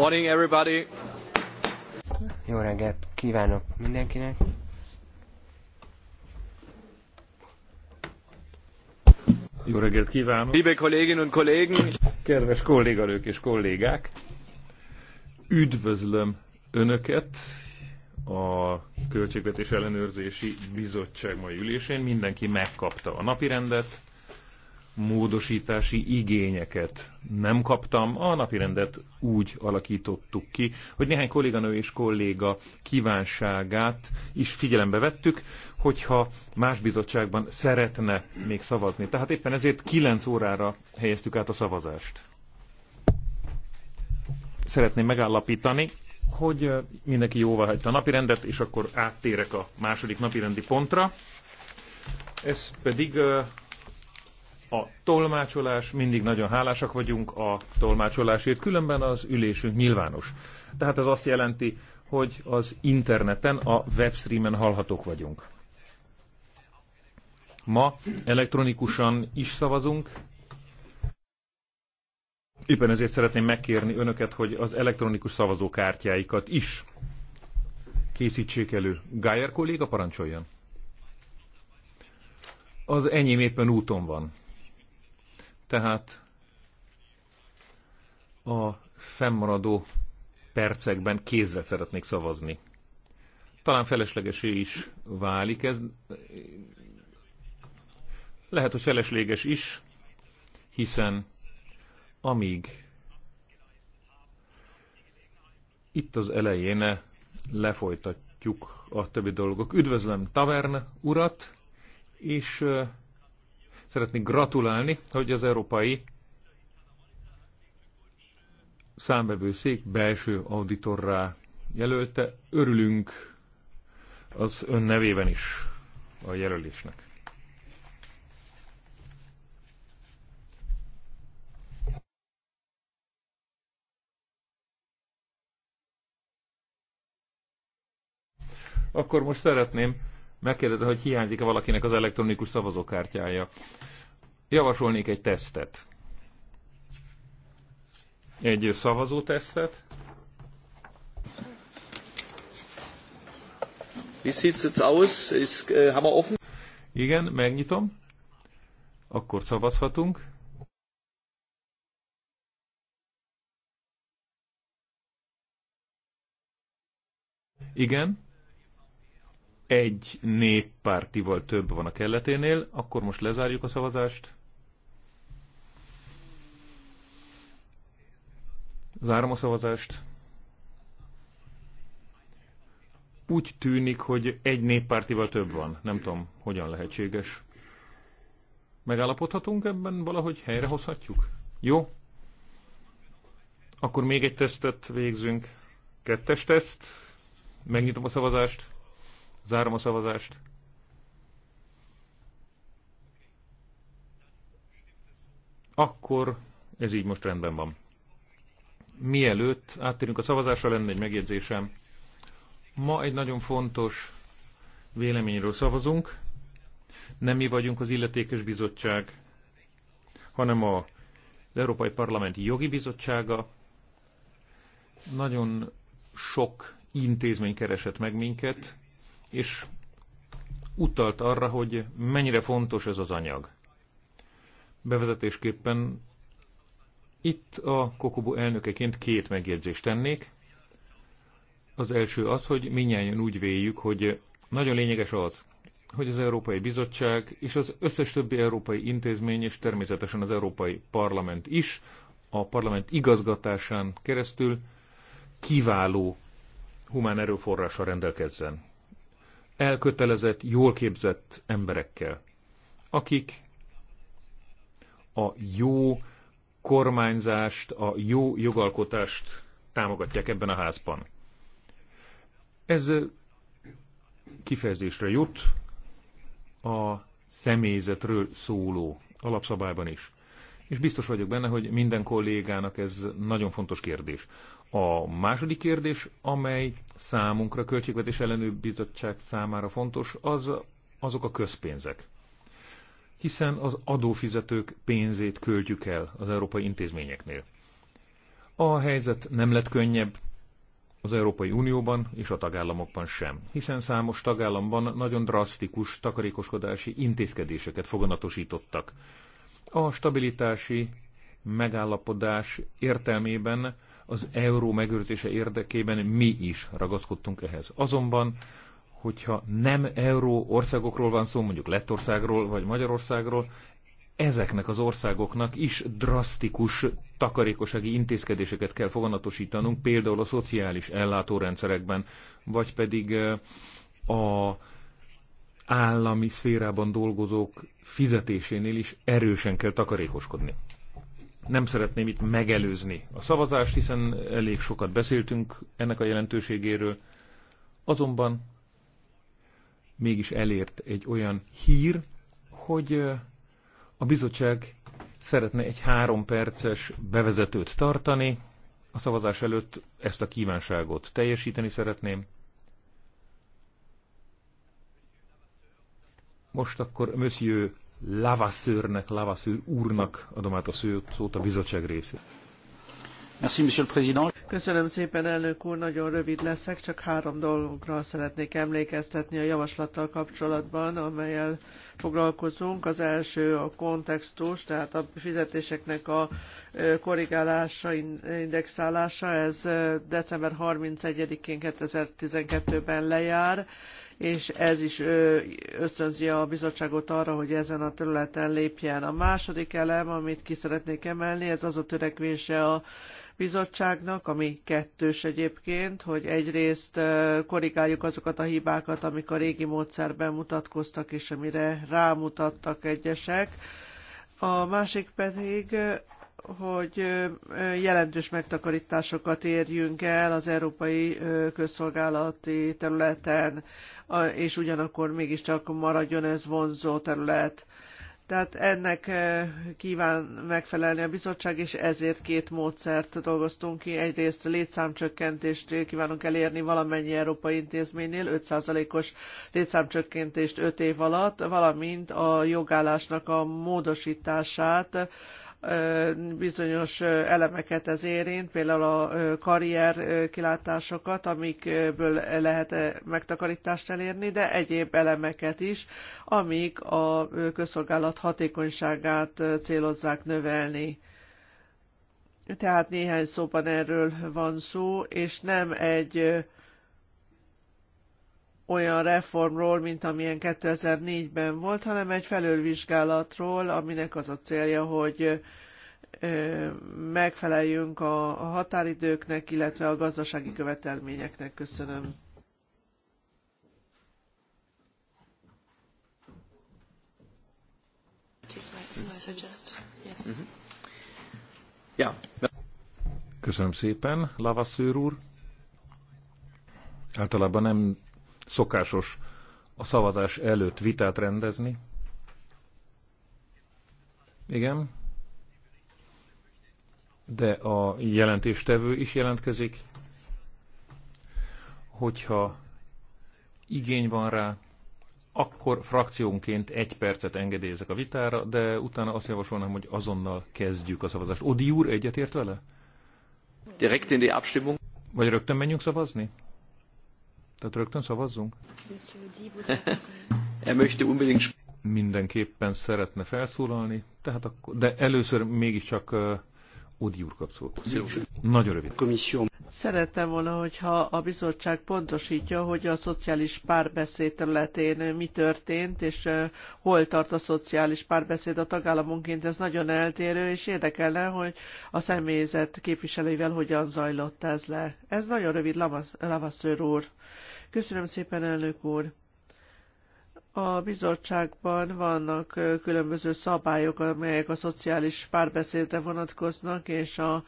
Morning everybody. Jó reggelt kívánok mindenkinek. Jó reggelt kívánok. Liebe Kolleginnen und Kollegen. Kedves kolléganők és kollégák. Üdvözlöm Önöket a Költségvetés Ellenőrzési Bizottság mai ülésén. Mindenki megkapta a napirendet módosítási igényeket nem kaptam. A napirendet úgy alakítottuk ki, hogy néhány kolléganő és kolléga kívánságát is figyelembe vettük, hogyha más bizottságban szeretne még szavazni. Tehát éppen ezért 9 órára helyeztük át a szavazást. Szeretném megállapítani, hogy mindenki jóvá hagyta a napirendet, és akkor áttérek a második napirendi pontra. Ez pedig a tolmácsolás, mindig nagyon hálásak vagyunk a tolmácsolásért, különben az ülésünk nyilvános. Tehát ez azt jelenti, hogy az interneten, a webstreamen hallhatók vagyunk. Ma elektronikusan is szavazunk. Éppen ezért szeretném megkérni önöket, hogy az elektronikus szavazókártyáikat is készítsék elő. Gájer kolléga parancsoljon. Az enyém éppen úton van. Tehát a fennmaradó percekben kézzel szeretnék szavazni. Talán feleslegesé is válik ez. Lehet, hogy felesleges is, hiszen amíg itt az elején lefolytatjuk a többi dolgok. Üdvözlöm Tavern urat, és Szeretnék gratulálni, hogy az Európai Számbevőszék belső auditorrá jelölte. Örülünk az ön nevében is a jelölésnek. Akkor most szeretném megkérdezem, hogy hiányzik-e valakinek az elektronikus szavazókártyája. Javasolnék egy tesztet. Egy szavazótesztet. Wie sieht's jetzt aus? Ist, äh, haben wir offen? Igen, megnyitom. Akkor szavazhatunk. Igen egy néppártival több van a kelleténél, akkor most lezárjuk a szavazást. Zárom a szavazást. Úgy tűnik, hogy egy néppártival több van. Nem tudom, hogyan lehetséges. Megállapodhatunk ebben valahogy? Helyrehozhatjuk? Jó? Akkor még egy tesztet végzünk. Kettes teszt. Megnyitom a szavazást. Zárom a szavazást. Akkor ez így most rendben van. Mielőtt áttérünk a szavazásra, lenne egy megjegyzésem. Ma egy nagyon fontos véleményről szavazunk. Nem mi vagyunk az illetékes bizottság, hanem a Európai Parlamenti Jogi Bizottsága. Nagyon sok intézmény keresett meg minket, és utalt arra, hogy mennyire fontos ez az anyag. Bevezetésképpen itt a Kokobu elnökeként két megjegyzést tennék. Az első az, hogy minnyáján úgy véljük, hogy nagyon lényeges az, hogy az Európai Bizottság és az összes többi európai intézmény, és természetesen az Európai Parlament is, a parlament igazgatásán keresztül kiváló humán erőforrással rendelkezzen elkötelezett, jól képzett emberekkel, akik a jó kormányzást, a jó jogalkotást támogatják ebben a házban. Ez kifejezésre jut a személyzetről szóló alapszabályban is. És biztos vagyok benne, hogy minden kollégának ez nagyon fontos kérdés. A második kérdés, amely számunkra, Költségvetés Ellenőr Bizottság számára fontos, az azok a közpénzek. Hiszen az adófizetők pénzét költjük el az európai intézményeknél. A helyzet nem lett könnyebb az Európai Unióban és a tagállamokban sem, hiszen számos tagállamban nagyon drasztikus takarékoskodási intézkedéseket foganatosítottak. A stabilitási megállapodás értelmében az euró megőrzése érdekében mi is ragaszkodtunk ehhez. Azonban, hogyha nem euró országokról van szó, mondjuk Lettországról vagy Magyarországról, ezeknek az országoknak is drasztikus takarékossági intézkedéseket kell foganatosítanunk, például a szociális ellátórendszerekben, vagy pedig eh, a állami szférában dolgozók fizetésénél is erősen kell takarékoskodni nem szeretném itt megelőzni a szavazást, hiszen elég sokat beszéltünk ennek a jelentőségéről. Azonban mégis elért egy olyan hír, hogy a bizottság szeretne egy három perces bevezetőt tartani. A szavazás előtt ezt a kívánságot teljesíteni szeretném. Most akkor Monsieur Lavasseurnek, Lavasseur úrnak adom át a szót a bizottság részét. Köszönöm szépen, elnök úr, nagyon rövid leszek, csak három dologra szeretnék emlékeztetni a javaslattal kapcsolatban, amelyel foglalkozunk. Az első a kontextus, tehát a fizetéseknek a korrigálása, indexálása, ez december 31-én 2012-ben lejár és ez is ösztönzi a bizottságot arra, hogy ezen a területen lépjen. A második elem, amit ki szeretnék emelni, ez az a törekvése a bizottságnak, ami kettős egyébként, hogy egyrészt korrigáljuk azokat a hibákat, amik a régi módszerben mutatkoztak, és amire rámutattak egyesek. A másik pedig hogy jelentős megtakarításokat érjünk el az európai közszolgálati területen és ugyanakkor mégiscsak maradjon ez vonzó terület. Tehát ennek eh, kíván megfelelni a bizottság, és ezért két módszert dolgoztunk ki. Egyrészt létszámcsökkentést kívánunk elérni valamennyi európai intézménynél, 5%-os létszámcsökkentést 5 év alatt, valamint a jogállásnak a módosítását bizonyos elemeket ez érint, például a karrier kilátásokat, amikből lehet megtakarítást elérni, de egyéb elemeket is, amik a közszolgálat hatékonyságát célozzák növelni. Tehát néhány szóban erről van szó, és nem egy olyan reformról, mint amilyen 2004-ben volt, hanem egy felülvizsgálatról, aminek az a célja, hogy megfeleljünk a határidőknek, illetve a gazdasági követelményeknek. Köszönöm. Köszönöm szépen, Lavaszőr úr. Általában nem szokásos a szavazás előtt vitát rendezni. Igen. De a jelentéstevő is jelentkezik, hogyha igény van rá, akkor frakciónként egy percet engedélyezek a vitára, de utána azt javasolnám, hogy azonnal kezdjük a szavazást. Odi úr, egyetért vele? Direkt in die Abstimmung. Vagy rögtön menjünk szavazni? Tehát rögtön szavazzunk? Er möchte unbedingt... Mindenképpen szeretne felszólalni, tehát akkor, de először mégiscsak Udi úr kap szót. Nagyon rövid. Szerettem volna, hogyha a bizottság pontosítja, hogy a szociális párbeszéd területén mi történt, és hol tart a szociális párbeszéd a tagállamonként. Ez nagyon eltérő, és érdekelne, hogy a személyzet képviselőivel hogyan zajlott ez le. Ez nagyon rövid, Lavasszőr úr. Köszönöm szépen, elnök úr. A bizottságban vannak különböző szabályok, amelyek a szociális párbeszédre vonatkoznak, és a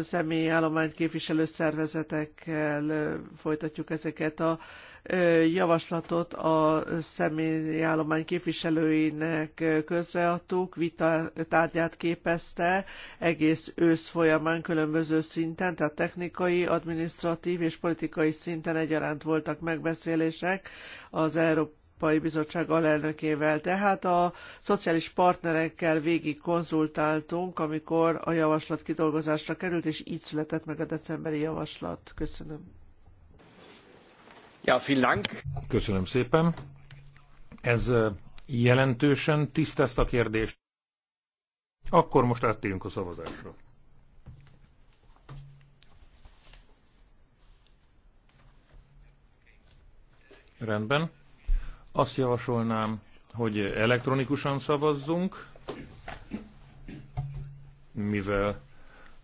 személyi állományt képviselő szervezetekkel folytatjuk ezeket a javaslatot a állomány képviselőinek közreadtuk, vita tárgyát képezte egész ősz folyamán különböző szinten, tehát technikai, administratív és politikai szinten egyaránt voltak megbeszélések az Európai Európai Bizottság alelnökével. Tehát a szociális partnerekkel végig konzultáltunk, amikor a javaslat kidolgozásra került, és így született meg a decemberi javaslat. Köszönöm. Ja, Köszönöm szépen. Ez jelentősen tisztázta a kérdést. Akkor most áttérünk a szavazásra. Rendben. Azt javasolnám, hogy elektronikusan szavazzunk, mivel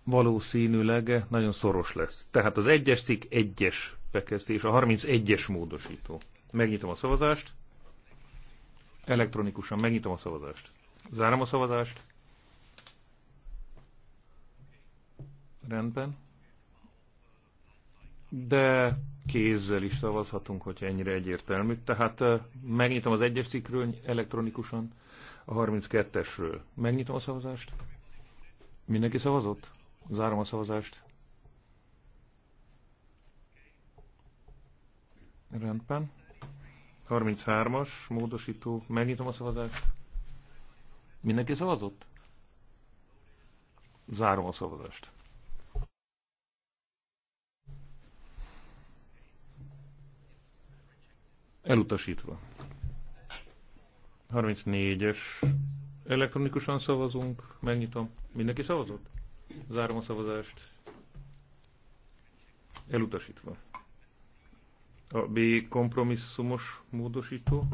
valószínűleg nagyon szoros lesz. Tehát az egyes cikk egyes bekezdés, a 31-es módosító. Megnyitom a szavazást. Elektronikusan megnyitom a szavazást. Zárom a szavazást. Rendben. De kézzel is szavazhatunk, hogyha ennyire egyértelmű. Tehát megnyitom az egyes cikről elektronikusan, a 32-esről. Megnyitom a szavazást. Mindenki szavazott? Zárom a szavazást. Rendben. 33-as módosító. Megnyitom a szavazást. Mindenki szavazott? Zárom a szavazást. Elutasítva. 34-es. Elektronikusan szavazunk. Megnyitom. Mindenki szavazott? Zárom a szavazást. Elutasítva. A B kompromisszumos módosító.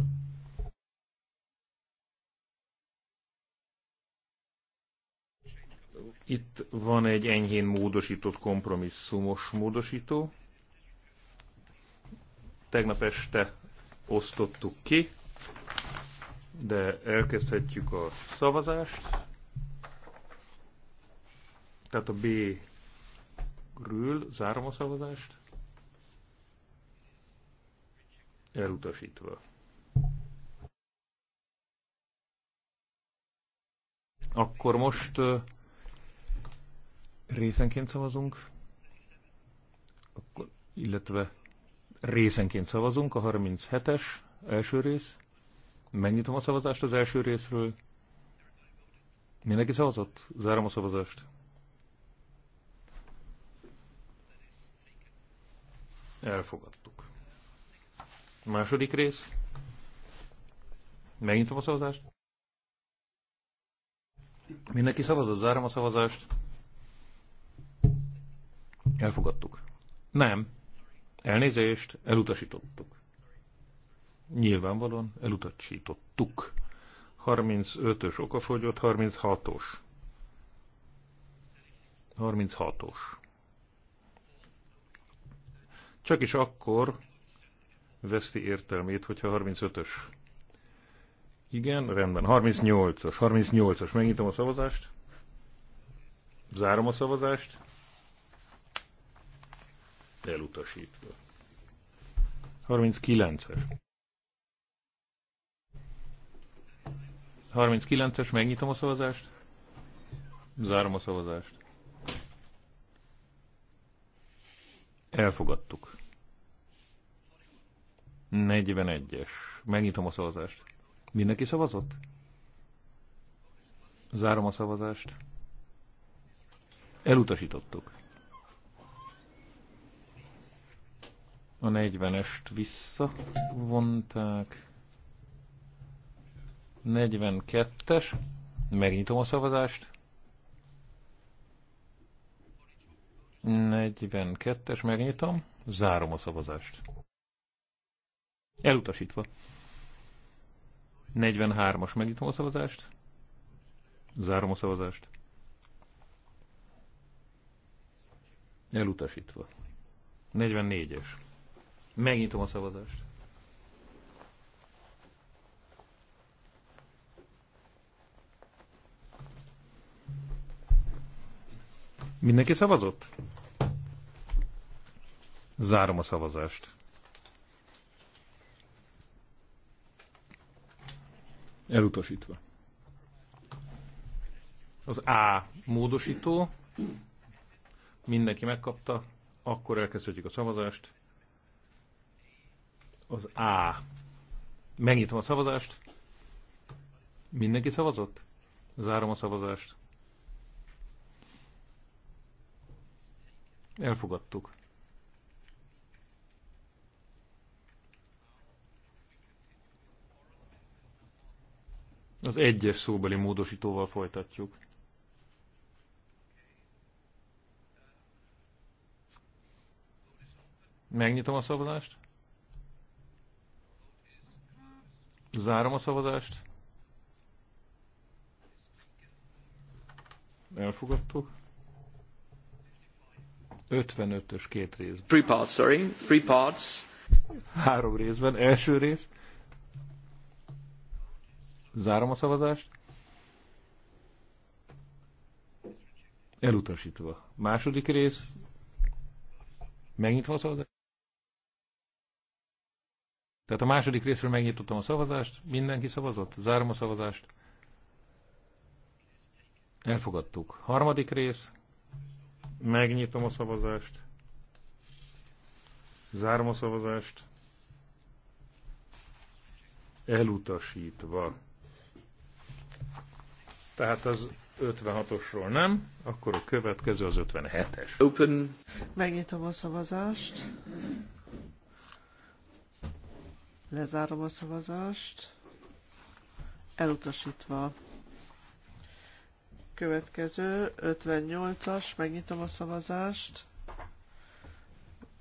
Itt van egy enyhén módosított kompromisszumos módosító. Tegnap este osztottuk ki, de elkezdhetjük a szavazást. Tehát a B-ről zárom a szavazást. elutasítva. Akkor most részenként szavazunk, akkor, illetve részenként szavazunk, a 37-es első rész. Megnyitom a szavazást az első részről. Mindenki szavazott? Zárom a szavazást. Elfogadtuk. Második rész. Megnyitom a szavazást. Mindenki szavazott, zárom a szavazást. Elfogadtuk. Nem. Elnézést, elutasítottuk. Nyilvánvalóan elutasítottuk. 35-ös okafogyott, 36-os. 36-os. Csak is akkor, veszti értelmét, hogyha 35-ös. Igen, rendben. 38-as, 38-as. Megnyitom a szavazást. Zárom a szavazást. Elutasítva. 39-es. 39-es, megnyitom a szavazást. Zárom a szavazást. Elfogadtuk. 41-es. Megnyitom a szavazást. Mindenki szavazott? Zárom a szavazást. Elutasítottuk. A 40-est visszavonták. 42-es. Megnyitom a szavazást. 42-es, megnyitom. Zárom a szavazást. Elutasítva. 43-as. Megnyitom a szavazást. Zárom a szavazást. Elutasítva. 44-es. Megnyitom a szavazást. Mindenki szavazott? Zárom a szavazást. Elutasítva. Az A módosító. Mindenki megkapta. Akkor elkezdhetjük a szavazást. Az A. Megnyitom a szavazást. Mindenki szavazott? Zárom a szavazást. Elfogadtuk. Az egyes szóbeli módosítóval folytatjuk. Megnyitom a szavazást. Zárom a szavazást. Elfogadtuk. 55-ös két rész. Three parts, sorry. Three parts. Három részben. Első rész. Zárom a szavazást. Elutasítva. Második rész. Megnyitva a szavazást. Tehát a második részről megnyitottam a szavazást, mindenki szavazott, zárom a szavazást. Elfogadtuk. Harmadik rész, megnyitom a szavazást, zárom a szavazást, elutasítva. Tehát az 56-osról nem, akkor a következő az 57-es. Open. Megnyitom a szavazást. Lezárom a szavazást. Elutasítva. Következő 58-as, megnyitom a szavazást.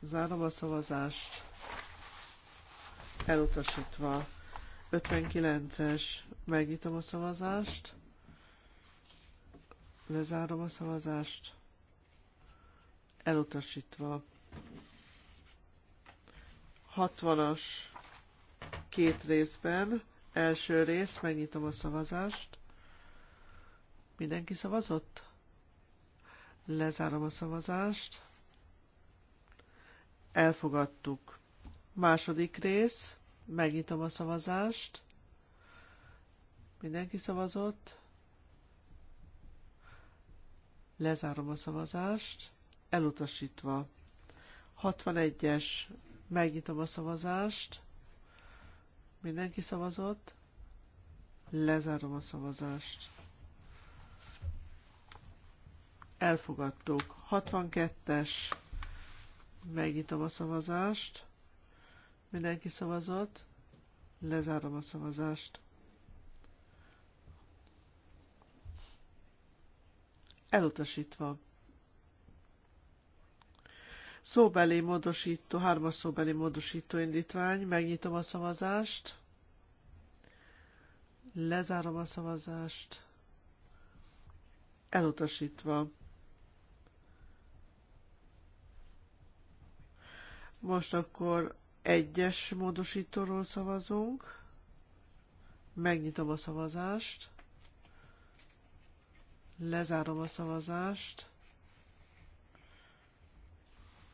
Zárom a szavazást. Elutasítva. 59-es, megnyitom a szavazást. Lezárom a szavazást. Elutasítva. 60-as két részben. Első rész, megnyitom a szavazást. Mindenki szavazott? Lezárom a szavazást. Elfogadtuk. Második rész, megnyitom a szavazást. Mindenki szavazott? Lezárom a szavazást. Elutasítva. 61-es. Megnyitom a szavazást. Mindenki szavazott. Lezárom a szavazást. Elfogadtuk. 62-es. Megnyitom a szavazást. Mindenki szavazott. Lezárom a szavazást. elutasítva. Szóbeli módosító, hármas szóbeli módosító indítvány, megnyitom a szavazást, lezárom a szavazást, elutasítva. Most akkor egyes módosítóról szavazunk. Megnyitom a szavazást. Lezárom a szavazást.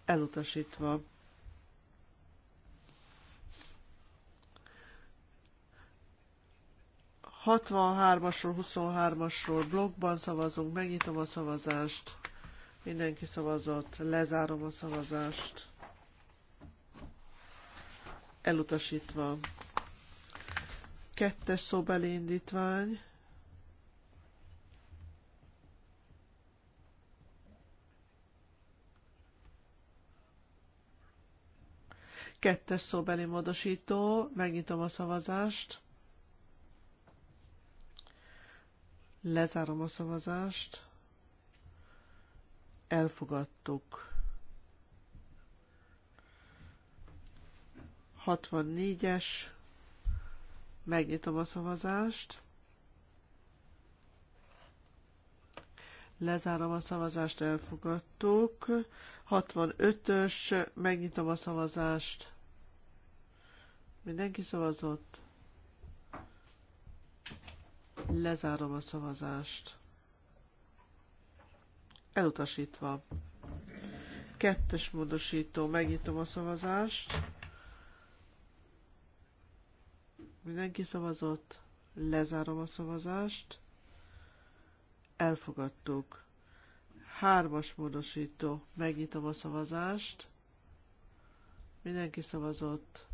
Elutasítva. Hatvanhármasról, huszonhármasról asról blokkban szavazunk, megnyitom a szavazást. Mindenki szavazott, lezárom a szavazást. Elutasítva. Kettes szóbeli indítvány. Kettes szóbeli módosító, megnyitom a szavazást. Lezárom a szavazást. Elfogadtuk. 64-es. Megnyitom a szavazást. Lezárom a szavazást, elfogadtuk. 65-ös, megnyitom a szavazást. Mindenki szavazott. Lezárom a szavazást. Elutasítva. Kettes módosító. Megnyitom a szavazást. Mindenki szavazott. Lezárom a szavazást. Elfogadtuk. Hármas módosító. Megnyitom a szavazást. Mindenki szavazott.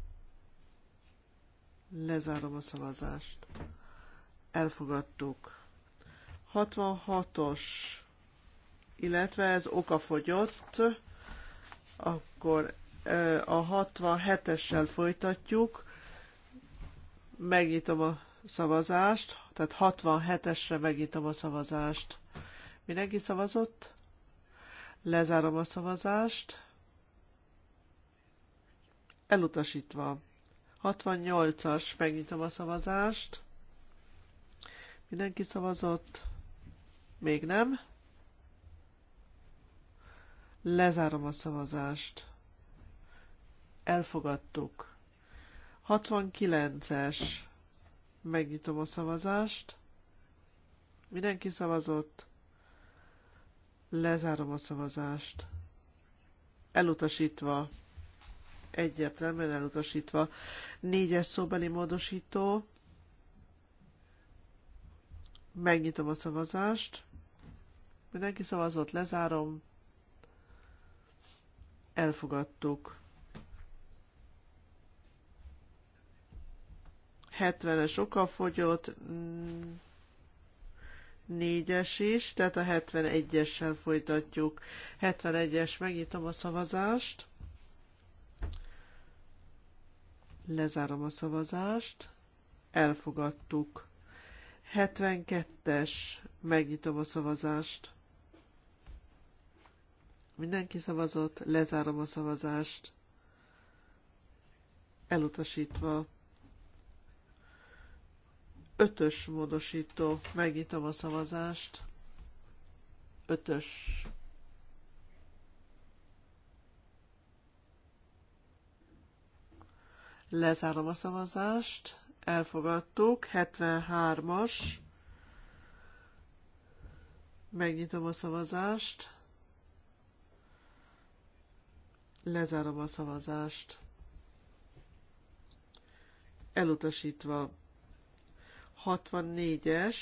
Lezárom a szavazást. Elfogadtuk. 66-os, illetve ez fogyott, akkor a 67-essel folytatjuk. Megnyitom a szavazást, tehát 67-esre megnyitom a szavazást. Mindenki szavazott? Lezárom a szavazást. Elutasítva. 68-as, megnyitom a szavazást. Mindenki szavazott? Még nem. Lezárom a szavazást. Elfogadtuk. 69-es. Megnyitom a szavazást. Mindenki szavazott. Lezárom a szavazást. Elutasítva egyértelműen elutasítva. Négyes szóbeli módosító. Megnyitom a szavazást. Mindenki szavazott, lezárom. Elfogadtuk. 70-es fogyott, 4-es is, tehát a 71-essel folytatjuk. 71-es, megnyitom a szavazást. Lezárom a szavazást. Elfogadtuk. 72-es. Megnyitom a szavazást. Mindenki szavazott. Lezárom a szavazást. Elutasítva. Ötös módosító. Megnyitom a szavazást. Ötös Lezárom a szavazást. Elfogadtuk. 73-as. Megnyitom a szavazást. Lezárom a szavazást. Elutasítva. 64-es.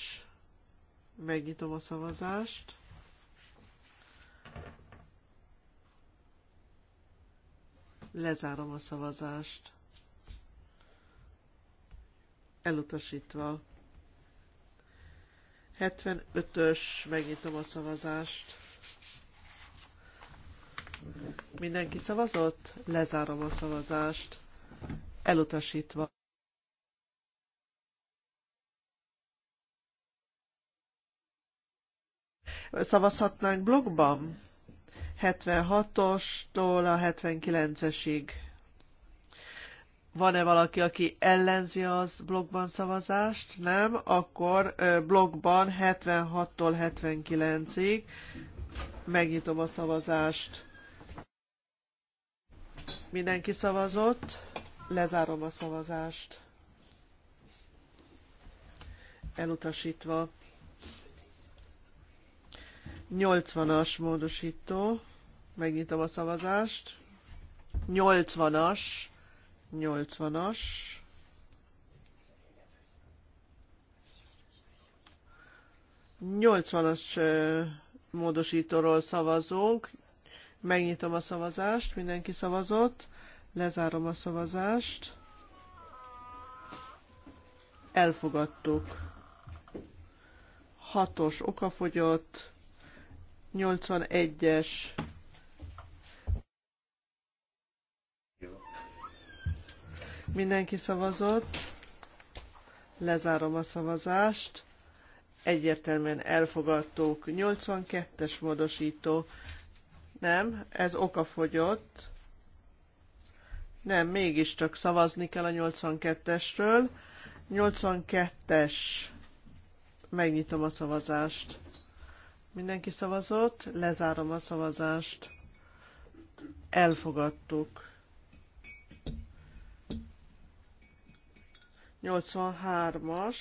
Megnyitom a szavazást. Lezárom a szavazást elutasítva. 75-ös, megnyitom a szavazást. Mindenki szavazott? Lezárom a szavazást. Elutasítva. Szavazhatnánk blogban? 76-ostól a 79-esig. Van-e valaki, aki ellenzi az blogban szavazást? Nem, akkor blogban 76-tól 79-ig megnyitom a szavazást. Mindenki szavazott, lezárom a szavazást. Elutasítva. 80-as módosító. Megnyitom a szavazást. 80-as. 80-as. Nyolcvanas módosítóról szavazunk. Megnyitom a szavazást, mindenki szavazott. Lezárom a szavazást. Elfogadtuk. Hatos okafogyott. 81-es Mindenki szavazott. Lezárom a szavazást. Egyértelműen elfogadtuk. 82-es módosító. Nem, ez okafogyott. Nem, mégiscsak szavazni kell a 82-esről. 82-es. Megnyitom a szavazást. Mindenki szavazott, lezárom a szavazást. Elfogadtuk. 83-as.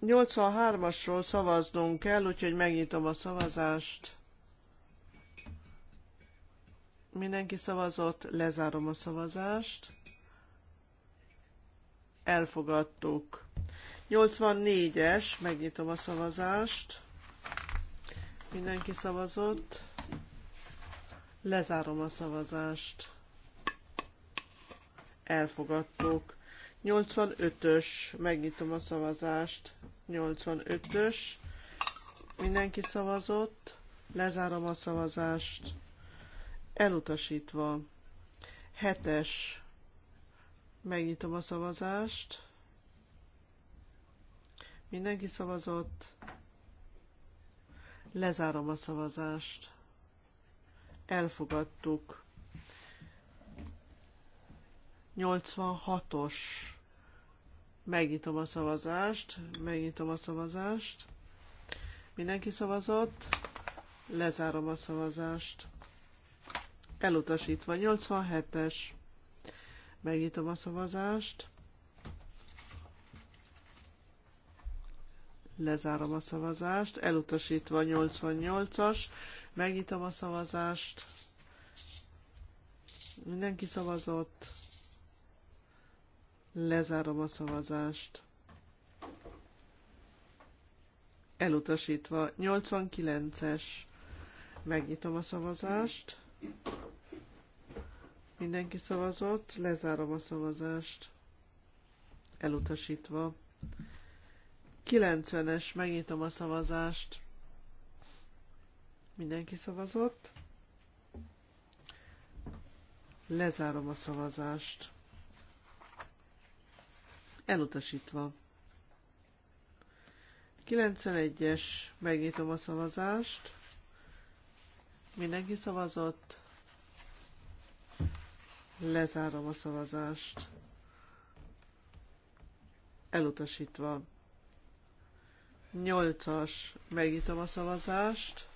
Nyolcvanhármasról szavaznunk kell, úgyhogy megnyitom a szavazást. Mindenki szavazott, lezárom a szavazást. Elfogadtuk. 84-es, megnyitom a szavazást. Mindenki szavazott. Lezárom a szavazást. Elfogadtuk. 85-ös, megnyitom a szavazást. 85-ös. Mindenki szavazott. Lezárom a szavazást. Elutasítva. 7-es. Megnyitom a szavazást. Mindenki szavazott. Lezárom a szavazást elfogadtuk. 86-os. Megnyitom a szavazást, megnyitom a szavazást. Mindenki szavazott, lezárom a szavazást. Elutasítva 87-es. Megnyitom a szavazást. Lezárom a szavazást. Elutasítva 88-as. Megnyitom a szavazást. Mindenki szavazott. Lezárom a szavazást. Elutasítva. 89-es. Megnyitom a szavazást. Mindenki szavazott. Lezárom a szavazást. Elutasítva. 90-es. Megnyitom a szavazást. Mindenki szavazott. Lezárom a szavazást. Elutasítva. 91-es, megnyitom a szavazást. Mindenki szavazott. Lezárom a szavazást. Elutasítva. 8-as, megnyitom a szavazást.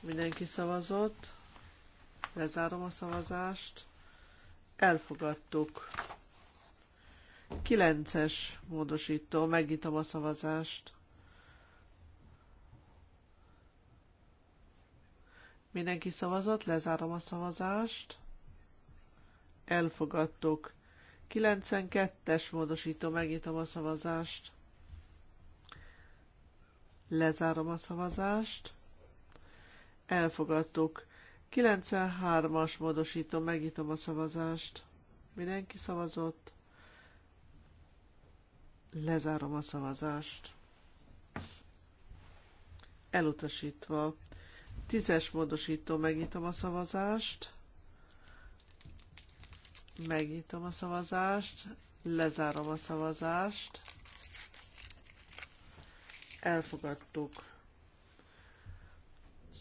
Mindenki szavazott. Lezárom a szavazást. Elfogadtuk. 9-es módosító. Megnyitom a szavazást. Mindenki szavazott, lezárom a szavazást. Elfogadtuk. 92-es módosító, megnyitom a szavazást. Lezárom a szavazást. Elfogadtuk. 93-as módosítom, megnyitom a szavazást. Mindenki szavazott. Lezárom a szavazást. Elutasítva. Tízes módosító, megnyitom a szavazást. Megnyitom a szavazást. Lezárom a szavazást. Elfogadtuk.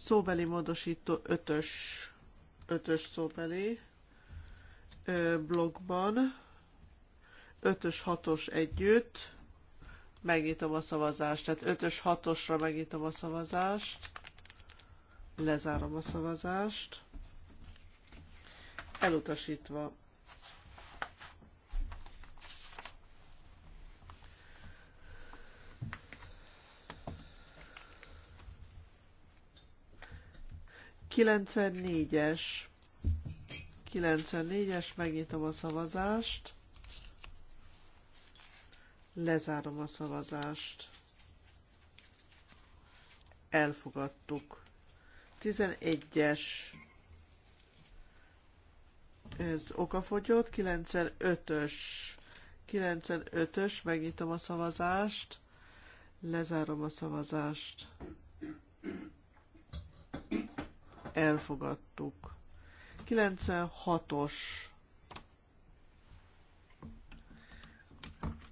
Szóbeli módosító 5-ös, 5-ös szóbeli blogban, 5-ös, 6-os együtt, megnyitom a szavazást, tehát 5-ös, 6-osra megnyitom a szavazást, lezárom a szavazást, elutasítva. 94-es. 94-es, megnyitom a szavazást. Lezárom a szavazást. Elfogadtuk. 11-es. Ez okafogyott. 95-ös. 95-ös, megnyitom a szavazást. Lezárom a szavazást elfogadtuk. 96-os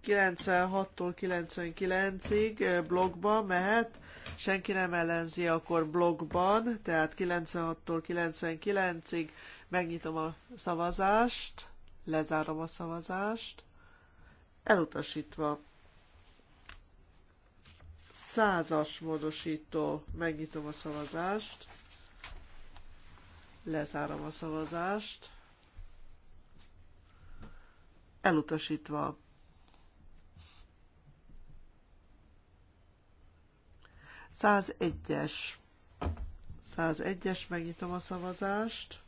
96-tól 99-ig blogba mehet, senki nem ellenzi, akkor blogban, tehát 96-tól 99-ig megnyitom a szavazást, lezárom a szavazást, elutasítva. Százas módosító, megnyitom a szavazást, Lezárom a szavazást. Elutasítva. Száz egyes. megnyitom a szavazást.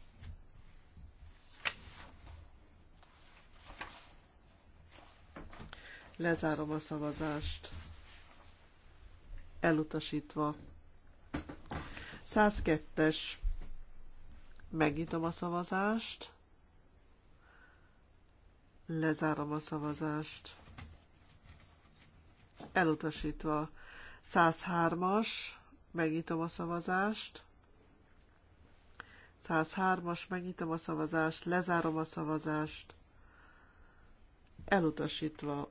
Lezárom a szavazást. Elutasítva. 102-es. Megnyitom a szavazást. Lezárom a szavazást. Elutasítva 103-as, megnyitom a szavazást. 103-as, megnyitom a szavazást, lezárom a szavazást. Elutasítva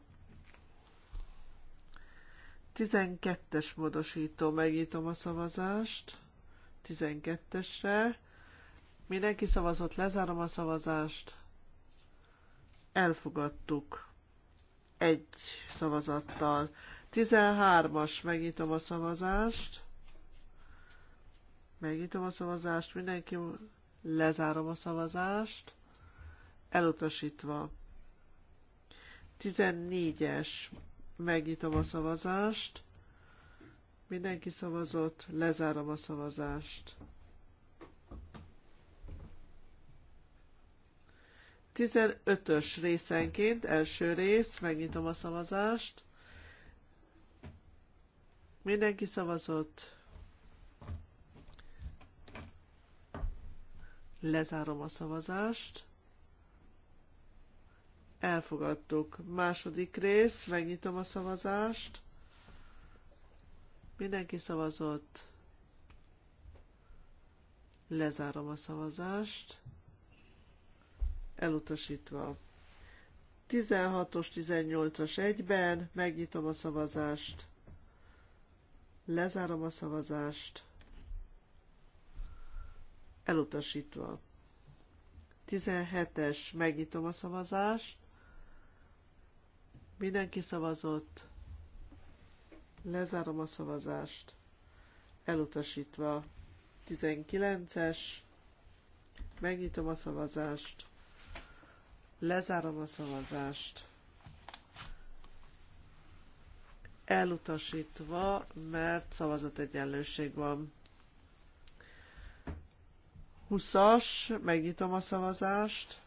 12-es módosító, megnyitom a szavazást. 12-esre Mindenki szavazott, lezárom a szavazást. Elfogadtuk. Egy szavazattal. 13-as, megnyitom a szavazást. Megnyitom a szavazást, mindenki lezárom a szavazást. Elutasítva. 14-es, megnyitom a szavazást. Mindenki szavazott, lezárom a szavazást. 15-ös részenként, első rész, megnyitom a szavazást. Mindenki szavazott. Lezárom a szavazást. Elfogadtuk. Második rész, megnyitom a szavazást. Mindenki szavazott. Lezárom a szavazást elutasítva. 16-os, 18-as egyben, megnyitom a szavazást, lezárom a szavazást, elutasítva. 17-es, megnyitom a szavazást, mindenki szavazott, lezárom a szavazást, elutasítva. 19-es, megnyitom a szavazást, Lezárom a szavazást. Elutasítva, mert szavazategyenlőség van. 20-as, megnyitom a szavazást.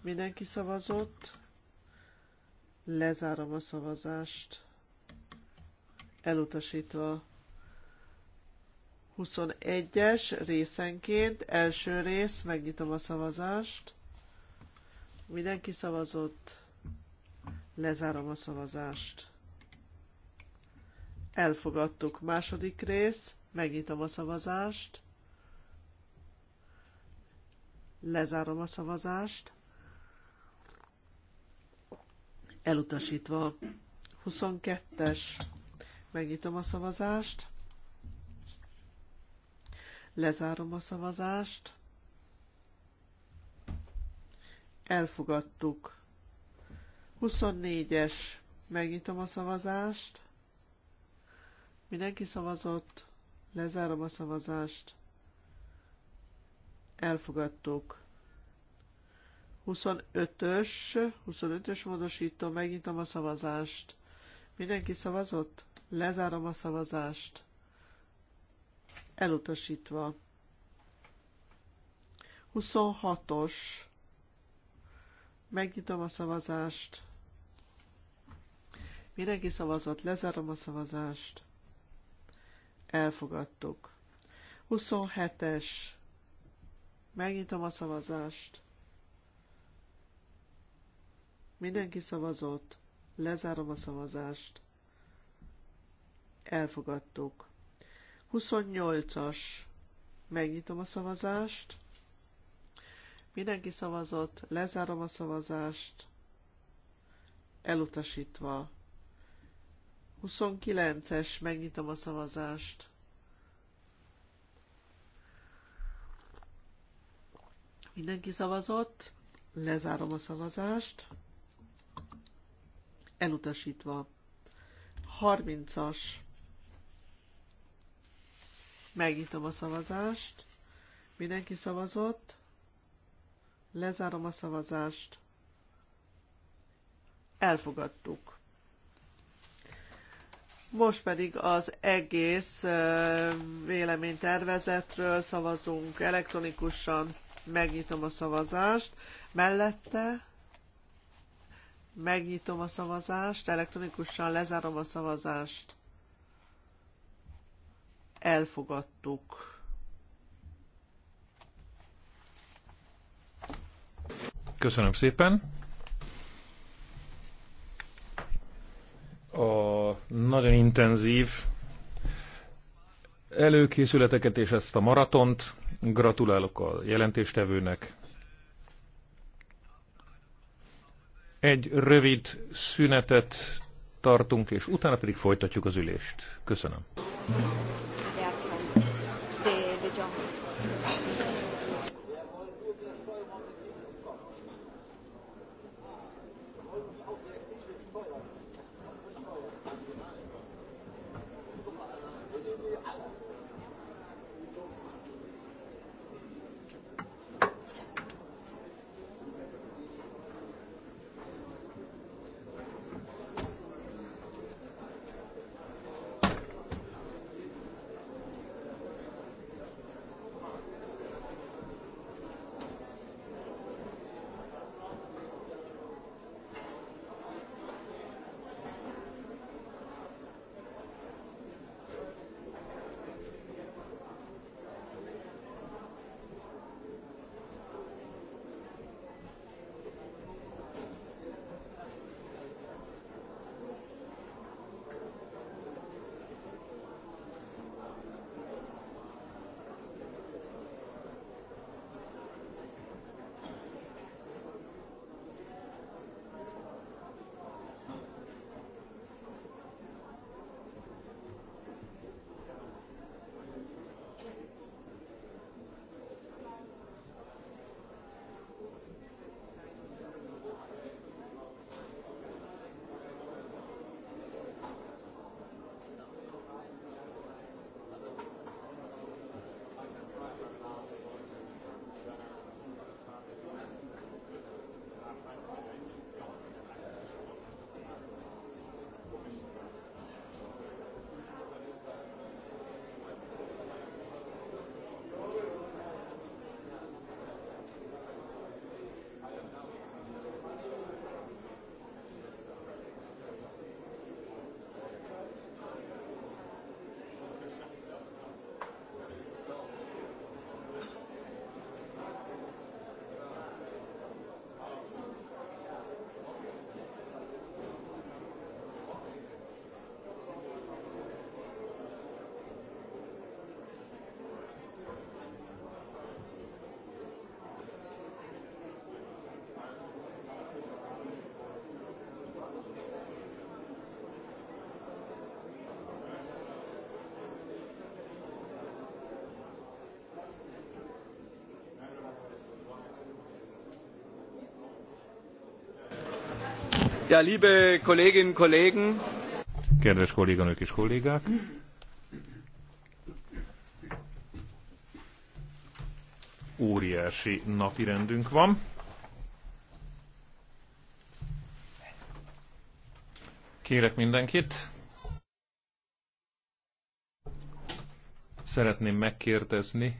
Mindenki szavazott. Lezárom a szavazást. Elutasítva. 21-es részenként, első rész, megnyitom a szavazást. Mindenki szavazott. Lezárom a szavazást. Elfogadtuk. Második rész, megnyitom a szavazást. Lezárom a szavazást. Elutasítva. 22-es. Megnyitom a szavazást. Lezárom a szavazást. Elfogadtuk. 24-es. Megnyitom a szavazást. Mindenki szavazott. Lezárom a szavazást. Elfogadtuk. 25-ös, 25-ös módosító, megnyitom a szavazást. Mindenki szavazott? Lezárom a szavazást elutasítva. 26-os. Megnyitom a szavazást. Mindenki szavazott, lezárom a szavazást. Elfogadtuk. 27-es. Megnyitom a szavazást. Mindenki szavazott, lezárom a szavazást. Elfogadtuk. 28-as. Megnyitom a szavazást. Mindenki szavazott, lezárom a szavazást. Elutasítva. 29-es, megnyitom a szavazást. Mindenki szavazott, lezárom a szavazást. Elutasítva. 30-as, Megnyitom a szavazást. Mindenki szavazott. Lezárom a szavazást. Elfogadtuk. Most pedig az egész véleménytervezetről szavazunk elektronikusan. Megnyitom a szavazást. Mellette megnyitom a szavazást, elektronikusan lezárom a szavazást elfogadtuk. Köszönöm szépen. A nagyon intenzív előkészületeket és ezt a maratont. Gratulálok a jelentéstevőnek. Egy rövid szünetet tartunk, és utána pedig folytatjuk az ülést. Köszönöm. Ja, liebe Kolleginnen Kollegen. Kedves kolléganők és kollégák. Óriási napirendünk van. Kérek mindenkit. Szeretném megkérdezni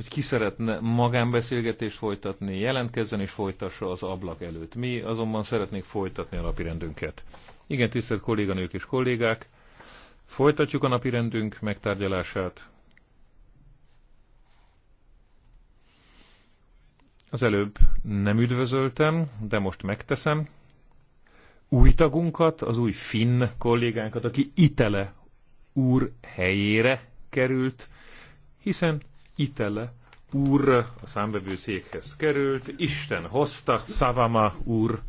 hogy ki szeretne magánbeszélgetést folytatni, jelentkezzen és folytassa az ablak előtt. Mi azonban szeretnék folytatni a napirendünket. Igen, tisztelt kolléganők és kollégák, folytatjuk a napirendünk megtárgyalását. Az előbb nem üdvözöltem, de most megteszem. Új tagunkat, az új finn kollégánkat, aki Itele úr helyére került, hiszen Itele úr a számbevőszékhez került, Isten hozta, Szavama úr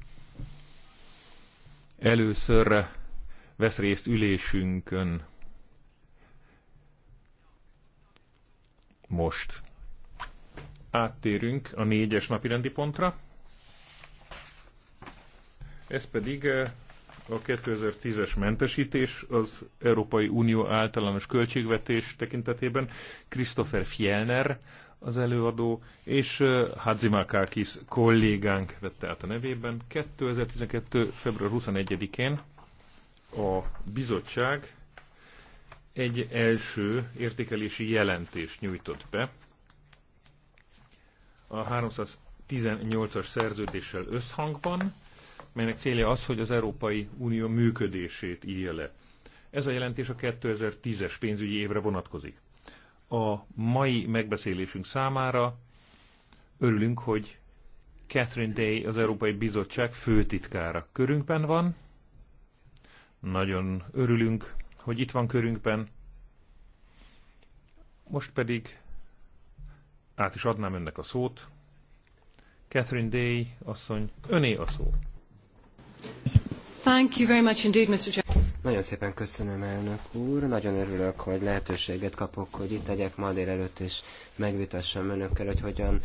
először vesz részt ülésünkön most. Áttérünk a négyes rendi pontra. Ez pedig eh, a 2010-es mentesítés az Európai Unió általános költségvetés tekintetében Christopher Fjellner az előadó, és Hadzimakakis kollégánk vette át a nevében. 2012. február 21-én a bizottság egy első értékelési jelentést nyújtott be a 318-as szerződéssel összhangban, melynek célja az, hogy az Európai Unió működését írja le. Ez a jelentés a 2010-es pénzügyi évre vonatkozik. A mai megbeszélésünk számára örülünk, hogy Catherine Day az Európai Bizottság főtitkára körünkben van. Nagyon örülünk, hogy itt van körünkben. Most pedig át is adnám önnek a szót. Catherine Day asszony, öné a szó. Thank you very much indeed, Mr. Chairman. Nagyon szépen köszönöm, elnök úr. Nagyon örülök, hogy lehetőséget kapok, hogy itt legyek ma délelőtt, és megvitassam önökkel, hogy hogyan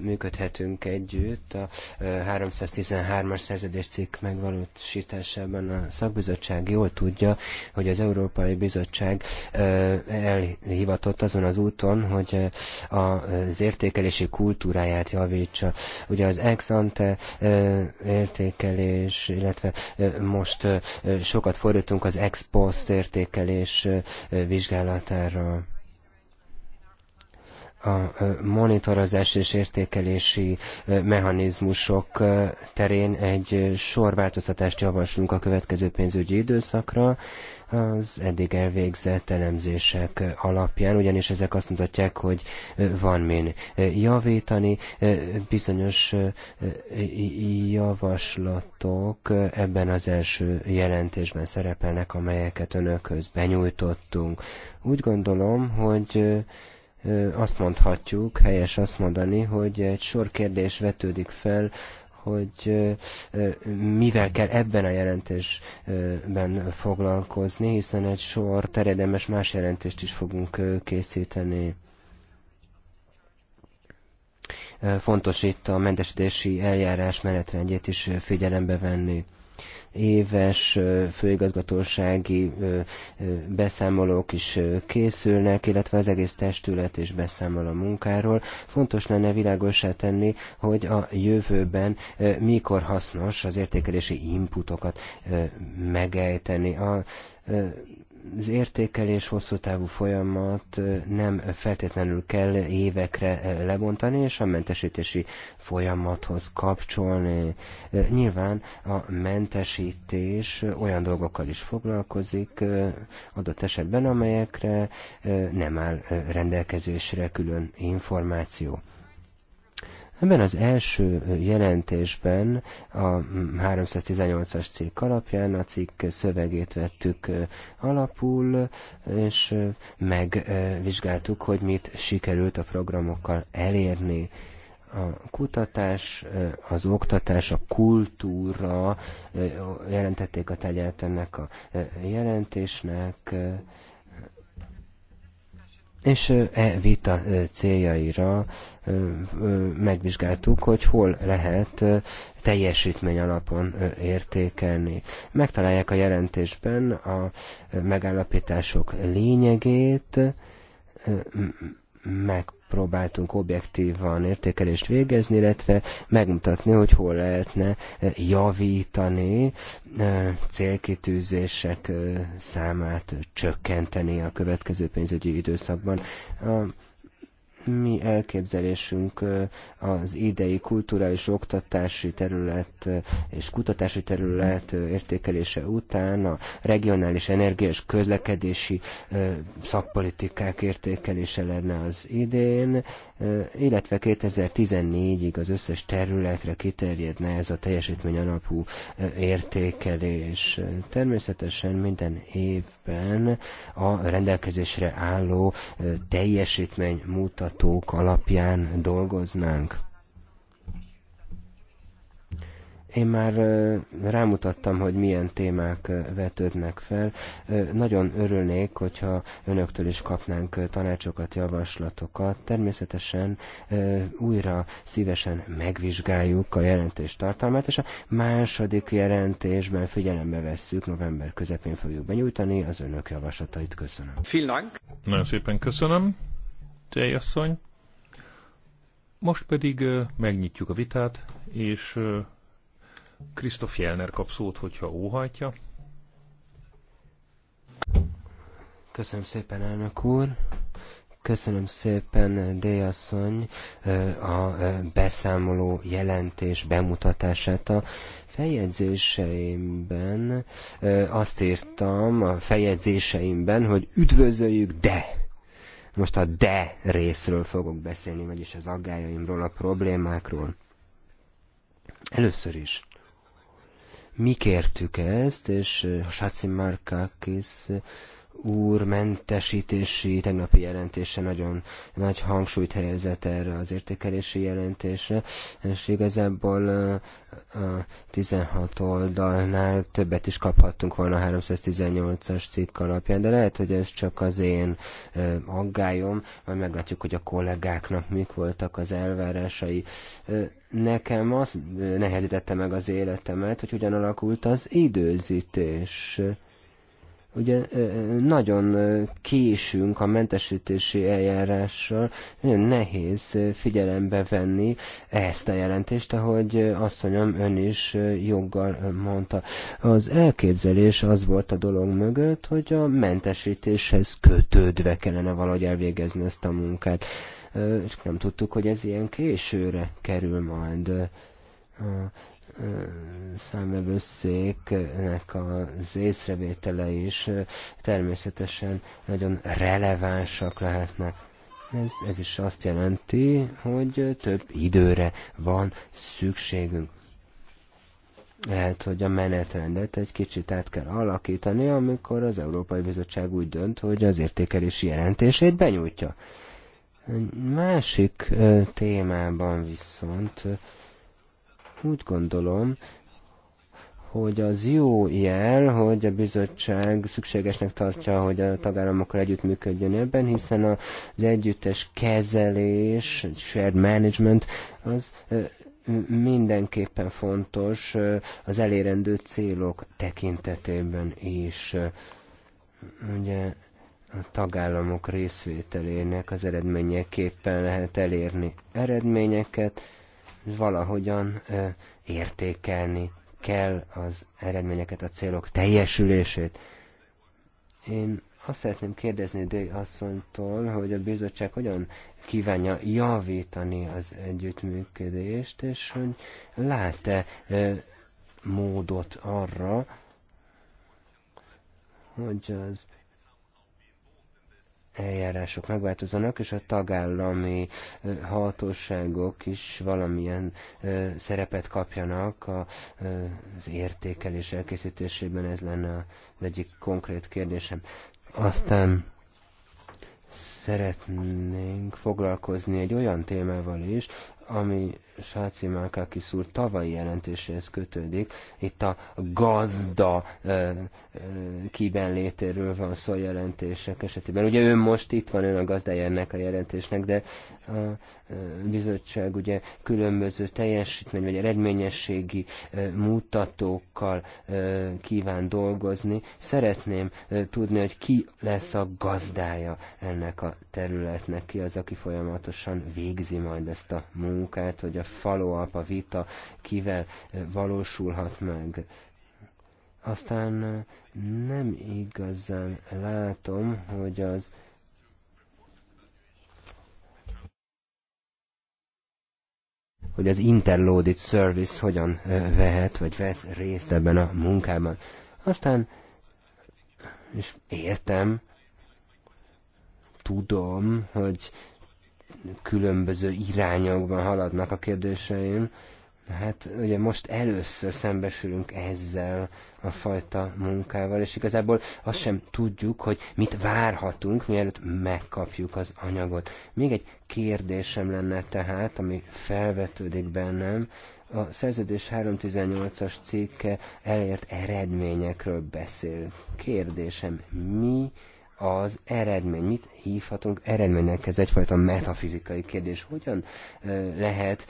működhetünk együtt a 313-as szerződéscikk megvalósításában. A szakbizottság jól tudja, hogy az Európai Bizottság elhivatott azon az úton, hogy az értékelési kultúráját javítsa. Ugye az ex ante értékelés, illetve most sokat fordítunk számíthatunk az ex post értékelés vizsgálatára a monitorozás és értékelési mechanizmusok terén egy sor változtatást javaslunk a következő pénzügyi időszakra az eddig elvégzett elemzések alapján, ugyanis ezek azt mutatják, hogy van min javítani. Bizonyos javaslatok ebben az első jelentésben szerepelnek, amelyeket önökhöz benyújtottunk. Úgy gondolom, hogy azt mondhatjuk, helyes azt mondani, hogy egy sor kérdés vetődik fel, hogy mivel kell ebben a jelentésben foglalkozni, hiszen egy sor terjedelmes más jelentést is fogunk készíteni. Fontos itt a mentesítési eljárás menetrendjét is figyelembe venni éves főigazgatósági beszámolók is készülnek, illetve az egész testület is beszámol a munkáról. Fontos lenne világosá tenni, hogy a jövőben mikor hasznos az értékelési inputokat megejteni. A az értékelés hosszú távú folyamat nem feltétlenül kell évekre lebontani, és a mentesítési folyamathoz kapcsolni. Nyilván a mentesítés olyan dolgokkal is foglalkozik adott esetben, amelyekre nem áll rendelkezésre külön információ. Ebben az első jelentésben a 318-as mm, cikk alapján a cikk szövegét vettük alapul, és megvizsgáltuk, hogy mit sikerült a programokkal elérni. A kutatás, az oktatás, a kultúra jelentették a tegyelt ennek a jelentésnek, és e vita céljaira megvizsgáltuk, hogy hol lehet teljesítmény alapon értékelni. Megtalálják a jelentésben a megállapítások lényegét, meg próbáltunk objektívan értékelést végezni, illetve megmutatni, hogy hol lehetne e, javítani e, célkitűzések e, számát, csökkenteni a következő pénzügyi időszakban. A mi elképzelésünk az idei kulturális oktatási terület és kutatási terület értékelése után a regionális energiás közlekedési szakpolitikák értékelése lenne az idén, illetve 2014-ig az összes területre kiterjedne ez a teljesítmény alapú értékelés. Természetesen minden évben a rendelkezésre álló teljesítmény mutat mutatók alapján dolgoznánk. Én már rámutattam, hogy milyen témák vetődnek fel. Nagyon örülnék, hogyha önöktől is kapnánk tanácsokat, javaslatokat. Természetesen újra szívesen megvizsgáljuk a jelentés tartalmát, és a második jelentésben figyelembe vesszük, november közepén fogjuk benyújtani az önök javaslatait. Köszönöm. Vielen Nagyon szépen köszönöm asszony. Most pedig megnyitjuk a vitát, és Krisztof Jelner kap szót, hogyha óhajtja. Köszönöm szépen, elnök úr. Köszönöm szépen, Déjasszony, a beszámoló jelentés bemutatását. A fejegyzéseimben. azt írtam, a fejegyzéseimben, hogy üdvözöljük, de most a de részről fogok beszélni, vagyis az aggájaimról, a problémákról. Először is. Mi kértük ezt, és Saci Markakis úr mentesítési tegnapi jelentése nagyon nagy hangsúlyt helyezett erre az értékelési jelentésre, és igazából a 16 oldalnál többet is kaphattunk volna a 318-as cikk alapján, de lehet, hogy ez csak az én aggályom, majd meglátjuk, hogy a kollégáknak mik voltak az elvárásai. Nekem az nehezítette meg az életemet, hogy hogyan alakult az időzítés Ugye nagyon késünk a mentesítési eljárással, nagyon nehéz figyelembe venni ezt a jelentést, ahogy asszonyom ön is joggal mondta. Az elképzelés az volt a dolog mögött, hogy a mentesítéshez kötődve kellene valahogy elvégezni ezt a munkát. És nem tudtuk, hogy ez ilyen későre kerül majd számvevőszéknek az észrevétele is természetesen nagyon relevánsak lehetnek. Ez, ez is azt jelenti, hogy több időre van szükségünk. Lehet, hogy a menetrendet egy kicsit át kell alakítani, amikor az Európai Bizottság úgy dönt, hogy az értékelési jelentését benyújtja. Másik témában viszont úgy gondolom, hogy az jó jel, hogy a bizottság szükségesnek tartja, hogy a tagállamokkal együttműködjön ebben, hiszen az együttes kezelés, shared management, az mindenképpen fontos az elérendő célok tekintetében is. Ugye a tagállamok részvételének az eredményeképpen lehet elérni eredményeket, valahogyan értékelni kell az eredményeket, a célok teljesülését. Én azt szeretném kérdezni D. asszonytól, hogy a bizottság hogyan kívánja javítani az együttműködést, és hogy lát-e módot arra, hogy az eljárások megváltozanak, és a tagállami hatóságok is valamilyen szerepet kapjanak az értékelés elkészítésében, ez lenne az egyik konkrét kérdésem. Aztán szeretnénk foglalkozni egy olyan témával is, ami Sáci Márkákis úr tavalyi jelentéséhez kötődik. Itt a gazda ö, ö, kiben létéről van szó jelentések esetében. Ugye ő most itt van, ön a gazdája ennek a jelentésnek, de a bizottság ugye különböző teljesítmény vagy eredményességi mutatókkal kíván dolgozni. Szeretném tudni, hogy ki lesz a gazdája ennek a területnek, ki az, aki folyamatosan végzi majd ezt a munkát, hogy a follow-up, a vita kivel valósulhat meg. Aztán nem igazán látom, hogy az hogy az Interloaded Service hogyan vehet, vagy vesz részt ebben a munkában. Aztán, és értem, tudom, hogy különböző irányokban haladnak a kérdéseim, Hát ugye most először szembesülünk ezzel a fajta munkával, és igazából azt sem tudjuk, hogy mit várhatunk, mielőtt megkapjuk az anyagot. Még egy kérdésem lenne tehát, ami felvetődik bennem, a szerződés 318-as cikke elért eredményekről beszél. Kérdésem, mi az eredmény. Mit hívhatunk eredménynek? Ez egyfajta metafizikai kérdés. Hogyan lehet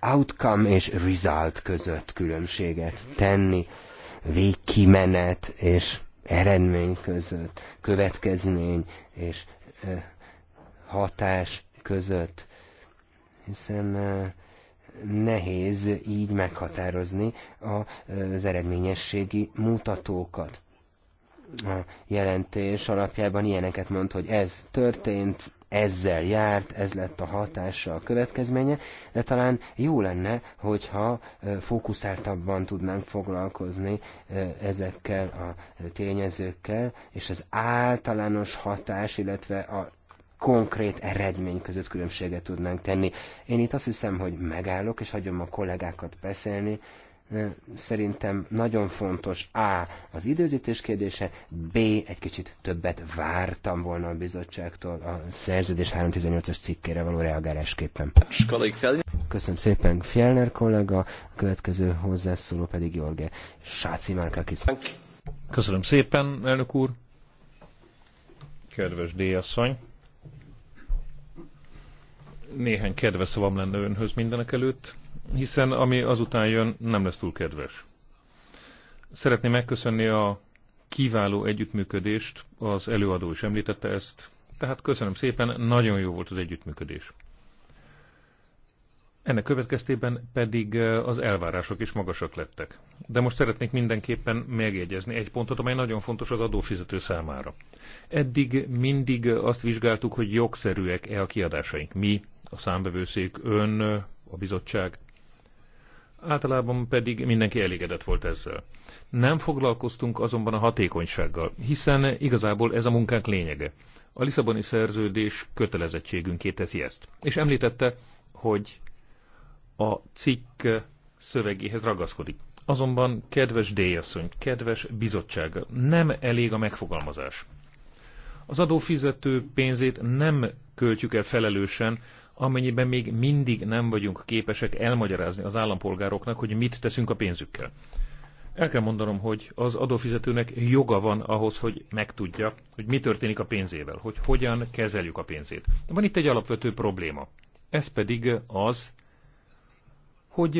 outcome és result között különbséget tenni? Végkimenet és eredmény között, következmény és hatás között. Hiszen nehéz így meghatározni az eredményességi mutatókat jelentés alapjában ilyeneket mond, hogy ez történt, ezzel járt, ez lett a hatása, a következménye, de talán jó lenne, hogyha fókuszáltabban tudnánk foglalkozni ezekkel a tényezőkkel, és az általános hatás, illetve a konkrét eredmény között különbséget tudnánk tenni. Én itt azt hiszem, hogy megállok, és hagyom a kollégákat beszélni, szerintem nagyon fontos A. az időzítés kérdése, B. egy kicsit többet vártam volna a bizottságtól a szerződés 318-as cikkére való reagálásképpen. Köszönöm szépen Fjellner kollega, a következő hozzászóló pedig Jorge Sáci Márkakis. Köszönöm szépen, elnök úr. Kedves déjasszony. Néhány kedves szavam lenne önhöz mindenek előtt hiszen ami azután jön, nem lesz túl kedves. Szeretném megköszönni a kiváló együttműködést, az előadó is említette ezt, tehát köszönöm szépen, nagyon jó volt az együttműködés. Ennek következtében pedig eh, az elvárások is magasak lettek. De most szeretnék mindenképpen megjegyezni egy pontot, amely nagyon fontos az adófizető számára. Eddig mindig azt vizsgáltuk, hogy jogszerűek-e a kiadásaink. Mi, a számbevőszék, ön, a bizottság általában pedig mindenki elégedett volt ezzel. Nem foglalkoztunk azonban a hatékonysággal, hiszen igazából ez a munkánk lényege. A Lisszaboni szerződés kötelezettségünké teszi ezt. És említette, hogy a cikk szövegéhez ragaszkodik. Azonban, kedves déjasszony, kedves bizottság, nem elég a megfogalmazás. Az adófizető pénzét nem költjük el felelősen, amennyiben még mindig nem vagyunk képesek elmagyarázni az állampolgároknak, hogy mit teszünk a pénzükkel. El kell mondanom, hogy az adófizetőnek joga van ahhoz, hogy megtudja, hogy mi történik a pénzével, hogy hogyan kezeljük a pénzét. Van itt egy alapvető probléma. Ez pedig az, hogy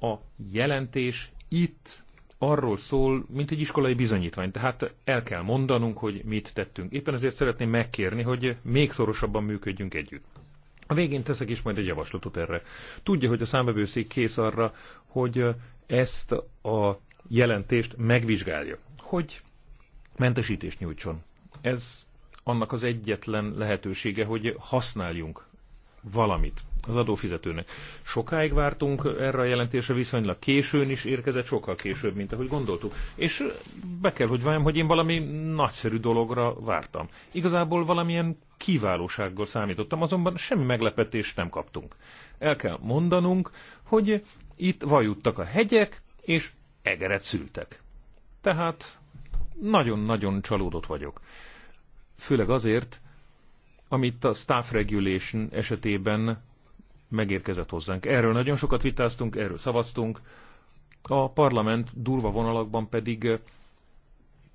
a jelentés itt arról szól, mint egy iskolai bizonyítvány. Tehát el kell mondanunk, hogy mit tettünk. Éppen ezért szeretném megkérni, hogy még szorosabban működjünk együtt. A végén teszek is majd egy javaslatot erre. Tudja, hogy a számvevőszék kész arra, hogy ezt a jelentést megvizsgálja, hogy mentesítést nyújtson. Ez annak az egyetlen lehetősége, hogy használjunk valamit az adófizetőnek. Sokáig vártunk erre a jelentésre, viszonylag későn is érkezett, sokkal később, mint ahogy gondoltuk. És be kell, hogy váljam, hogy én valami nagyszerű dologra vártam. Igazából valamilyen kiválósággal számítottam, azonban semmi meglepetést nem kaptunk. El kell mondanunk, hogy itt vajuttak a hegyek, és egeret szültek. Tehát nagyon-nagyon csalódott vagyok. Főleg azért, amit a staff regulation esetében megérkezett hozzánk. Erről nagyon sokat vitáztunk, erről szavaztunk, a parlament durva vonalakban pedig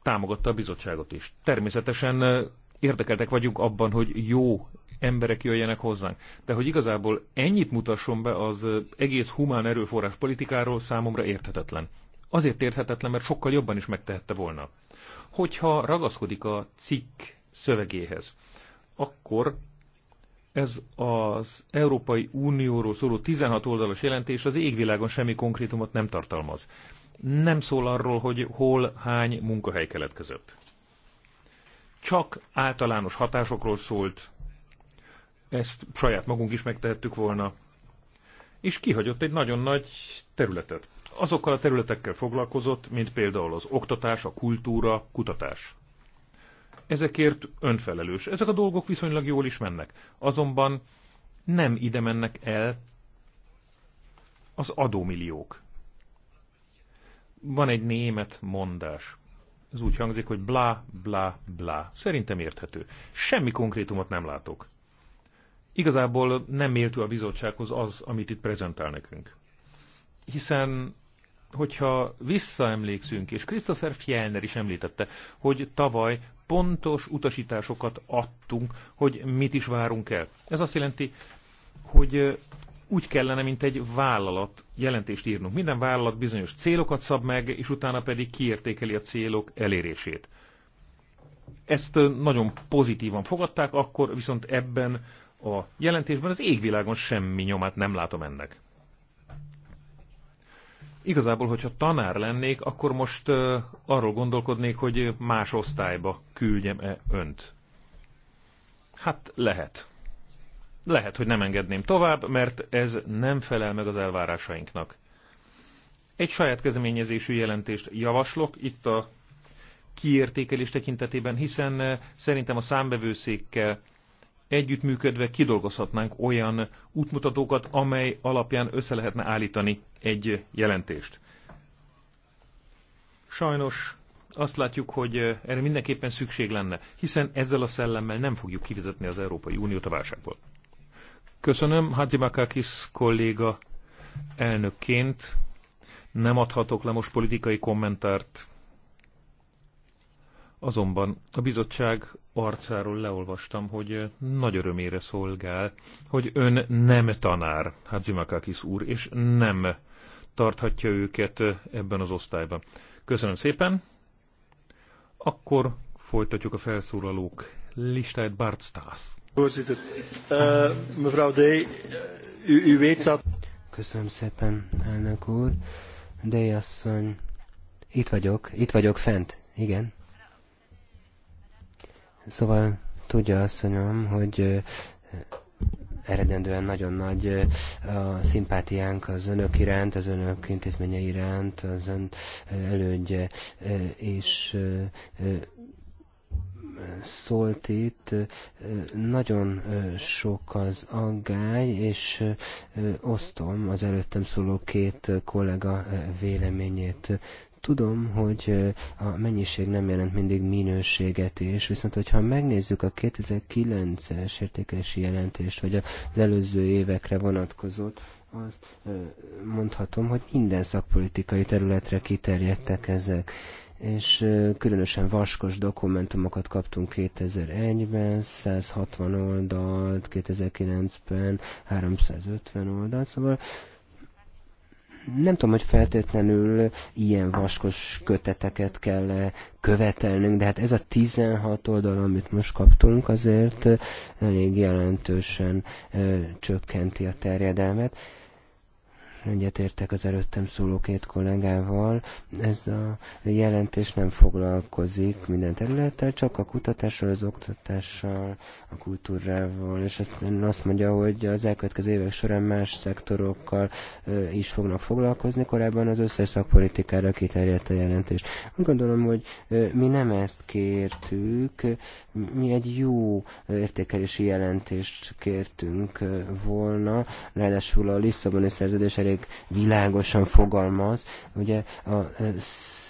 támogatta a bizottságot is. Természetesen érdekeltek vagyunk abban, hogy jó emberek jöjjenek hozzánk. De hogy igazából ennyit mutasson be az egész humán erőforrás politikáról számomra érthetetlen. Azért érthetetlen, mert sokkal jobban is megtehette volna. Hogyha ragaszkodik a cikk szövegéhez, akkor ez az Európai Unióról szóló 16 oldalas jelentés az égvilágon semmi konkrétumot nem tartalmaz. Nem szól arról, hogy hol hány munkahely keletkezett. Csak általános hatásokról szólt, ezt saját magunk is megtehettük volna, és kihagyott egy nagyon nagy területet. Azokkal a területekkel foglalkozott, mint például az oktatás, a kultúra, kutatás ezekért önfelelős. Ezek a dolgok viszonylag jól is mennek. Azonban nem ide mennek el az adómilliók. Van egy német mondás. Ez úgy hangzik, hogy bla bla bla. Szerintem érthető. Semmi konkrétumot nem látok. Igazából nem méltő a bizottsághoz az, amit itt prezentál nekünk. Hiszen hogyha visszaemlékszünk, és Christopher Fjellner is említette, hogy tavaly pontos utasításokat adtunk, hogy mit is várunk el. Ez azt jelenti, hogy úgy kellene, mint egy vállalat jelentést írnunk. Minden vállalat bizonyos célokat szab meg, és utána pedig kiértékeli a célok elérését. Ezt nagyon pozitívan fogadták, akkor viszont ebben a jelentésben az égvilágon semmi nyomát nem látom ennek. Igazából, hogyha tanár lennék, akkor most uh, arról gondolkodnék, hogy más osztályba küldjem-e önt? Hát lehet. Lehet, hogy nem engedném tovább, mert ez nem felel meg az elvárásainknak. Egy saját kezdeményezésű jelentést javaslok itt a kiértékelés tekintetében, hiszen eh, szerintem a számbevőszékkel együttműködve kidolgozhatnánk olyan útmutatókat, amely alapján össze lehetne állítani egy jelentést. Sajnos azt látjuk, hogy erre mindenképpen szükség lenne, hiszen ezzel a szellemmel nem fogjuk kivezetni az Európai Uniót a válságból. Köszönöm, Makakis kolléga elnökként. Nem adhatok le most politikai kommentárt, azonban a bizottság arcáról leolvastam, hogy nagy örömére szolgál, hogy ön nem tanár, Makakis úr, és nem tarthatja őket ebben az osztályban. Köszönöm szépen! Akkor folytatjuk a felszólalók listáját. Bart Stas. Voorzitter, uh, mevrouw D, eh, u, u weet dat... Köszönöm szépen, elnök úr. D asszony, itt vagyok, itt vagyok fent, igen. Szóval tudja asszonyom, hogy eh, eredendően nagyon nagy a szimpátiánk az önök iránt, az önök intézménye iránt, az ön elődje, és szólt itt, nagyon sok az aggály, és osztom az előttem szóló két kollega véleményét. Tudom, hogy a mennyiség nem jelent mindig minőséget is, viszont hogyha megnézzük a 2009-es értékelési jelentést, vagy az előző évekre vonatkozott, azt mondhatom, hogy minden szakpolitikai területre kiterjedtek ezek és különösen vaskos dokumentumokat kaptunk 2001-ben, 160 oldalt, 2009-ben 350 oldalt, szóval nem tudom, hogy feltétlenül ilyen vaskos köteteket kell követelnünk, de hát ez a 16 oldal, amit most kaptunk, azért elég jelentősen ö, csökkenti a terjedelmet egyetértek az előttem szóló két kollégával, ez a jelentés nem foglalkozik minden területtel, csak a kutatással, az oktatással, a kultúrával, és azt, azt mondja, hogy az elkövetkező évek során más szektorokkal is fognak foglalkozni, korábban az összes szakpolitikára kiterjedt a jelentés. Úgy gondolom, hogy mi nem ezt kértük, mi egy jó értékelési jelentést kértünk volna, ráadásul a Lisszaboni szerződés elég elég világosan fogalmaz. Ugye a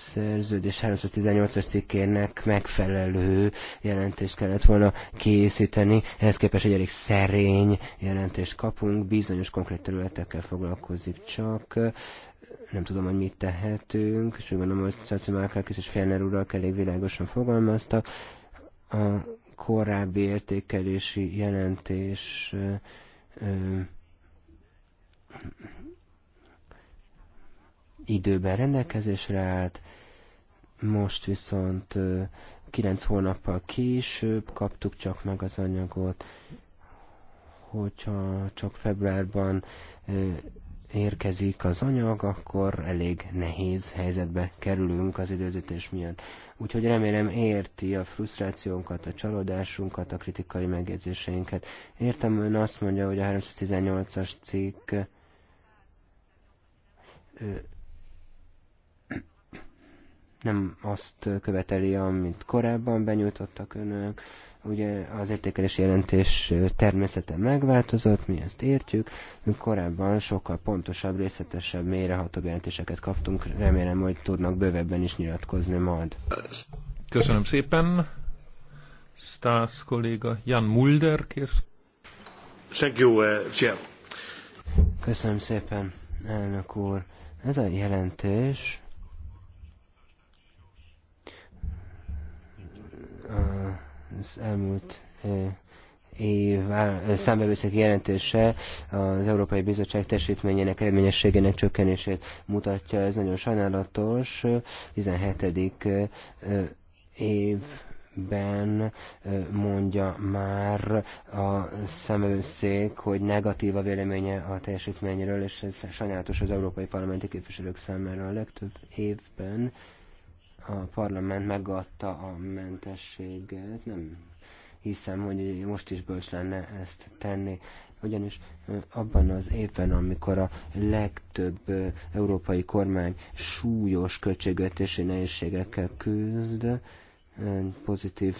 szerződés 318-as cikkének megfelelő jelentést kellett volna készíteni, ehhez képest egy elég szerény jelentést kapunk, bizonyos konkrét területekkel foglalkozik csak, nem tudom, hogy mit tehetünk, és úgy gondolom, hogy Csáci Márkákis és Fjellner urak elég világosan fogalmaztak. A korábbi értékelési jelentés időben rendelkezésre állt, most viszont kilenc hónappal később kaptuk csak meg az anyagot, hogyha csak februárban érkezik az anyag, akkor elég nehéz helyzetbe kerülünk az időzítés miatt. Úgyhogy remélem érti a frusztrációnkat, a csalódásunkat, a kritikai megjegyzéseinket. Értem, ön azt mondja, hogy a 318-as cikk nem azt követeli, amit korábban benyújtottak önök. Ugye az értékelési jelentés természete megváltozott, mi ezt értjük. Korábban sokkal pontosabb, részletesebb, mélyrehatóbb jelentéseket kaptunk. Remélem, hogy tudnak bővebben is nyilatkozni majd. Köszönöm szépen. Stász kolléga Jan Mulder kérsz. Thank you, uh, Köszönöm szépen, elnök úr. Ez a jelentés az elmúlt év számbevőszeki jelentése az Európai Bizottság teljesítményének eredményességének csökkenését mutatja. Ez nagyon sajnálatos. 17. év ben mondja már a szemőszék, hogy negatív a véleménye a teljesítményről, és ez sajnálatos az európai parlamenti képviselők számára a legtöbb évben a parlament megadta a mentességet, nem hiszem, hogy most is bölcs lenne ezt tenni, ugyanis abban az évben, amikor a legtöbb európai kormány súlyos költségvetési nehézségekkel küzd, pozitív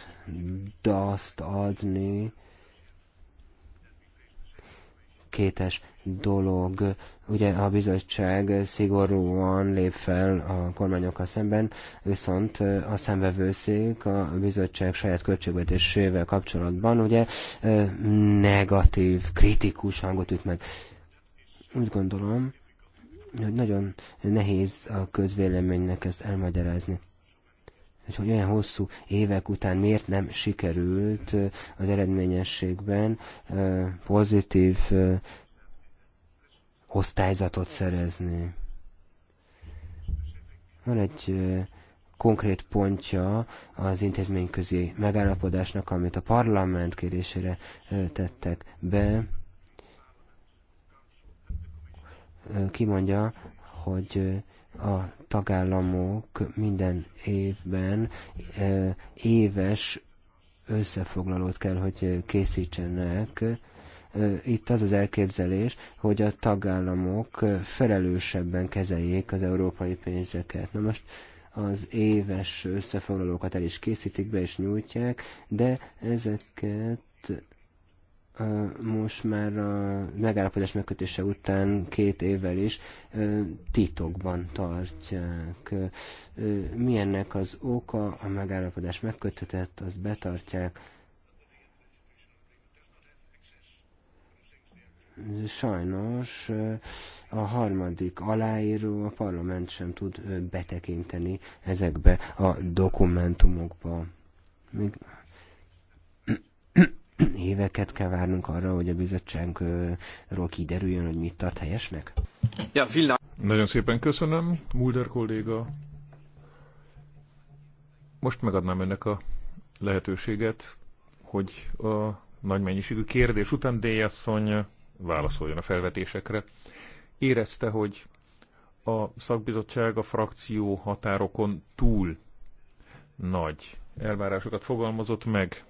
daszt adni, kétes dolog Ugye a bizottság szigorúan lép fel a kormányokkal szemben, viszont a szemvevőszék a bizottság saját költségvetésével kapcsolatban ugye negatív, kritikus hangot üt meg. Úgy gondolom, hogy nagyon nehéz a közvéleménynek ezt elmagyarázni hogy olyan hosszú évek után miért nem sikerült az eredményességben pozitív osztályzatot szerezni. Van egy konkrét pontja az intézményközi megállapodásnak, amit a parlament kérésére tettek be. Kimondja, hogy a tagállamok minden évben éves összefoglalót kell, hogy készítsenek itt az az elképzelés, hogy a tagállamok felelősebben kezeljék az európai pénzeket. Na most az éves összefoglalókat el is készítik, be is nyújtják, de ezeket most már a megállapodás megkötése után két évvel is titokban tartják. Milyennek az oka, a megállapodás megkötetett, azt betartják, sajnos a harmadik aláíró a parlament sem tud betekinteni ezekbe a dokumentumokba. Még éveket kell várnunk arra, hogy a bizottságról kiderüljön, hogy mit tart helyesnek? Ja, villám. Nagyon szépen köszönöm, Mulder kolléga. Most megadnám ennek a lehetőséget, hogy a nagy mennyiségű kérdés után Déjasszony válaszoljon a felvetésekre. Érezte, hogy a szakbizottság a frakció határokon túl nagy elvárásokat fogalmazott meg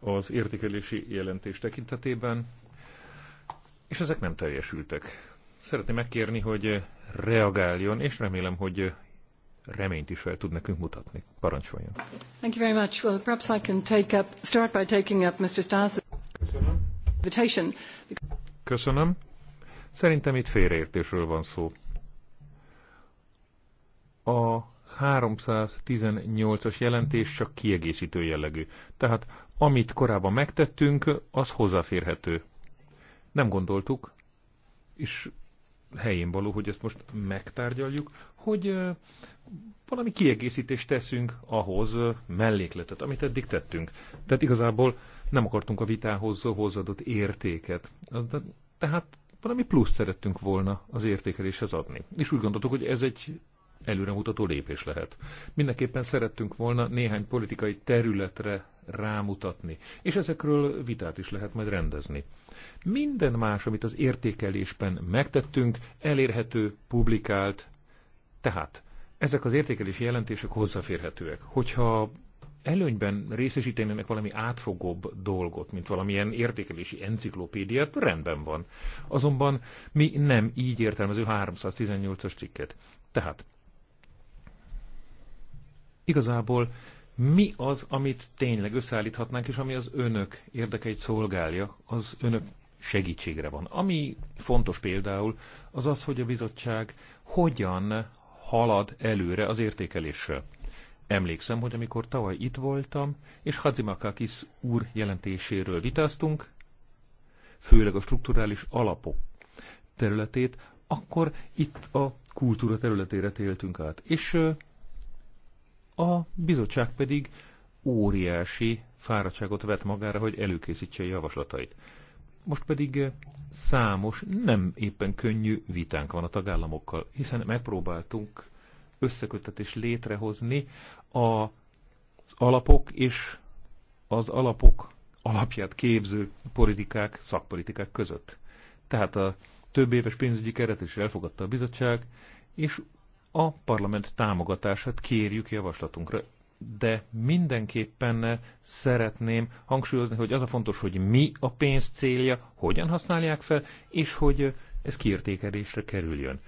az értékelési jelentés tekintetében, és ezek nem teljesültek. Szeretném megkérni, hogy reagáljon, és remélem, hogy reményt is fel tud nekünk mutatni. Parancsoljon. Thank you very much. Well, perhaps I can take up, start by taking up Mr. Stas' invitation. Köszönöm. Szerintem itt félreértésről van szó. A 318-as jelentés csak kiegészítő jellegű. Tehát amit korábban megtettünk, az hozzáférhető. Nem gondoltuk, és helyén való, hogy ezt most megtárgyaljuk, hogy valami kiegészítést teszünk ahhoz mellékletet, amit eddig tettünk. Tehát igazából nem akartunk a vitához hozzáadott értéket. Tehát valami plusz szerettünk volna az értékeléshez adni. És úgy gondoltuk, hogy ez egy előremutató lépés lehet. Mindenképpen szerettünk volna néhány politikai területre rámutatni, és ezekről vitát is lehet majd rendezni. Minden más, amit az értékelésben megtettünk, elérhető, publikált, tehát ezek az értékelési jelentések hozzáférhetőek. Hogyha előnyben részesítenének valami átfogóbb dolgot, mint valamilyen értékelési enciklopédiát, rendben van. Azonban mi nem így értelmező 318-as cikket. Tehát igazából mi az, amit tényleg összeállíthatnánk, és ami az önök érdekeit szolgálja, az önök segítségre van. Ami fontos például, az az, hogy a bizottság hogyan halad előre az értékeléssel. Emlékszem, hogy amikor tavaly itt voltam, és Hadzimakakis úr jelentéséről vitáztunk, főleg a strukturális alapok területét, akkor itt a kultúra területére téltünk át. És a bizottság pedig óriási fáradtságot vett magára, hogy előkészítse a javaslatait. Most pedig számos, nem éppen könnyű vitánk van a tagállamokkal, hiszen megpróbáltunk összeköttetés létrehozni az alapok és az alapok alapját képző politikák, szakpolitikák között. Tehát a több éves pénzügyi keret is elfogadta a bizottság, és a parlament támogatását kérjük javaslatunkra. De mindenképpen szeretném hangsúlyozni, hogy az a fontos, hogy mi a pénz célja, hogyan használják fel, és hogy ez kiértékelésre kerüljön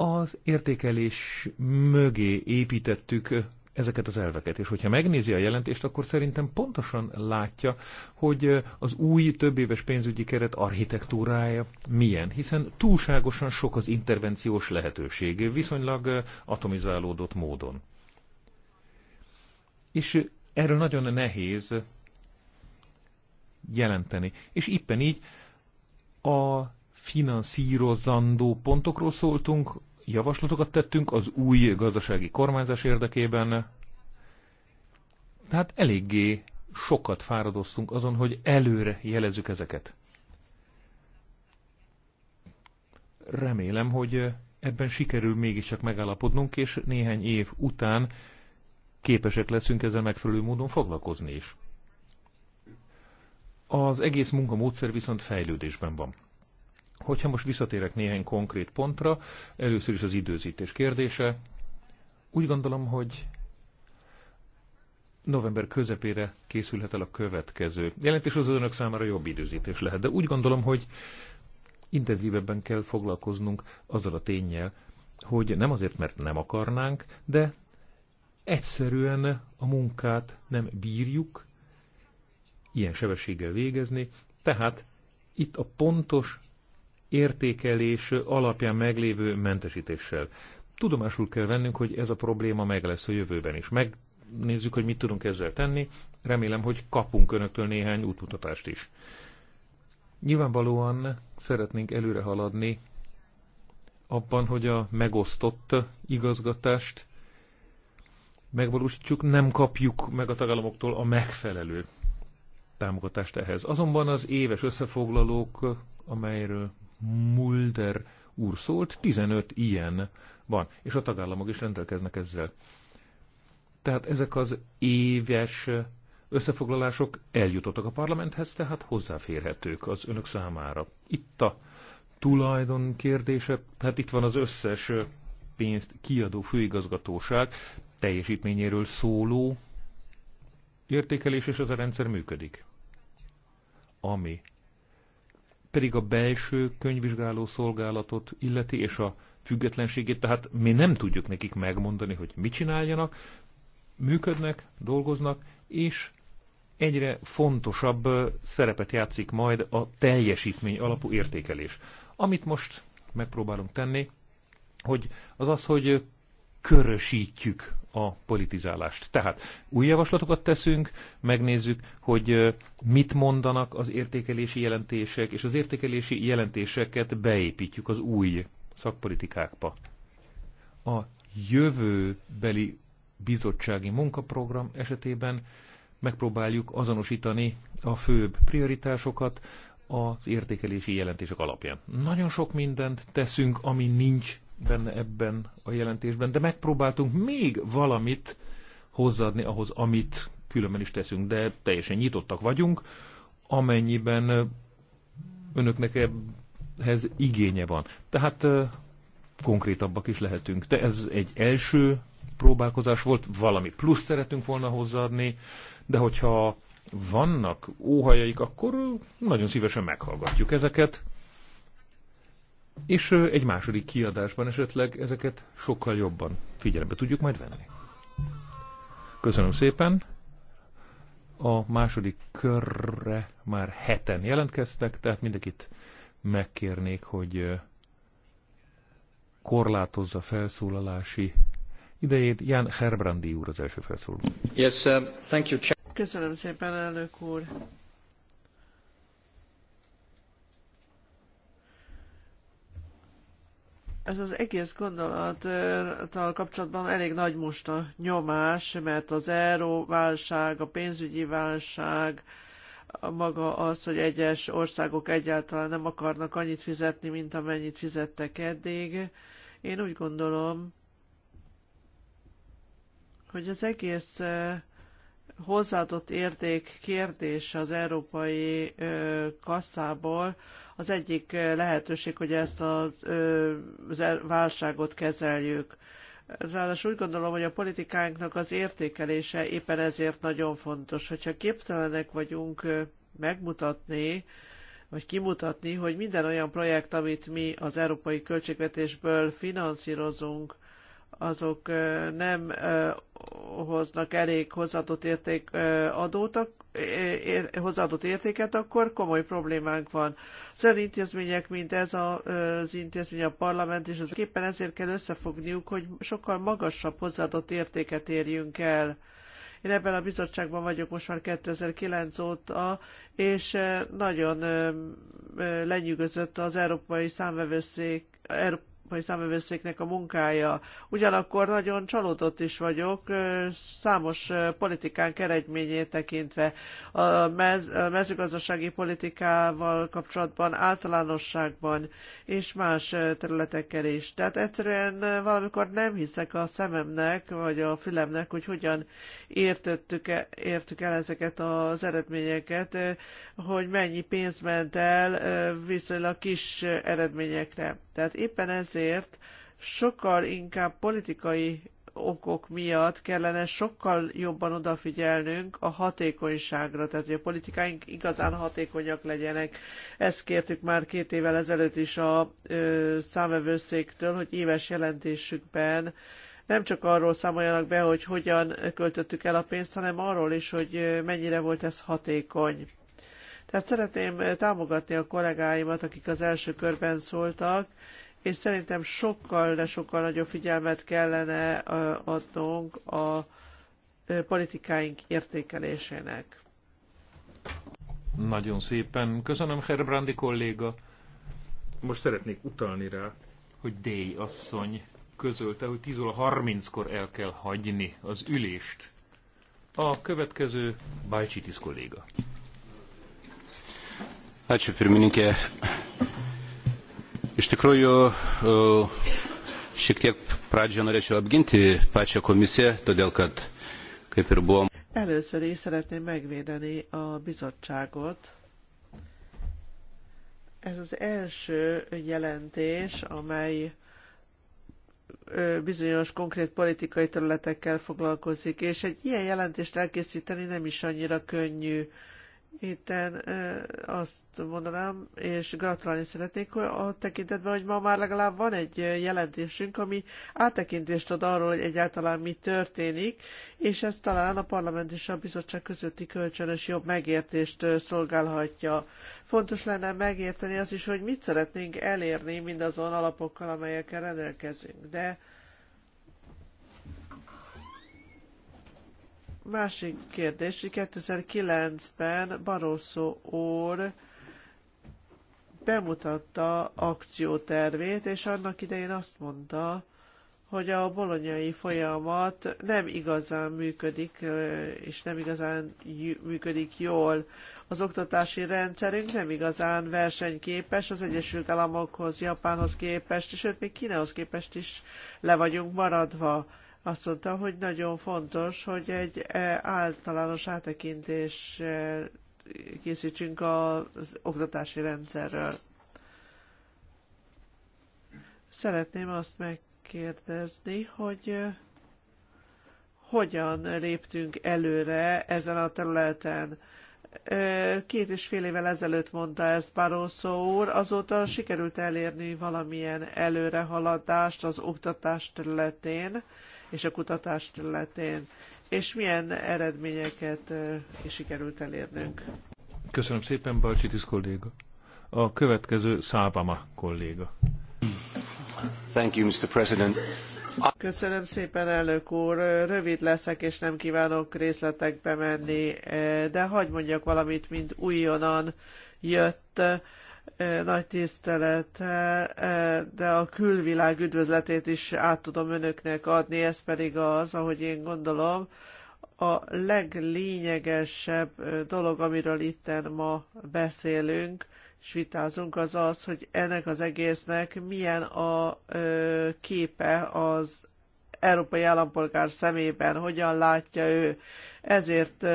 az értékelés mögé építettük ezeket az elveket. És hogyha megnézi a jelentést, akkor szerintem pontosan látja, hogy az új többéves pénzügyi keret architektúrája milyen, hiszen túlságosan sok az intervenciós lehetőség, viszonylag atomizálódott módon. És erről nagyon nehéz jelenteni. És éppen így a finanszírozandó pontokról szóltunk, javaslatokat tettünk az új gazdasági kormányzás érdekében. Tehát eléggé sokat fáradoztunk azon, hogy előre jelezzük ezeket. Remélem, hogy ebben sikerül mégiscsak megállapodnunk, és néhány év után képesek leszünk ezzel megfelelő módon foglalkozni is. Az egész munkamódszer viszont fejlődésben van. Hogyha most visszatérek néhány konkrét pontra, először is az időzítés kérdése. Úgy gondolom, hogy november közepére készülhet el a következő. Jelentés az önök számára jobb időzítés lehet, de úgy gondolom, hogy intenzívebben kell foglalkoznunk azzal a tényjel, hogy nem azért, mert nem akarnánk, de egyszerűen a munkát nem bírjuk ilyen sebességgel végezni, tehát itt a pontos értékelés alapján meglévő mentesítéssel. Tudomásul kell vennünk, hogy ez a probléma meg lesz a jövőben is. Megnézzük, hogy mit tudunk ezzel tenni. Remélem, hogy kapunk önöktől néhány útmutatást is. Nyilvánvalóan szeretnénk előre haladni abban, hogy a megosztott igazgatást megvalósítjuk, nem kapjuk meg a tagállamoktól a megfelelő támogatást ehhez. Azonban az éves összefoglalók, amelyről Mulder úr szólt, 15 ilyen van, és a tagállamok is rendelkeznek ezzel. Tehát ezek az éves összefoglalások eljutottak a parlamenthez, tehát hozzáférhetők az önök számára. Itt a tulajdon kérdése, tehát itt van az összes pénzt kiadó főigazgatóság teljesítményéről szóló értékelés, és ez a rendszer működik. Ami pedig a belső könyvvizsgáló szolgálatot illeti, és a függetlenségét, tehát mi nem tudjuk nekik megmondani, hogy mit csináljanak, működnek, dolgoznak, és egyre fontosabb szerepet játszik majd a teljesítmény alapú értékelés. Amit most megpróbálunk tenni, hogy az az, hogy körösítjük a politizálást. Tehát új javaslatokat teszünk, megnézzük, hogy mit mondanak az értékelési jelentések, és az értékelési jelentéseket beépítjük az új szakpolitikákba. A jövőbeli bizottsági munkaprogram esetében megpróbáljuk azonosítani a főbb prioritásokat az értékelési jelentések alapján. Nagyon sok mindent teszünk, ami nincs benne ebben a jelentésben, de megpróbáltunk még valamit hozzáadni ahhoz, amit különben is teszünk, de teljesen nyitottak vagyunk, amennyiben önöknek ehhez igénye van. Tehát konkrétabbak is lehetünk. De ez egy első próbálkozás volt, valami plusz szeretünk volna hozzáadni, de hogyha vannak óhajaik, akkor nagyon szívesen meghallgatjuk ezeket. És egy második kiadásban esetleg ezeket sokkal jobban figyelembe tudjuk majd venni. Köszönöm szépen. A második körre már heten jelentkeztek, tehát mindenkit megkérnék, hogy korlátozza felszólalási idejét. Ján Herbrandi úr az első felszólaló. Yes, uh, thank you. Köszönöm szépen, elnök úr. ez az egész gondolattal kapcsolatban elég nagy most a nyomás, mert az euróválság, válság, a pénzügyi válság, maga az, hogy egyes országok egyáltalán nem akarnak annyit fizetni, mint amennyit fizettek eddig. Én úgy gondolom, hogy az egész eh, hozzáadott érték kérdése az európai kasszából az egyik lehetőség, hogy ezt a válságot kezeljük. Ráadásul úgy gondolom, hogy a politikánknak az értékelése éppen ezért nagyon fontos. Hogyha képtelenek vagyunk megmutatni, vagy kimutatni, hogy minden olyan projekt, amit mi az európai költségvetésből finanszírozunk, azok nem hoznak elég hozzáadott érték adót, hozzáadott értéket, akkor komoly problémánk van. Szóval intézmények, mint ez a, az intézmény, a parlament, és az éppen ezért kell összefogniuk, hogy sokkal magasabb hozzáadott értéket érjünk el. Én ebben a bizottságban vagyok most már 2009 óta, és nagyon lenyűgözött az Európai Számvevőszék, vagy számövőszéknek a munkája. Ugyanakkor nagyon csalódott is vagyok számos politikán eredményét tekintve. A mez, mezőgazdasági politikával kapcsolatban általánosságban és más területekkel is. Tehát egyszerűen valamikor nem hiszek a szememnek, vagy a fülemnek, hogy hogyan értettük -e, értük el ezeket az eredményeket, hogy mennyi pénz ment el viszonylag kis eredményekre. Tehát éppen ezért azért sokkal inkább politikai okok miatt kellene sokkal jobban odafigyelnünk a hatékonyságra, tehát hogy a politikáink igazán hatékonyak legyenek. Ezt kértük már két évvel ezelőtt is a ö, számvevőszéktől, hogy éves jelentésükben nem csak arról számoljanak be, hogy hogyan költöttük el a pénzt, hanem arról is, hogy mennyire volt ez hatékony. Tehát szeretném támogatni a kollégáimat, akik az első körben szóltak, és szerintem sokkal, de sokkal nagyobb figyelmet kellene adnunk a politikáink értékelésének. Nagyon szépen. Köszönöm, Herbrandi kolléga. Most szeretnék utalni rá, hogy Déj asszony közölte, hogy 10 óra 30-kor el kell hagyni az ülést. A következő Bajcsitis kolléga. Hát, pirmininkė. Iš tikrųjų, e, šiek tiek pradžio norėčiau apginti pačią komisiją, todėl kad kaip ir buvom. Először is szeretném megvédeni a bizottságot. Ez az első jelentés, amely bizonyos konkrét politikai területekkel foglalkozik, és egy ilyen jelentést elkészíteni nem is annyira könnyű Itten azt mondanám, és gratulálni szeretnék hogy a tekintetben, hogy ma már legalább van egy jelentésünk, ami áttekintést ad arról, hogy egyáltalán mi történik, és ez talán a parlament és a bizottság közötti kölcsönös jobb megértést szolgálhatja. Fontos lenne megérteni az is, hogy mit szeretnénk elérni mindazon alapokkal, amelyekkel rendelkezünk, de másik kérdés, 2009-ben Barroso úr bemutatta akciótervét, és annak idején azt mondta, hogy a bolonyai folyamat nem igazán működik, és nem igazán működik jól. Az oktatási rendszerünk nem igazán versenyképes az Egyesült Államokhoz, Japánhoz képest, sőt, még Kínához képest is le vagyunk maradva azt mondta, hogy nagyon fontos, hogy egy e, általános áttekintés készítsünk az oktatási rendszerről. Szeretném azt megkérdezni, hogy e, hogyan léptünk előre ezen a területen. E, két és fél évvel ezelőtt mondta ezt Barroso úr, azóta sikerült elérni valamilyen előrehaladást az oktatás területén, és a kutatás területén, és milyen eredményeket sikerült elérnünk. Köszönöm szépen, Balcsitis kolléga. A következő Szávama kolléga. Thank you, Mr. President. Köszönöm szépen, elnök úr. Rövid leszek, és nem kívánok részletekbe menni, de hagy mondjak valamit, mint újonnan jött nagy tisztelete, de a külvilág üdvözletét is át tudom önöknek adni, ez pedig az, ahogy én gondolom, a leglényegesebb dolog, amiről itten ma beszélünk, és vitázunk, az az, hogy ennek az egésznek milyen a képe az európai állampolgár szemében, hogyan látja ő. Ezért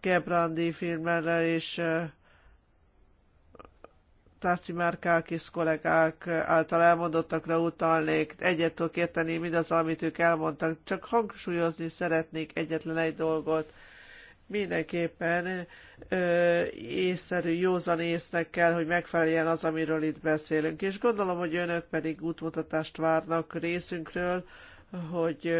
Gebrandi filmmel és Táci és kollégák által elmondottakra utalnék, egyet tudok érteni mindaz, amit ők elmondtak, csak hangsúlyozni szeretnék egyetlen egy dolgot. Mindenképpen ö, észszerű, józan észnek kell, hogy megfeleljen az, amiről itt beszélünk. És gondolom, hogy önök pedig útmutatást várnak részünkről, hogy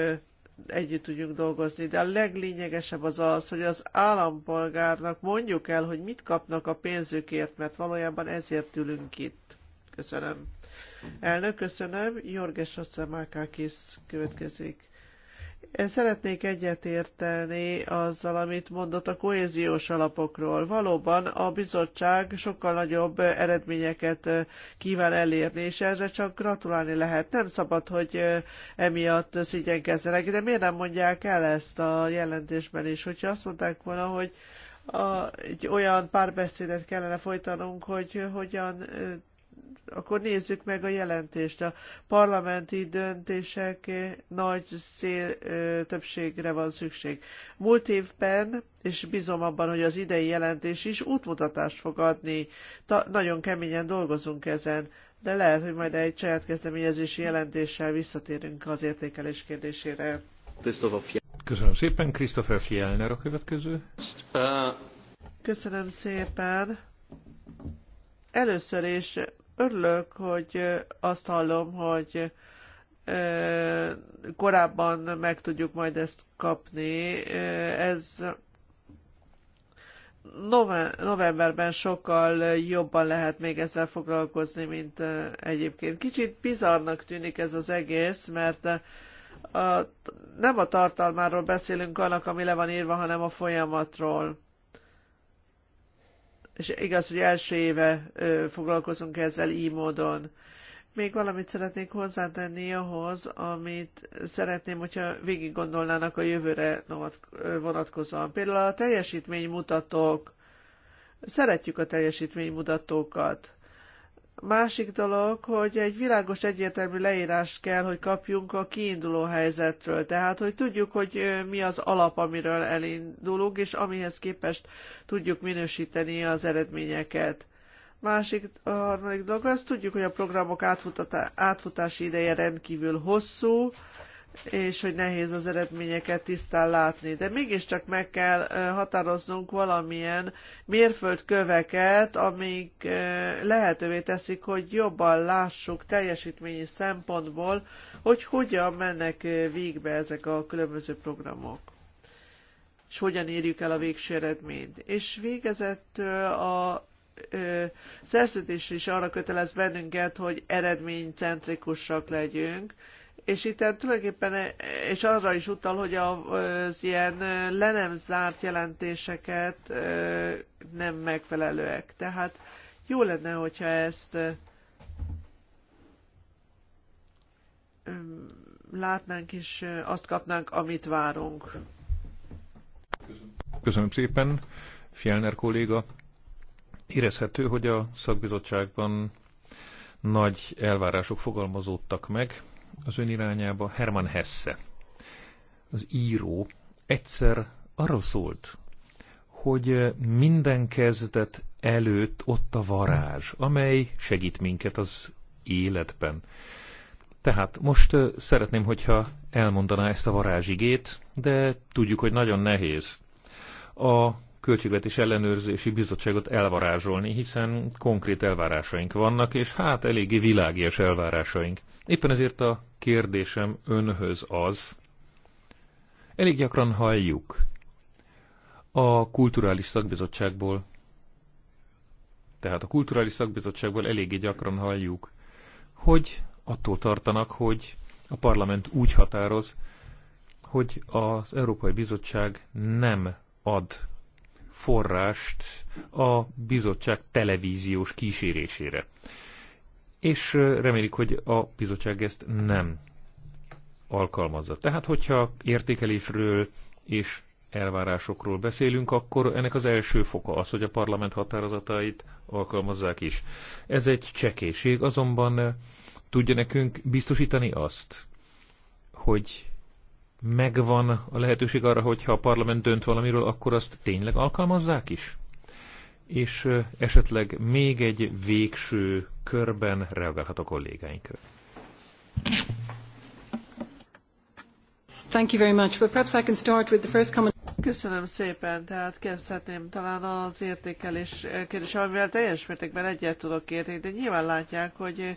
együtt tudjunk dolgozni, de a leglényegesebb az az, hogy az állampolgárnak mondjuk el, hogy mit kapnak a pénzükért, mert valójában ezért ülünk itt. Köszönöm. Elnök, köszönöm. Jorges Ocemákákis következik. Szeretnék egyetérteni azzal, amit mondott a kohéziós alapokról. Valóban a bizottság sokkal nagyobb eredményeket kíván elérni, és erre csak gratulálni lehet. Nem szabad, hogy emiatt szigyenkezzenek, de miért nem mondják el ezt a jelentésben is? Hogyha azt mondták volna, hogy a, egy olyan párbeszédet kellene folytanunk, hogy hogyan akkor nézzük meg a jelentést. A parlamenti döntések nagy szél többségre van szükség. Múlt évben, és bízom abban, hogy az idei jelentés is útmutatást fog adni. Ta, nagyon keményen dolgozunk ezen, de lehet, hogy majd egy saját kezdeményezési jelentéssel visszatérünk az értékelés kérdésére. Köszönöm szépen, Christopher Fjellner a következő. Uh, Köszönöm szépen. Először is örülök, hogy azt hallom, hogy korábban meg tudjuk majd ezt kapni. Ez novemberben sokkal jobban lehet még ezzel foglalkozni, mint egyébként. Kicsit bizarnak tűnik ez az egész, mert a, nem a tartalmáról beszélünk annak, ami le van írva, hanem a folyamatról és igaz, hogy első éve foglalkozunk ezzel így módon. Még valamit szeretnék hozzátenni ahhoz, amit szeretném, hogyha végig gondolnának a jövőre vonatkozóan. Például a teljesítménymutatók. Szeretjük a teljesítménymutatókat. Másik dolog, hogy egy világos egyértelmű leírás kell, hogy kapjunk a kiinduló helyzetről. Tehát, hogy tudjuk, hogy mi az alap, amiről elindulunk, és amihez képest tudjuk minősíteni az eredményeket. Másik, a harmadik dolog, azt tudjuk, hogy a programok átfutási ideje rendkívül hosszú, és hogy nehéz az eredményeket tisztán látni. De mégiscsak meg kell határoznunk valamilyen mérföldköveket, amik lehetővé teszik, hogy jobban lássuk teljesítményi szempontból, hogy hogyan mennek végbe ezek a különböző programok és hogyan érjük el a végső eredményt. És végezettől a ö, szerződés is arra kötelez bennünket, hogy eredménycentrikusak legyünk, és itt tulajdonképpen, és arra is utal, hogy az ilyen le nem zárt jelentéseket nem megfelelőek. Tehát jó lenne, hogyha ezt látnánk és azt kapnánk, amit várunk. Köszönöm, Köszönöm szépen, Fjellner kolléga. Érezhető, hogy a szakbizottságban nagy elvárások fogalmazódtak meg, az ön irányába, Herman Hesse, az író, egyszer arról szólt, hogy minden kezdet előtt ott a varázs, amely segít minket az életben. Tehát most szeretném, hogyha elmondaná ezt a varázsigét, de tudjuk, hogy nagyon nehéz. A Költségvetés Ellenőrzési Bizottságot elvarázsolni, hiszen konkrét elvárásaink vannak, és hát eléggé világias elvárásaink. Éppen ezért a kérdésem önhöz az, elég gyakran halljuk a kulturális szakbizottságból, tehát a kulturális szakbizottságból eléggé gyakran halljuk, hogy attól tartanak, hogy a parlament úgy határoz, hogy az Európai Bizottság nem ad forrást a bizottság televíziós kísérésére. És remélik, hogy a bizottság ezt nem alkalmazza. Tehát, hogyha értékelésről és elvárásokról beszélünk, akkor ennek az első foka az, hogy a parlament határozatait alkalmazzák is. Ez egy csekéség, azonban tudja nekünk biztosítani azt, hogy megvan a lehetőség arra, hogyha a parlament dönt valamiről, akkor azt tényleg alkalmazzák is? És esetleg még egy végső körben reagálhat a kollégáink. Thank you very much. But perhaps I can start with the first comment. Köszönöm szépen, tehát kezdhetném talán az értékelés kérdés, amivel teljes mértékben egyet tudok érteni, de nyilván látják, hogy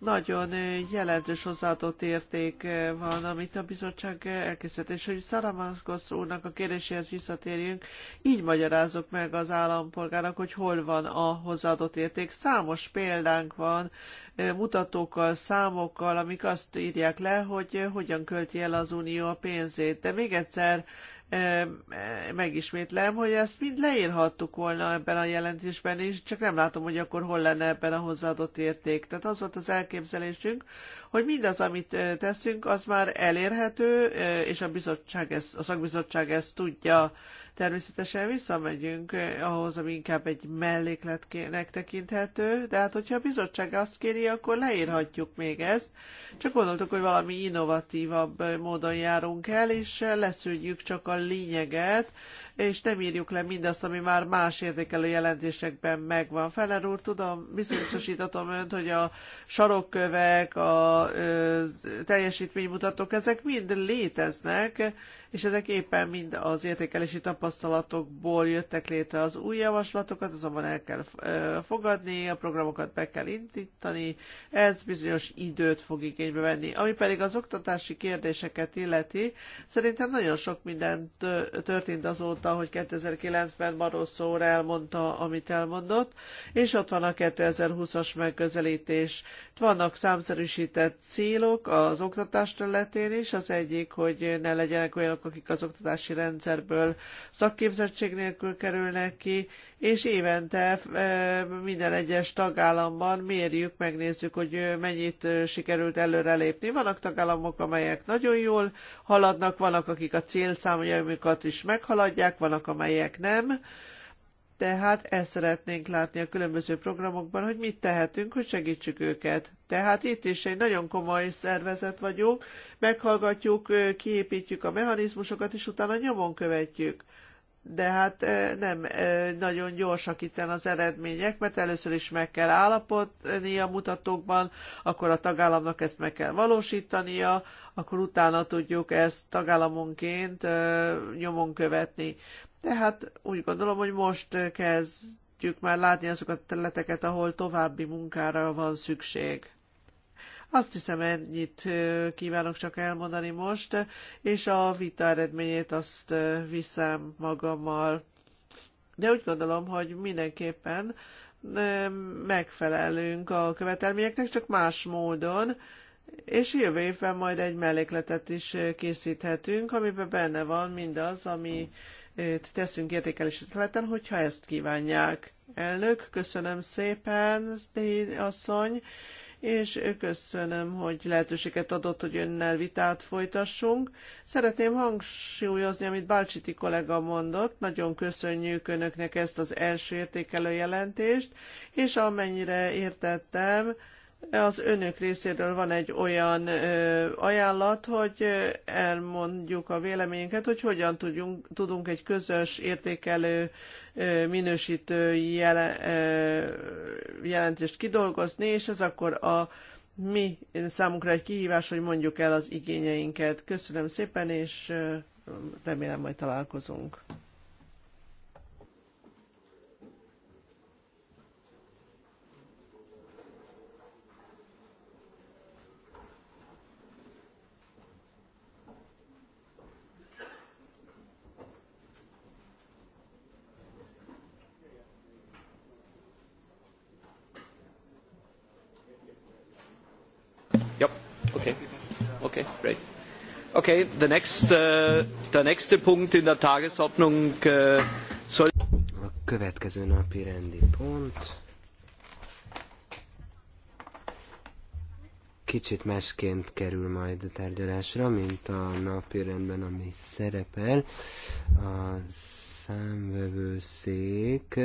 nagyon jelentős hozzáadott érték van, amit a bizottság elkészített. És hogy Szaramaszkosz úrnak a kérdéséhez visszatérjünk, így magyarázok meg az állampolgárnak, hogy hol van a hozzáadott érték. Számos példánk van, mutatókkal, számokkal, amik azt írják le, hogy hogyan költi el az Unió a pénzét. De még egyszer megismétlem, hogy ezt mind leírhattuk volna ebben a jelentésben is, csak nem látom, hogy akkor hol lenne ebben a hozzáadott érték. Tehát az volt az elképzelésünk, hogy mindaz, amit teszünk, az már elérhető, és a bizottság ezt, a szakbizottság ezt tudja Természetesen visszamegyünk eh, ahhoz, ami inkább egy mellékletnek tekinthető, de hát hogyha a bizottság azt kéri, akkor leírhatjuk még ezt. Csak gondoltuk, hogy valami innovatívabb módon járunk el, és eh, leszűrjük csak a lényeget, és nem írjuk le mindazt, ami már más értékelő jelentésekben megvan. Feller úr, tudom, biztosítatom önt, hogy a sarokkövek, a ö, teljesítménymutatók, ezek mind léteznek, és ezek éppen mind az értékelési tapasztalatokból jöttek létre az új javaslatokat, azonban el kell fogadni, a programokat be kell indítani, ez bizonyos időt fog igénybe venni. Ami pedig az oktatási kérdéseket illeti, szerintem nagyon sok minden történt azóta, mondta, hogy 2009-ben Barroso úr elmondta, amit elmondott, és ott van a 2020-as megközelítés. Vannak számszerűsített célok az oktatás területén is, az egyik, hogy ne legyenek olyanok, akik az oktatási rendszerből szakképzettség nélkül kerülnek ki, és évente eh, minden egyes tagállamban mérjük, megnézzük, hogy eh, mennyit eh, sikerült előrelépni. Vannak tagállamok, amelyek nagyon jól haladnak, vannak, akik a célszámjaikat is meghaladják, vannak, amelyek nem tehát ezt szeretnénk látni a különböző programokban, hogy mit tehetünk, hogy segítsük őket. Tehát itt is egy nagyon komoly szervezet vagyunk, meghallgatjuk, kiépítjük a mechanizmusokat, és utána nyomon követjük. De hát nem nagyon gyorsak itt az eredmények, mert először is meg kell állapodni a mutatókban, akkor a tagállamnak ezt meg kell valósítania, akkor utána tudjuk ezt tagállamonként nyomon követni. Tehát úgy gondolom, hogy most kezdjük már látni azokat a területeket, ahol további munkára van szükség. Azt hiszem, ennyit kívánok csak elmondani most, és a vita eredményét azt viszem magammal. De úgy gondolom, hogy mindenképpen megfelelünk a követelményeknek, csak más módon, és jövő évben majd egy mellékletet is készíthetünk, amiben benne van mindaz, ami teszünk értékelési területen, hogyha ezt kívánják. Elnök, köszönöm szépen, Sztély asszony, és köszönöm, hogy lehetőséget adott, hogy önnel vitát folytassunk. Szeretném hangsúlyozni, amit Bálcsiti kollega mondott, nagyon köszönjük önöknek ezt az első értékelő jelentést, és amennyire értettem, az önök részéről van egy olyan ajánlat, hogy elmondjuk a véleményünket, hogy hogyan tudjunk, tudunk egy közös értékelő minősítő ö, jelentést kidolgozni, és ez akkor a mi számunkra egy kihívás, hogy mondjuk el az igényeinket. Köszönöm szépen, és remélem majd találkozunk. Okay, great. Okay, the next, uh, in Tagesordnung uh, soll... A következő napi rendi pont... Kicsit másként kerül majd a tárgyalásra, mint a napi rendben, ami szerepel. A számvevőszék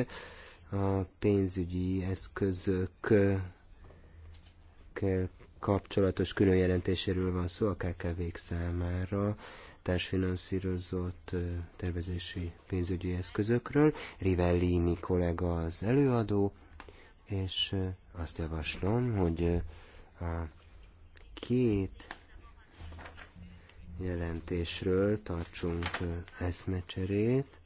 a pénzügyi eszközök kapcsolatos külön jelentéséről van szó a kkv számára társfinanszírozott tervezési pénzügyi eszközökről. Rivellini kollega az előadó, és azt javaslom, hogy a két jelentésről tartsunk eszmecserét.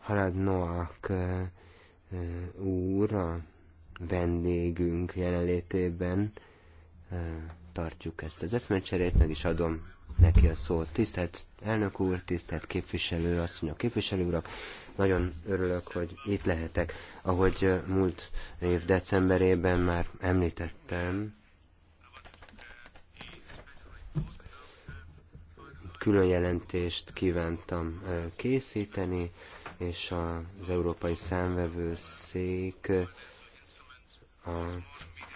Halad Noak úr, a vendégünk jelenlétében tartjuk ezt az eszmecserét, meg is adom neki a szót. Tisztelt elnök úr, tisztelt képviselő, asszonyok, képviselő urak, nagyon örülök, hogy itt lehetek. Ahogy múlt év decemberében már említettem, külön jelentést kívántam készíteni, és az Európai Számvevőszék a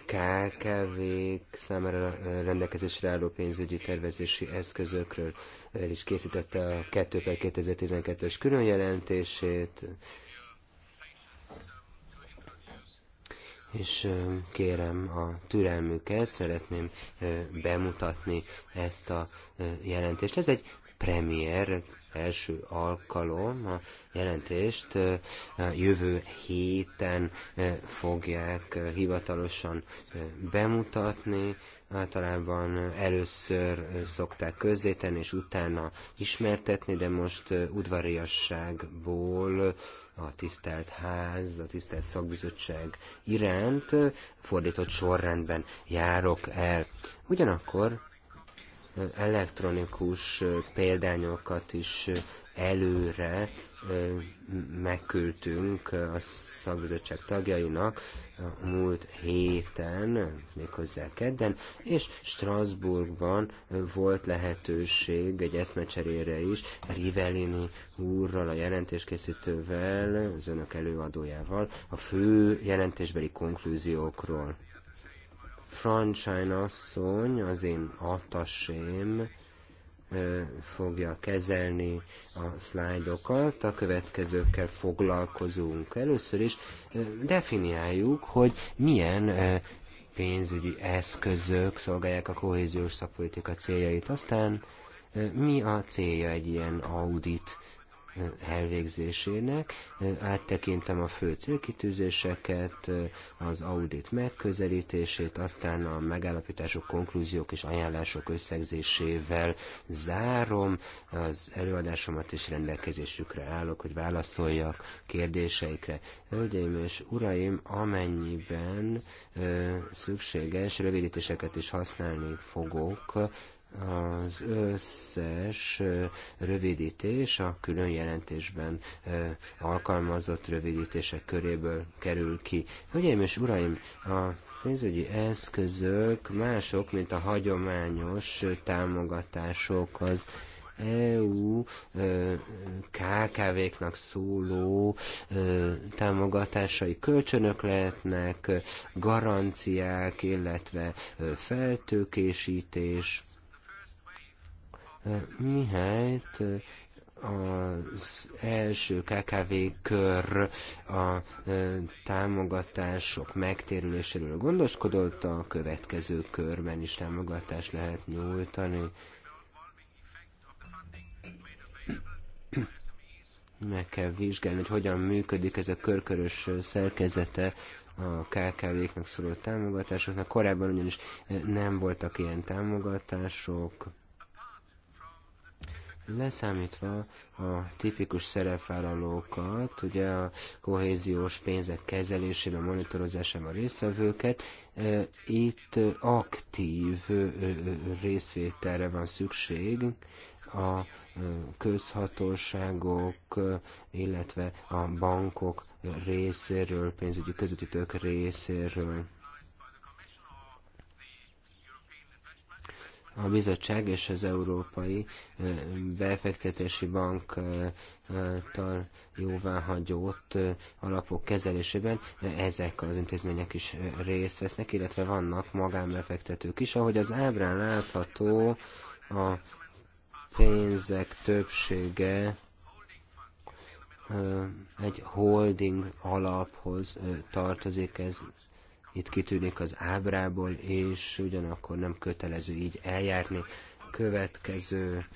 KKV-k számára rendelkezésre álló pénzügyi tervezési eszközökről el is készítette a 2 per 2012-es különjelentését, és kérem a türelmüket, szeretném bemutatni ezt a jelentést. Ez egy premier első alkalom a jelentést jövő héten fogják hivatalosan bemutatni. Általában először szokták közzétenni, és utána ismertetni, de most udvariasságból a tisztelt ház, a tisztelt szakbizottság iránt fordított sorrendben járok el. Ugyanakkor elektronikus példányokat is előre megküldtünk a szakbizottság tagjainak a múlt héten, méghozzá kedden, és Strasbourgban volt lehetőség egy eszmecserére is, Rivellini úrral, a jelentéskészítővel, az önök előadójával, a fő jelentésbeli konklúziókról. Sunshine asszony, az én attasém, fogja kezelni a szlájdokat. A következőkkel foglalkozunk. Először is definiáljuk, hogy milyen pénzügyi eszközök szolgálják a kohéziós szakpolitika céljait. Aztán mi a célja egy ilyen audit elvégzésének. Áttekintem a fő célkitűzéseket, az audit megközelítését, aztán a megállapítások, konklúziók és ajánlások összegzésével zárom az előadásomat és rendelkezésükre állok, hogy válaszoljak kérdéseikre. Hölgyeim és uraim, amennyiben ö, szükséges, rövidítéseket is használni fogok, az összes rövidítés a külön jelentésben alkalmazott rövidítések köréből kerül ki. Hölgyeim és uraim, a pénzügyi eszközök mások, mint a hagyományos támogatások az EU KKV-knak szóló támogatásai kölcsönök lehetnek, garanciák, illetve feltőkésítés, Mihályt az első KKV kör a támogatások megtérüléséről gondoskodott, a következő körben is támogatást lehet nyújtani. Meg kell vizsgálni, hogy hogyan működik ez a körkörös szerkezete a KKV-knak szóló támogatásoknak. Korábban ugyanis nem voltak ilyen támogatások, Leszámítva a tipikus szerepvállalókat, ugye a kohéziós pénzek kezelésében, monitorozásában résztvevőket, eh, itt aktív eh, eh, részvételre van szükség, a közhatóságok, illetve a bankok részéről, pénzügyi közvetítők részéről. A bizottság és az Európai Befektetési Bank által jóváhagyott alapok kezelésében ezek az intézmények is részt vesznek, illetve vannak magánbefektetők is. Ahogy az ábrán látható, a pénzek többsége egy holding alaphoz tartozik, ez itt kitűnik az ábrából, és ugyanakkor nem kötelező így eljárni. Következő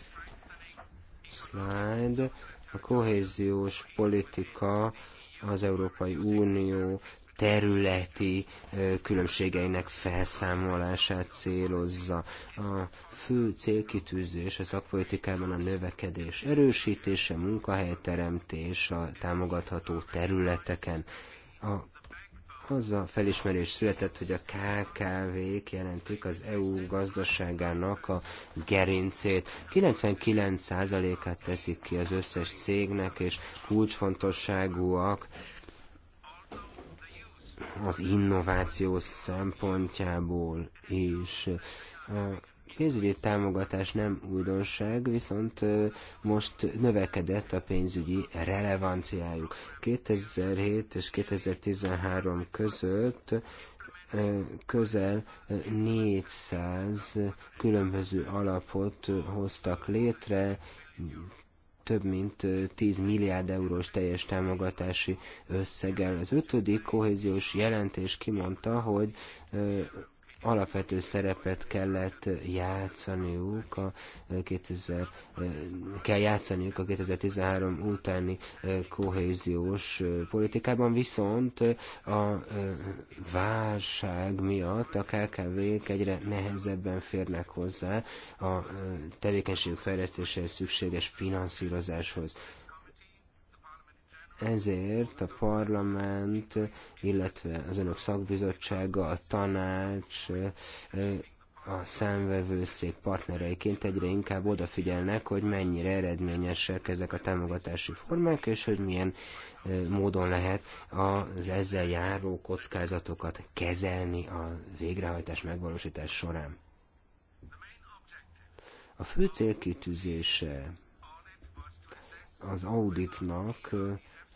slide. A kohéziós politika az Európai Unió területi különbségeinek felszámolását célozza. A fő célkitűzés a szakpolitikában a növekedés erősítése, munkahelyteremtés a támogatható területeken. A az a felismerés született, hogy a KKV-k jelentik az EU gazdaságának a gerincét. 99%-át teszik ki az összes cégnek, és kulcsfontosságúak az innováció szempontjából is pénzügyi támogatás nem újdonság, viszont most növekedett a pénzügyi relevanciájuk. 2007 és 2013 között közel 400 különböző alapot hoztak létre, több mint 10 milliárd eurós teljes támogatási összeggel. Az ötödik kohéziós jelentés kimondta, hogy alapvető szerepet kellett játszaniuk a 2000, kell játszaniuk a 2013 utáni kohéziós politikában, viszont a válság miatt a KKV-k egyre nehezebben férnek hozzá a tevékenységük fejlesztéséhez szükséges finanszírozáshoz ezért a parlament, illetve az önök szakbizottsága, a tanács, a számvevőszék partnereiként egyre inkább odafigyelnek, hogy mennyire eredményesek ezek a támogatási formák, és hogy milyen módon lehet az ezzel járó kockázatokat kezelni a végrehajtás megvalósítás során. A fő célkitűzése az auditnak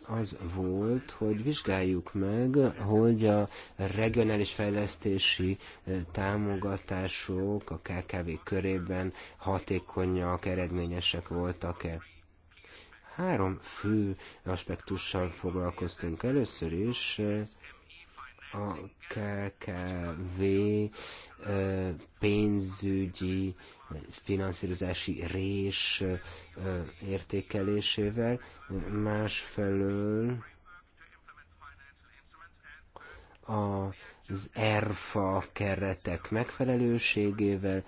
az volt, hogy vizsgáljuk meg, hogy a regionális fejlesztési támogatások a KKV körében hatékonyak, eredményesek voltak-e. Három fő aspektussal foglalkoztunk először is, a KKV pénzügyi finanszírozási rés értékelésével, másfelől az ERFA keretek megfelelőségével,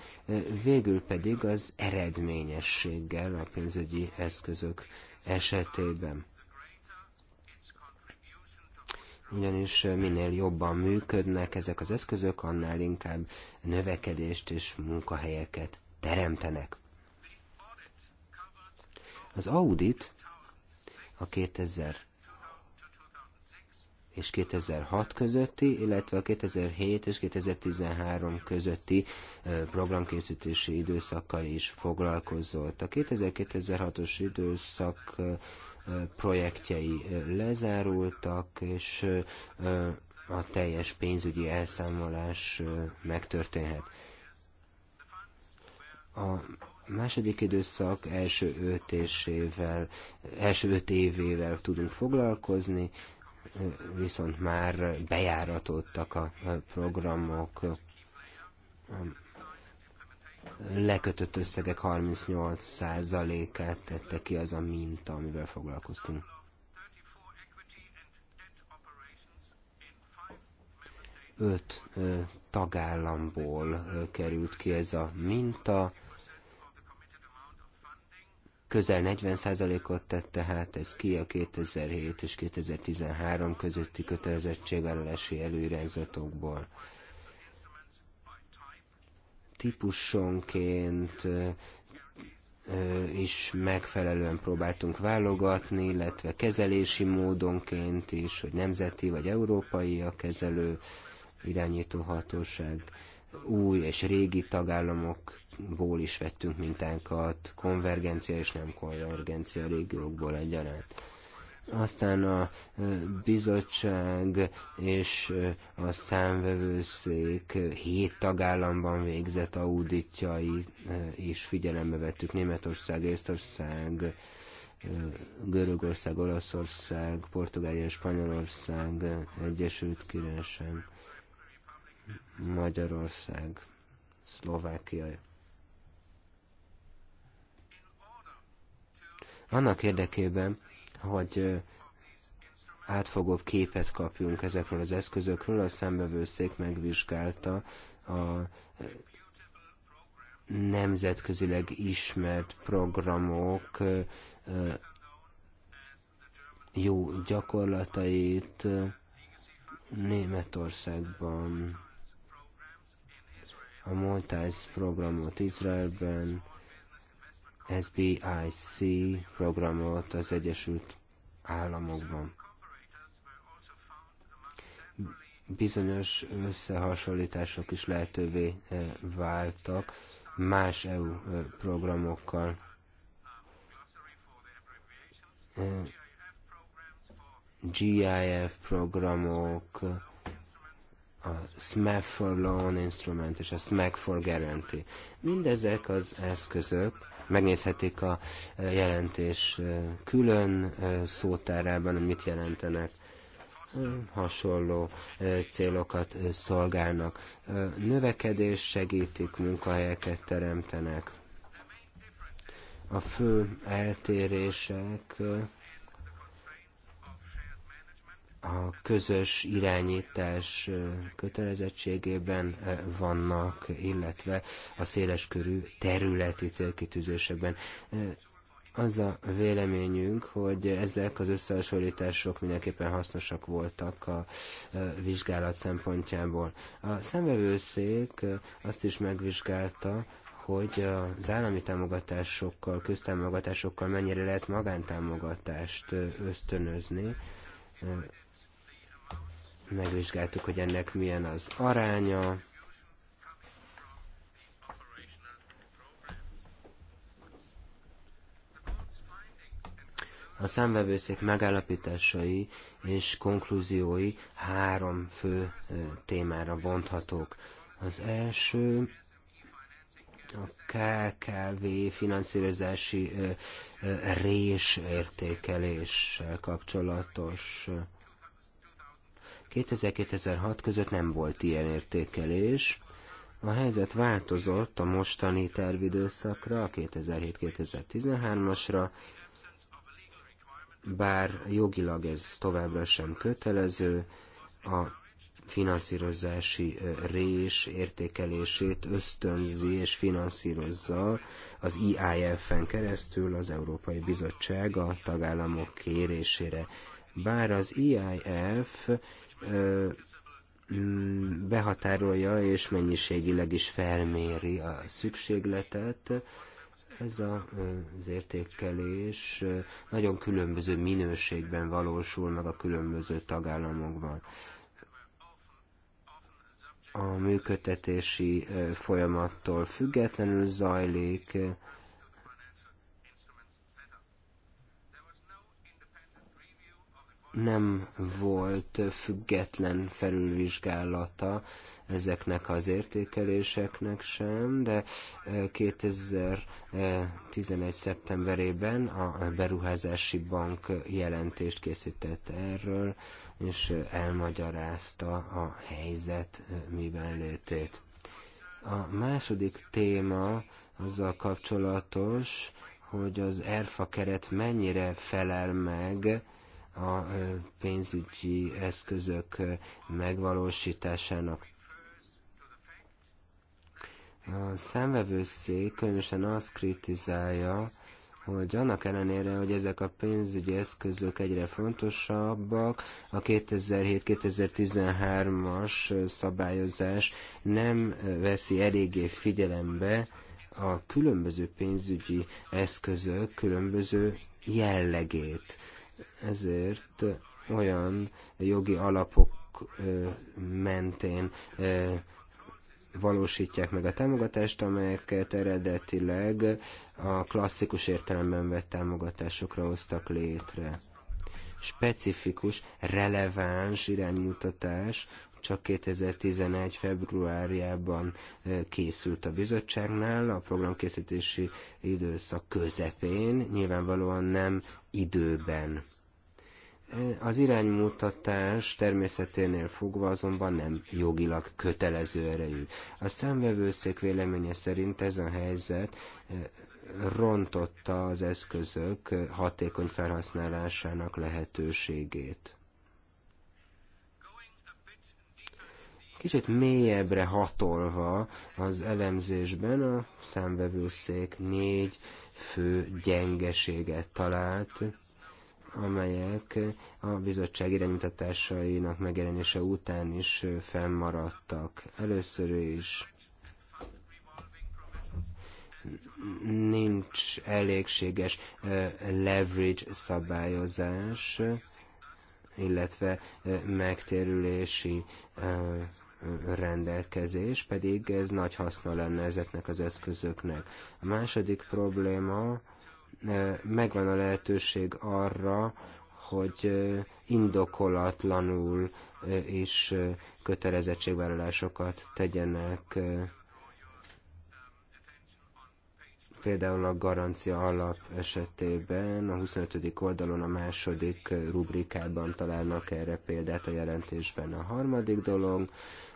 végül pedig az eredményességgel a pénzügyi eszközök esetében ugyanis minél jobban működnek ezek az eszközök, annál inkább növekedést és munkahelyeket teremtenek. Az audit a 2000 és 2006 közötti, illetve a 2007 és 2013 közötti programkészítési időszakkal is foglalkozott. A 2006 os időszak projektjei lezárultak, és a teljes pénzügyi elszámolás megtörténhet. A második időszak első öt, évvel, első öt évével tudunk foglalkozni, viszont már bejáratottak a programok, lekötött összegek 38%-át tette ki az a minta, amivel foglalkoztunk. Öt tagállamból került ki ez a minta, közel 40%-ot tett tehát ez ki a 2007 és 2013 közötti kötelezettségvállalási előirányzatokból. Típusonként is megfelelően próbáltunk válogatni, illetve kezelési módonként is, hogy nemzeti vagy európai a kezelő irányító hatóság, új és régi tagállamok régiókból is vettünk mintánkat, konvergencia és nem konvergencia régiókból egyaránt. Aztán a bizottság és a számvevőszék hét tagállamban végzett auditjai is figyelembe vettük. Németország, Észtország, Görögország, Olaszország, Portugália, Spanyolország, Egyesült Királyság, Magyarország, Szlovákia Annak érdekében, hogy átfogóbb képet kapjunk ezekről az eszközökről, a szembevőszék megvizsgálta a nemzetközileg ismert programok jó gyakorlatait Németországban, a Montáz programot Izraelben, SBIC programot az Egyesült Államokban. Bizonyos összehasonlítások is lehetővé eh, váltak más EU eh, programokkal eh, GIF programok, a SMAC for Loan Instrument és a SMAC for Guarantee. Mindezek az eszközök, megnézhetik a e, jelentés e, külön e, szótárában, hogy mit jelentenek hasonló célokat szolgálnak. Növekedés segítik, munkahelyeket teremtenek. A fő eltérések a közös irányítás kötelezettségében vannak, illetve a széleskörű területi célkitűzésekben. Az a véleményünk, hogy ezek az összehasonlítások mindenképpen hasznosak voltak a vizsgálat szempontjából. A szemvevőszék azt is megvizsgálta, hogy az állami támogatásokkal, köztámogatásokkal mennyire lehet magántámogatást ösztönözni, megvizsgáltuk, hogy ennek milyen az aránya, A számvevőszék megállapításai és konklúziói három fő témára bonthatók. Az első a KKV finanszírozási rés értékeléssel kapcsolatos 2000-2006 között nem volt ilyen értékelés. A helyzet változott a mostani tervidőszakra, 2007-2013-asra, bár jogilag ez továbbra sem kötelező, a finanszírozási rés értékelését ösztönzi és finanszírozza az e IIF-en keresztül az Európai Bizottság a tagállamok kérésére. Bár az e IIF behatárolja és mennyiségileg is felméri a szükségletet. Ez a, az értékelés nagyon különböző minőségben valósul meg a különböző tagállamokban. A működtetési folyamattól függetlenül zajlik, nem volt független felülvizsgálata ezeknek az értékeléseknek sem, de 2011. Eh, szeptemberében a Beruházási Bank jelentést készített erről, és elmagyarázta a helyzet eh, miben létét. A második téma azzal kapcsolatos, hogy az ERFA keret mennyire felel meg a pénzügyi eszközök megvalósításának. A szemvevőszék különösen azt kritizálja, hogy annak ellenére, hogy ezek a pénzügyi eszközök egyre fontosabbak, a 2007-2013-as szabályozás nem veszi eléggé figyelembe a különböző pénzügyi eszközök különböző jellegét. Ezért olyan jogi alapok mentén valósítják meg a támogatást, amelyeket eredetileg a klasszikus értelemben vett támogatásokra hoztak létre. Specifikus, releváns iránymutatás csak 2011. februárjában készült a bizottságnál, a programkészítési időszak közepén, nyilvánvalóan nem időben. Az iránymutatás természeténél fogva azonban nem jogilag kötelező erejű. A számvevőszék véleménye szerint ez a helyzet rontotta az eszközök hatékony felhasználásának lehetőségét. Kicsit mélyebbre hatolva az elemzésben a számvevőszék négy fő gyengeséget talált, amelyek a bizottság irányítatásainak megjelenése után is fennmaradtak. Először is nincs elégséges leverage szabályozás, illetve megtérülési rendelkezés, pedig ez nagy haszna lenne ezeknek az eszközöknek. A második probléma, e, megvan a lehetőség arra, hogy e, indokolatlanul és e, kötelezettségvállalásokat tegyenek például a garancia alap esetében a 25. oldalon a második rubrikában találnak erre példát a jelentésben. A harmadik dolog,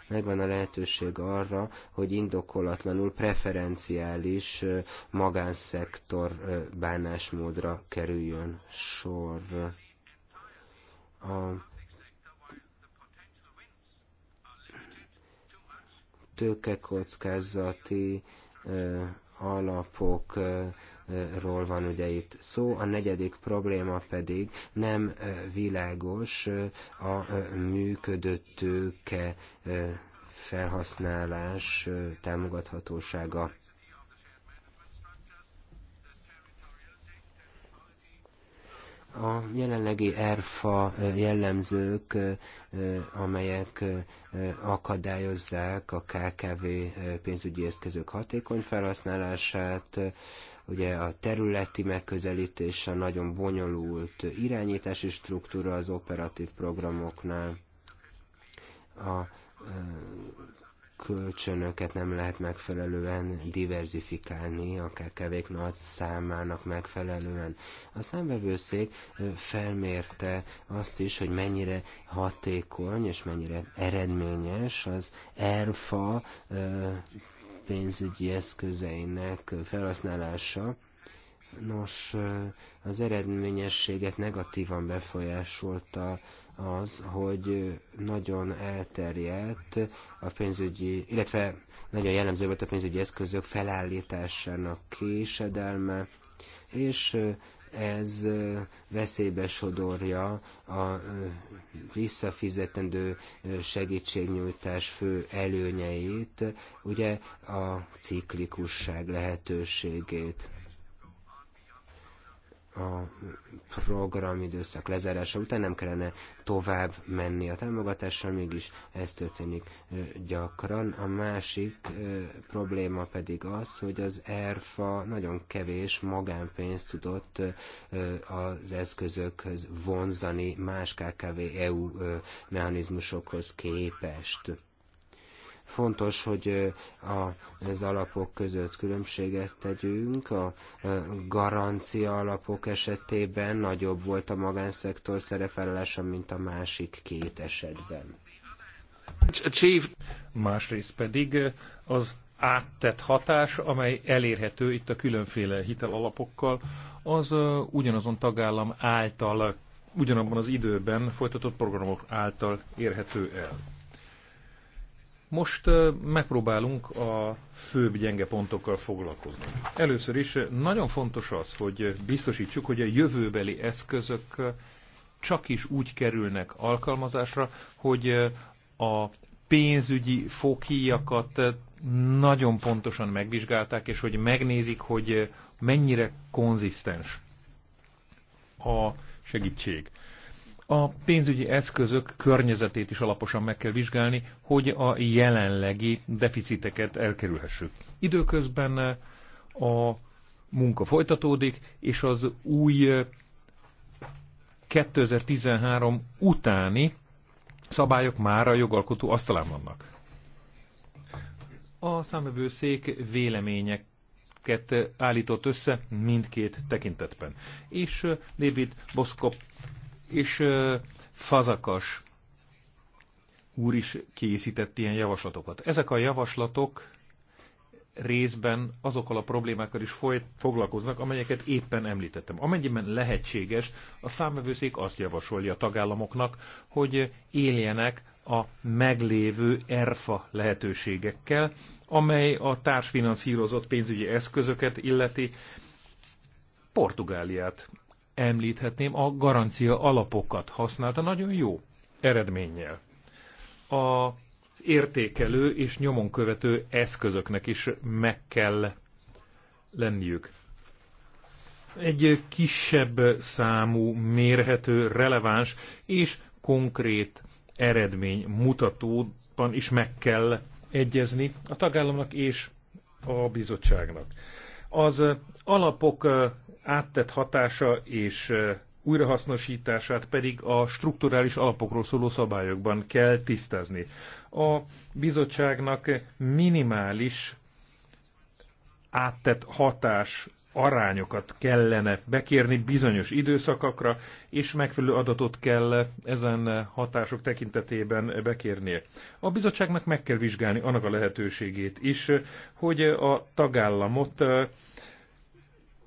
megvan a lehetőség arra, hogy indokolatlanul preferenciális magánszektor bánásmódra kerüljön sor. A tőkekockázati alapokról van ugye itt szó, a negyedik probléma pedig nem világos a működő tőke felhasználás támogathatósága. A jelenlegi ERFA jellemzők, amelyek akadályozzák a KKV pénzügyi eszközök hatékony felhasználását, ugye a területi megközelítés, a nagyon bonyolult irányítási struktúra az operatív programoknál, a kölcsönöket nem lehet megfelelően diverzifikálni akár kevék nagy számának megfelelően. A számvevőszék felmérte azt is, hogy mennyire hatékony és mennyire eredményes az ERFA pénzügyi eszközeinek felhasználása Nos, az eredményességet negatívan befolyásolta az, hogy nagyon elterjedt a pénzügyi, illetve nagyon jellemző volt a pénzügyi eszközök felállításának késedelme, és ez veszélybe sodorja a visszafizetendő segítségnyújtás fő előnyeit, ugye a ciklikusság lehetőségét a programidőszak lezárása után nem kellene tovább menni a támogatással, mégis ez történik gyakran. A másik probléma pedig az, hogy az ERFA nagyon kevés magánpénzt tudott az eszközökhöz vonzani más KKV EU mechanizmusokhoz képest Fontos, hogy az alapok között különbséget tegyünk. A garancia alapok esetében nagyobb volt a magánszektor szerepvállalása, mint a másik két esetben. Másrészt pedig az áttett hatás, amely elérhető itt a különféle hitelalapokkal, az ugyanazon tagállam által, ugyanabban az időben folytatott programok által érhető el. Most megpróbálunk a főbb gyenge pontokkal foglalkozni. Először is nagyon fontos az, hogy biztosítsuk, hogy a jövőbeli eszközök csak is úgy kerülnek alkalmazásra, hogy a pénzügyi fokhíjakat nagyon pontosan megvizsgálták, és hogy megnézik, hogy mennyire konzisztens a segítség. A pénzügyi eszközök környezetét is alaposan meg kell vizsgálni, hogy a jelenlegi deficiteket elkerülhessük. Időközben a munka folytatódik, és az új 2013 eh, utáni szabályok már a jogalkotó asztalán vannak. A számvevőszék vélemények állított össze mindkét tekintetben. És eh, David Boszkop és Fazakas úr is készített ilyen javaslatokat. Ezek a javaslatok részben azokkal a problémákkal is folyt, foglalkoznak, amelyeket éppen említettem. Amennyiben lehetséges, a számvevőszék azt javasolja a tagállamoknak, hogy éljenek a meglévő ERFA lehetőségekkel, amely a társfinanszírozott pénzügyi eszközöket illeti Portugáliát említhetném, a garancia alapokat használta nagyon jó eredménnyel. A értékelő és nyomon követő eszközöknek is meg kell lenniük. Egy kisebb számú, mérhető, releváns és konkrét eredmény mutatóban is meg kell egyezni a tagállamnak és a bizottságnak. Az alapok áttett hatása és újrahasznosítását pedig a strukturális alapokról szóló szabályokban kell tisztázni. A bizottságnak minimális áttett hatás arányokat kellene bekérni bizonyos időszakakra, és megfelelő adatot kell ezen hatások tekintetében bekérnie. A bizottságnak meg kell vizsgálni annak a lehetőségét is, hogy a tagállamot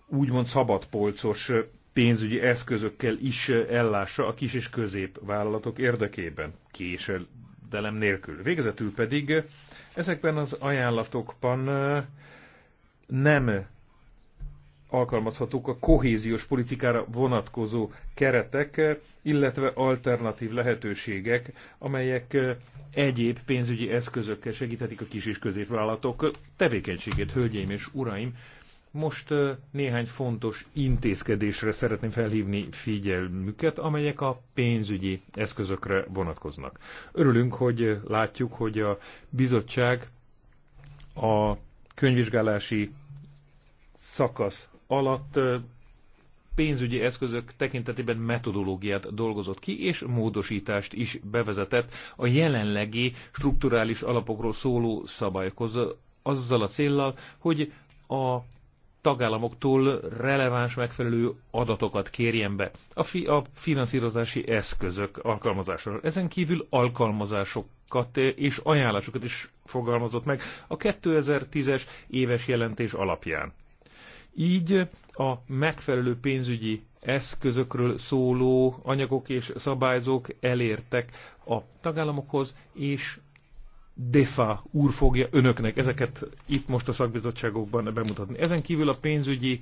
úgymond szabadpolcos pénzügyi eszközökkel is ellássa a kis és középvállalatok érdekében, késedelem nélkül. Végezetül pedig ezekben az ajánlatokban nem alkalmazhatók a kohéziós politikára vonatkozó keretek, illetve alternatív lehetőségek, amelyek egyéb pénzügyi eszközökkel segíthetik a kis és középvállalatok tevékenységét, hölgyeim és uraim. Most néhány fontos intézkedésre szeretném felhívni figyelmüket, amelyek a pénzügyi eszközökre vonatkoznak. Örülünk, hogy látjuk, hogy a bizottság a könyvvizsgálási szakasz alatt pénzügyi eszközök tekintetében metodológiát dolgozott ki, és módosítást is bevezetett a jelenlegi strukturális alapokról szóló szabályokhoz, azzal a céllal, hogy a tagállamoktól releváns megfelelő adatokat kérjen be a, fi, a finanszírozási eszközök alkalmazására. Ezen kívül alkalmazásokat és ajánlásokat is fogalmazott meg a 2010-es éves jelentés alapján. Így a megfelelő pénzügyi eszközökről szóló anyagok és szabályzók elértek a tagállamokhoz, és DEFA úr fogja önöknek ezeket itt most a szakbizottságokban bemutatni. Ezen kívül a pénzügyi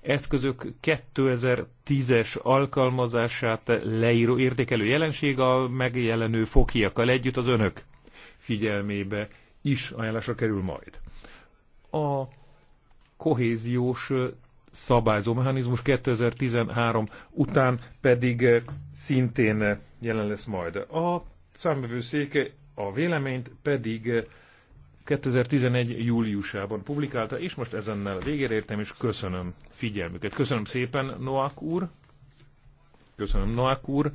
eszközök 2010-es alkalmazását leíró értékelő jelenség a megjelenő fokiakkal együtt az önök figyelmébe is ajánlásra kerül majd. A kohéziós szabályzó mechanizmus 2013 után pedig szintén jelen lesz majd. A számbevőszék a véleményt pedig 2011. júliusában publikálta, és most ezennel végére értem, és köszönöm figyelmüket. Köszönöm szépen, Noák úr. Köszönöm, Noák úr.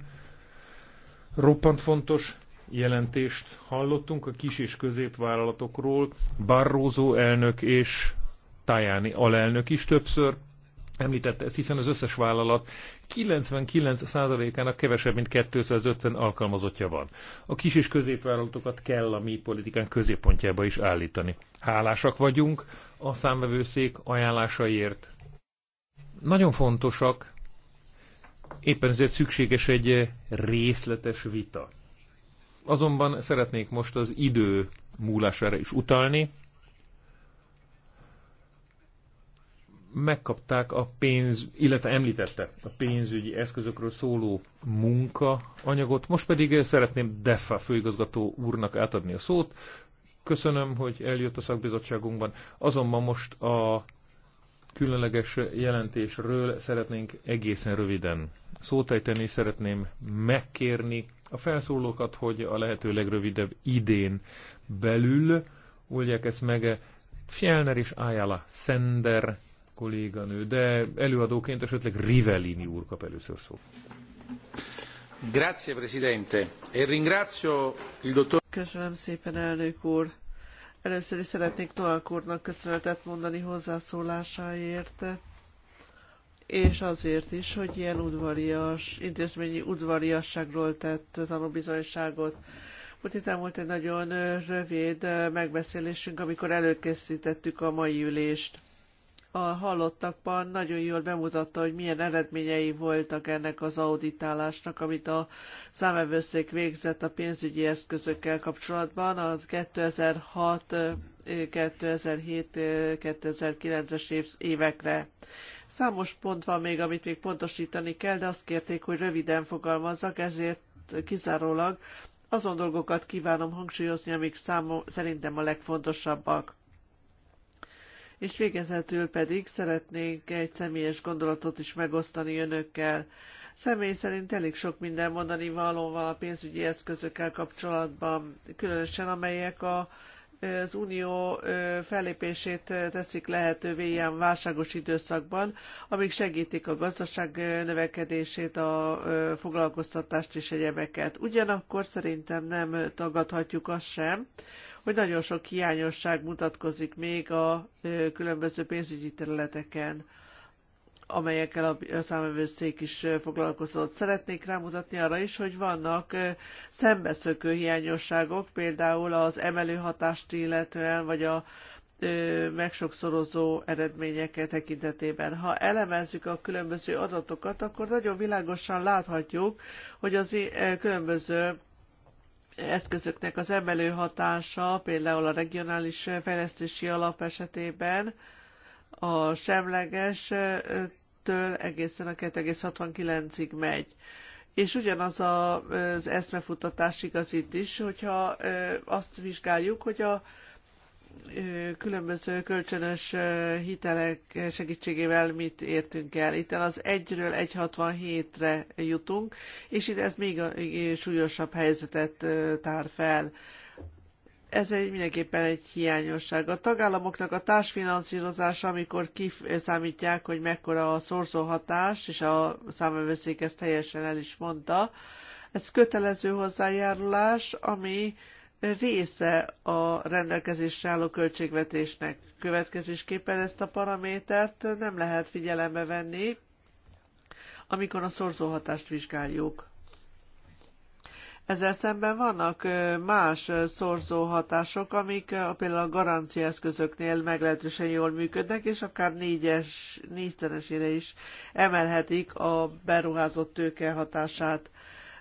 Roppant fontos jelentést hallottunk a kis és középvállalatokról. Barroso elnök és Tajani alelnök is többször említette ezt, hiszen az összes vállalat 99%-ának kevesebb, mint 250 alkalmazottja van. A kis és középvállalatokat kell a mi politikán középpontjába is állítani. Hálásak vagyunk a számvevőszék ajánlásaiért. Nagyon fontosak, éppen ezért szükséges egy részletes vita. Azonban szeretnék most az idő múlására is utalni, megkapták a pénz, illetve említette a pénzügyi eszközökről szóló munkaanyagot. Most pedig szeretném DEFA főigazgató úrnak átadni a szót. Köszönöm, hogy eljött a szakbizottságunkban. Azonban most a különleges jelentésről szeretnénk egészen röviden szótejteni. Szeretném megkérni a felszólókat, hogy a lehető legrövidebb idén belül oldják ezt meg. Fjellner és Ayala Sender kolléganő, de előadóként esetleg Rivellini úr kap először szó. Grazie, Presidente. E ringrazio il dottor... Köszönöm szépen, elnök úr. Először is szeretnék Noak úrnak köszönetet mondani hozzászólásáért, és azért is, hogy ilyen udvarias, intézményi udvariasságról tett tanúbizonyságot. Múlt héten volt egy nagyon rövid megbeszélésünk, amikor előkészítettük a mai ülést a hallottakban nagyon jól bemutatta, hogy milyen eredményei voltak ennek az auditálásnak, amit a számevőszék végzett a pénzügyi eszközökkel kapcsolatban. Az 2006 2007-2009-es évekre. Számos pont van még, amit még pontosítani kell, de azt kérték, hogy röviden fogalmazzak, ezért kizárólag azon dolgokat kívánom hangsúlyozni, amik számom, szerintem a legfontosabbak és végezetül pedig szeretnék egy személyes gondolatot is megosztani önökkel. Személy szerint elég sok minden mondani valóval a pénzügyi eszközökkel kapcsolatban, különösen amelyek a az unió fellépését teszik lehetővé ilyen válságos időszakban, amik segítik a gazdaság növekedését, a foglalkoztatást és egyebeket. Ugyanakkor szerintem nem tagadhatjuk azt sem, hogy nagyon sok hiányosság mutatkozik még a különböző pénzügyi területeken amelyekkel a számövőszék is foglalkozott. Szeretnék rámutatni arra is, hogy vannak szembeszökő hiányosságok, például az emelő hatást illetően, vagy a megsokszorozó eredmények tekintetében. Ha elemezzük a különböző adatokat, akkor nagyon világosan láthatjuk, hogy az különböző eszközöknek az emelő hatása, például a regionális fejlesztési alap esetében a semlegestől egészen a 2,69-ig megy. És ugyanaz az eszmefuttatás igaz itt is, hogyha azt vizsgáljuk, hogy a különböző kölcsönös hitelek segítségével mit értünk el. Itt az 1-ről 1,67-re jutunk, és itt ez még súlyosabb helyzetet tár fel. Ez egy, mindenképpen egy hiányosság. A tagállamoknak a társfinanszírozása, amikor kiszámítják, hogy mekkora a szorzó hatás, és a számövőszék ezt teljesen el is mondta, ez kötelező hozzájárulás, ami része a rendelkezésre álló költségvetésnek. Következésképpen ezt a paramétert nem lehet figyelembe venni, amikor a szorzóhatást vizsgáljuk. Ezzel szemben vannak más szorzóhatások, amik például a garanciaeszközöknél meglehetősen jól működnek, és akár négyes, négyszeresére is emelhetik a beruházott tőke hatását.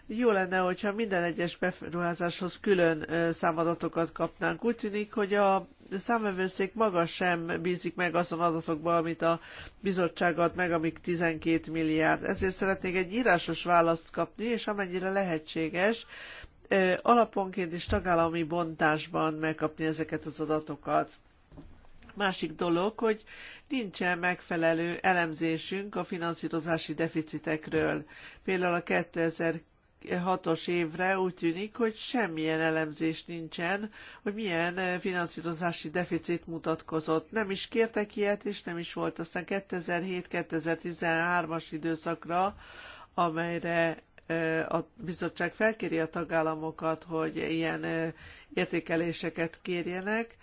Jó lenne, hogyha minden egyes beruházáshoz külön számadatokat kapnánk. Úgy tűnik, hogy a számvevőszék maga sem bízik meg azon adatokba, amit a bizottság ad meg, amik 12 milliárd. Ezért szeretnék egy írásos választ kapni, és amennyire lehetséges, alaponként és tagállami bontásban megkapni ezeket az adatokat. Másik dolog, hogy nincsen megfelelő elemzésünk a finanszírozási deficitekről. Például a hatos évre úgy tűnik, hogy semmilyen elemzés nincsen, hogy milyen eh, finanszírozási deficit mutatkozott. Nem is kértek ilyet, és nem is volt. Aztán 2007-2013-as időszakra, amelyre eh, a bizottság felkéri a tagállamokat, hogy ilyen eh, értékeléseket kérjenek.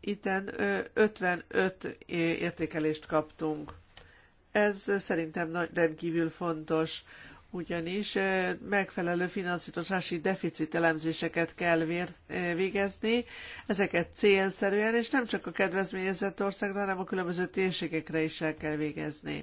Itten 55 értékelést kaptunk. Ez szerintem rendkívül fontos ugyanis megfelelő finanszírozási elemzéseket kell végezni, ezeket célszerűen, és nem csak a kedvezményezett országra, hanem a különböző térségekre is el kell végezni.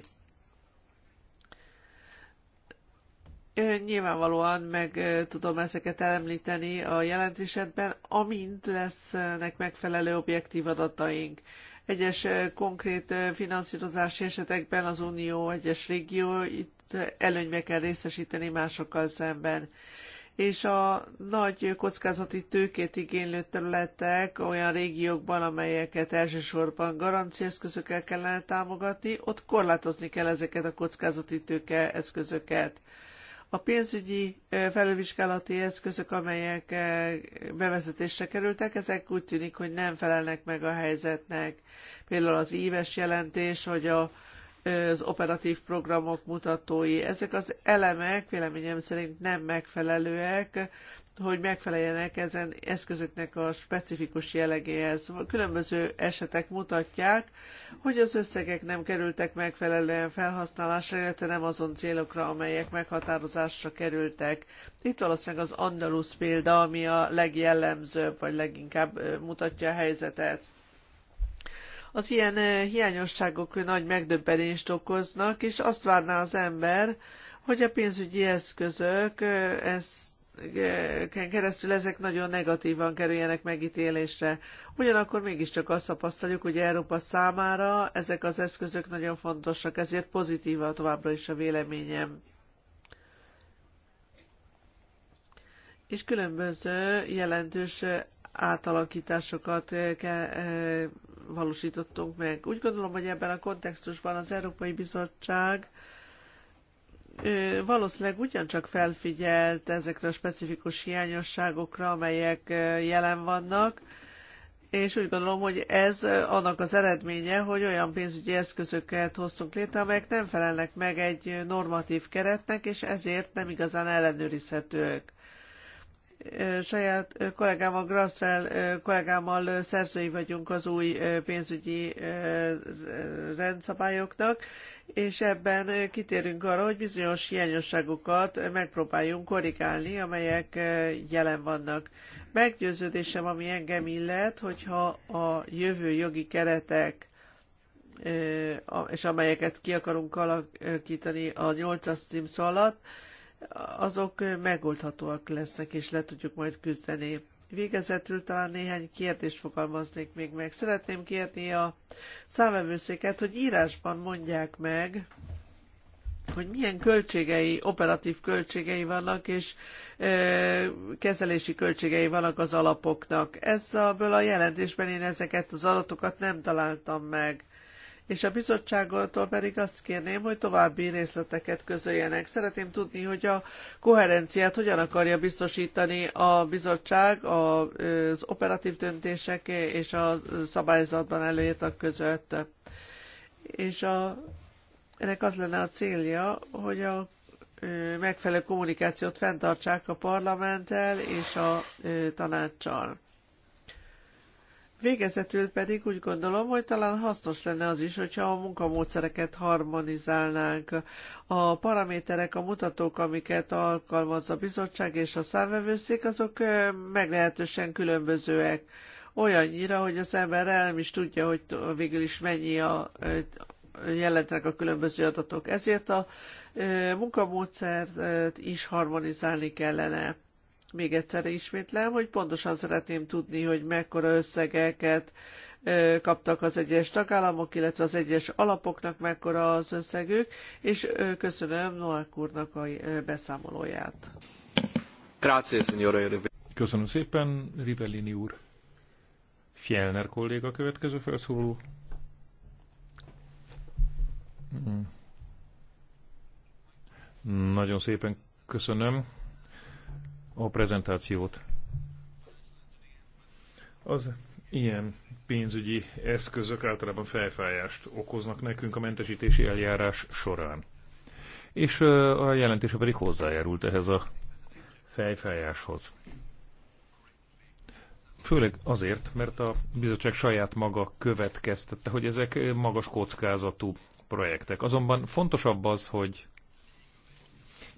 Nyilvánvalóan meg tudom ezeket említeni a jelentésedben, amint lesznek megfelelő objektív adataink. Egyes konkrét finanszírozási esetekben az Unió egyes régióit előnybe kell részesíteni másokkal szemben. És a nagy kockázati tőkét igénylő területek olyan régiókban, amelyeket elsősorban garanciaeszközökkel kellene támogatni, ott korlátozni kell ezeket a kockázati tőke eszközöket. A pénzügyi felülvizsgálati eszközök, amelyek bevezetésre kerültek, ezek úgy tűnik, hogy nem felelnek meg a helyzetnek. Például az éves jelentés, hogy a az operatív programok mutatói. Ezek az elemek véleményem szerint nem megfelelőek, hogy megfeleljenek ezen eszközöknek a specifikus jellegéhez. Különböző esetek mutatják, hogy az összegek nem kerültek megfelelően felhasználásra, illetve nem azon célokra, amelyek meghatározásra kerültek. Itt valószínűleg az Andalusz példa, ami a legjellemzőbb, vagy leginkább mutatja a helyzetet. Az ilyen eh, hiányosságok nagy megdöbbenést okoznak, és azt várná az ember, hogy a pénzügyi eszközök eh, ezt eh, keresztül ezek nagyon negatívan kerüljenek megítélésre. Ugyanakkor mégiscsak azt tapasztaljuk, hogy Európa számára ezek az eszközök nagyon fontosak, ezért pozitíva továbbra is a véleményem. És különböző jelentős átalakításokat valósítottunk meg. Úgy gondolom, hogy ebben a kontextusban az Európai Bizottság valószínűleg ugyancsak felfigyelt ezekre a specifikus hiányosságokra, amelyek jelen vannak, és úgy gondolom, hogy ez annak az eredménye, hogy olyan pénzügyi eszközöket hoztunk létre, amelyek nem felelnek meg egy normatív keretnek, és ezért nem igazán ellenőrizhetőek saját kollégámmal, Grassel kollégámmal szerzői vagyunk az új pénzügyi rendszabályoknak, és ebben kitérünk arra, hogy bizonyos hiányosságokat megpróbáljunk korrigálni, amelyek jelen vannak. Meggyőződésem, ami engem illet, hogyha a jövő jogi keretek és amelyeket ki akarunk alakítani a 8-as címszó alatt, azok megoldhatóak lesznek, és le tudjuk majd küzdeni. Végezetül talán néhány kérdést fogalmaznék még meg. Szeretném kérni a számvevőszéket, hogy írásban mondják meg, hogy milyen költségei, operatív költségei vannak, és ö, kezelési költségei vannak az alapoknak. Ezzel a jelentésben én ezeket az adatokat nem találtam meg és a bizottságtól pedig azt kérném, hogy további részleteket közöljenek. Szeretném tudni, hogy a koherenciát hogyan akarja biztosítani a bizottság az operatív döntések és a szabályzatban előírtak között. És a, ennek az lenne a célja, hogy a megfelelő kommunikációt fenntartsák a parlamenttel és a tanácssal. Végezetül pedig úgy gondolom, hogy talán hasznos lenne az is, hogyha a munkamódszereket harmonizálnánk. A paraméterek, a mutatók, amiket alkalmaz a bizottság és a számvevőszék, azok meglehetősen különbözőek. Olyannyira, hogy az ember el is tudja, hogy végül is mennyi a jelentnek a különböző adatok. Ezért a munkamódszert is harmonizálni kellene. Még egyszer ismétlem, hogy pontosan szeretném tudni, hogy mekkora összegeket kaptak az egyes tagállamok, illetve az egyes alapoknak mekkora az összegük, és köszönöm Noák úrnak a beszámolóját. Grazie, signore. Köszönöm szépen, Rivellini úr. Fjellner kolléga következő felszóló. Hmm. Nagyon szépen köszönöm a prezentációt. Az ilyen pénzügyi eszközök általában fejfájást okoznak nekünk a mentesítési eljárás során. És a jelentése pedig hozzájárult ehhez a fejfájáshoz. Főleg azért, mert a bizottság saját maga következtette, hogy ezek magas kockázatú projektek. Azonban fontosabb az, hogy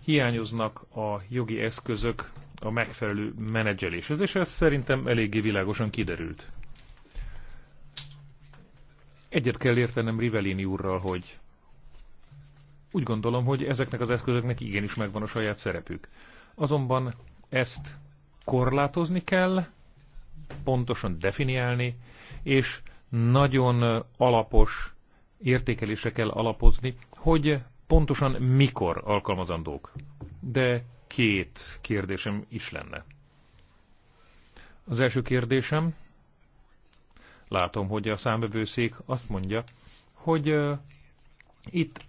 hiányoznak a jogi eszközök a megfelelő menedzseléshez, és ez szerintem eléggé világosan kiderült. Egyet kell értenem Rivellini úrral, hogy úgy gondolom, hogy ezeknek az eszközöknek igenis megvan a saját szerepük. Azonban ezt korlátozni kell, pontosan definiálni, és nagyon alapos értékelésre kell alapozni, hogy pontosan mikor alkalmazandók. De két kérdésem is lenne. Az első kérdésem, látom, hogy a számbevőszék azt mondja, hogy itt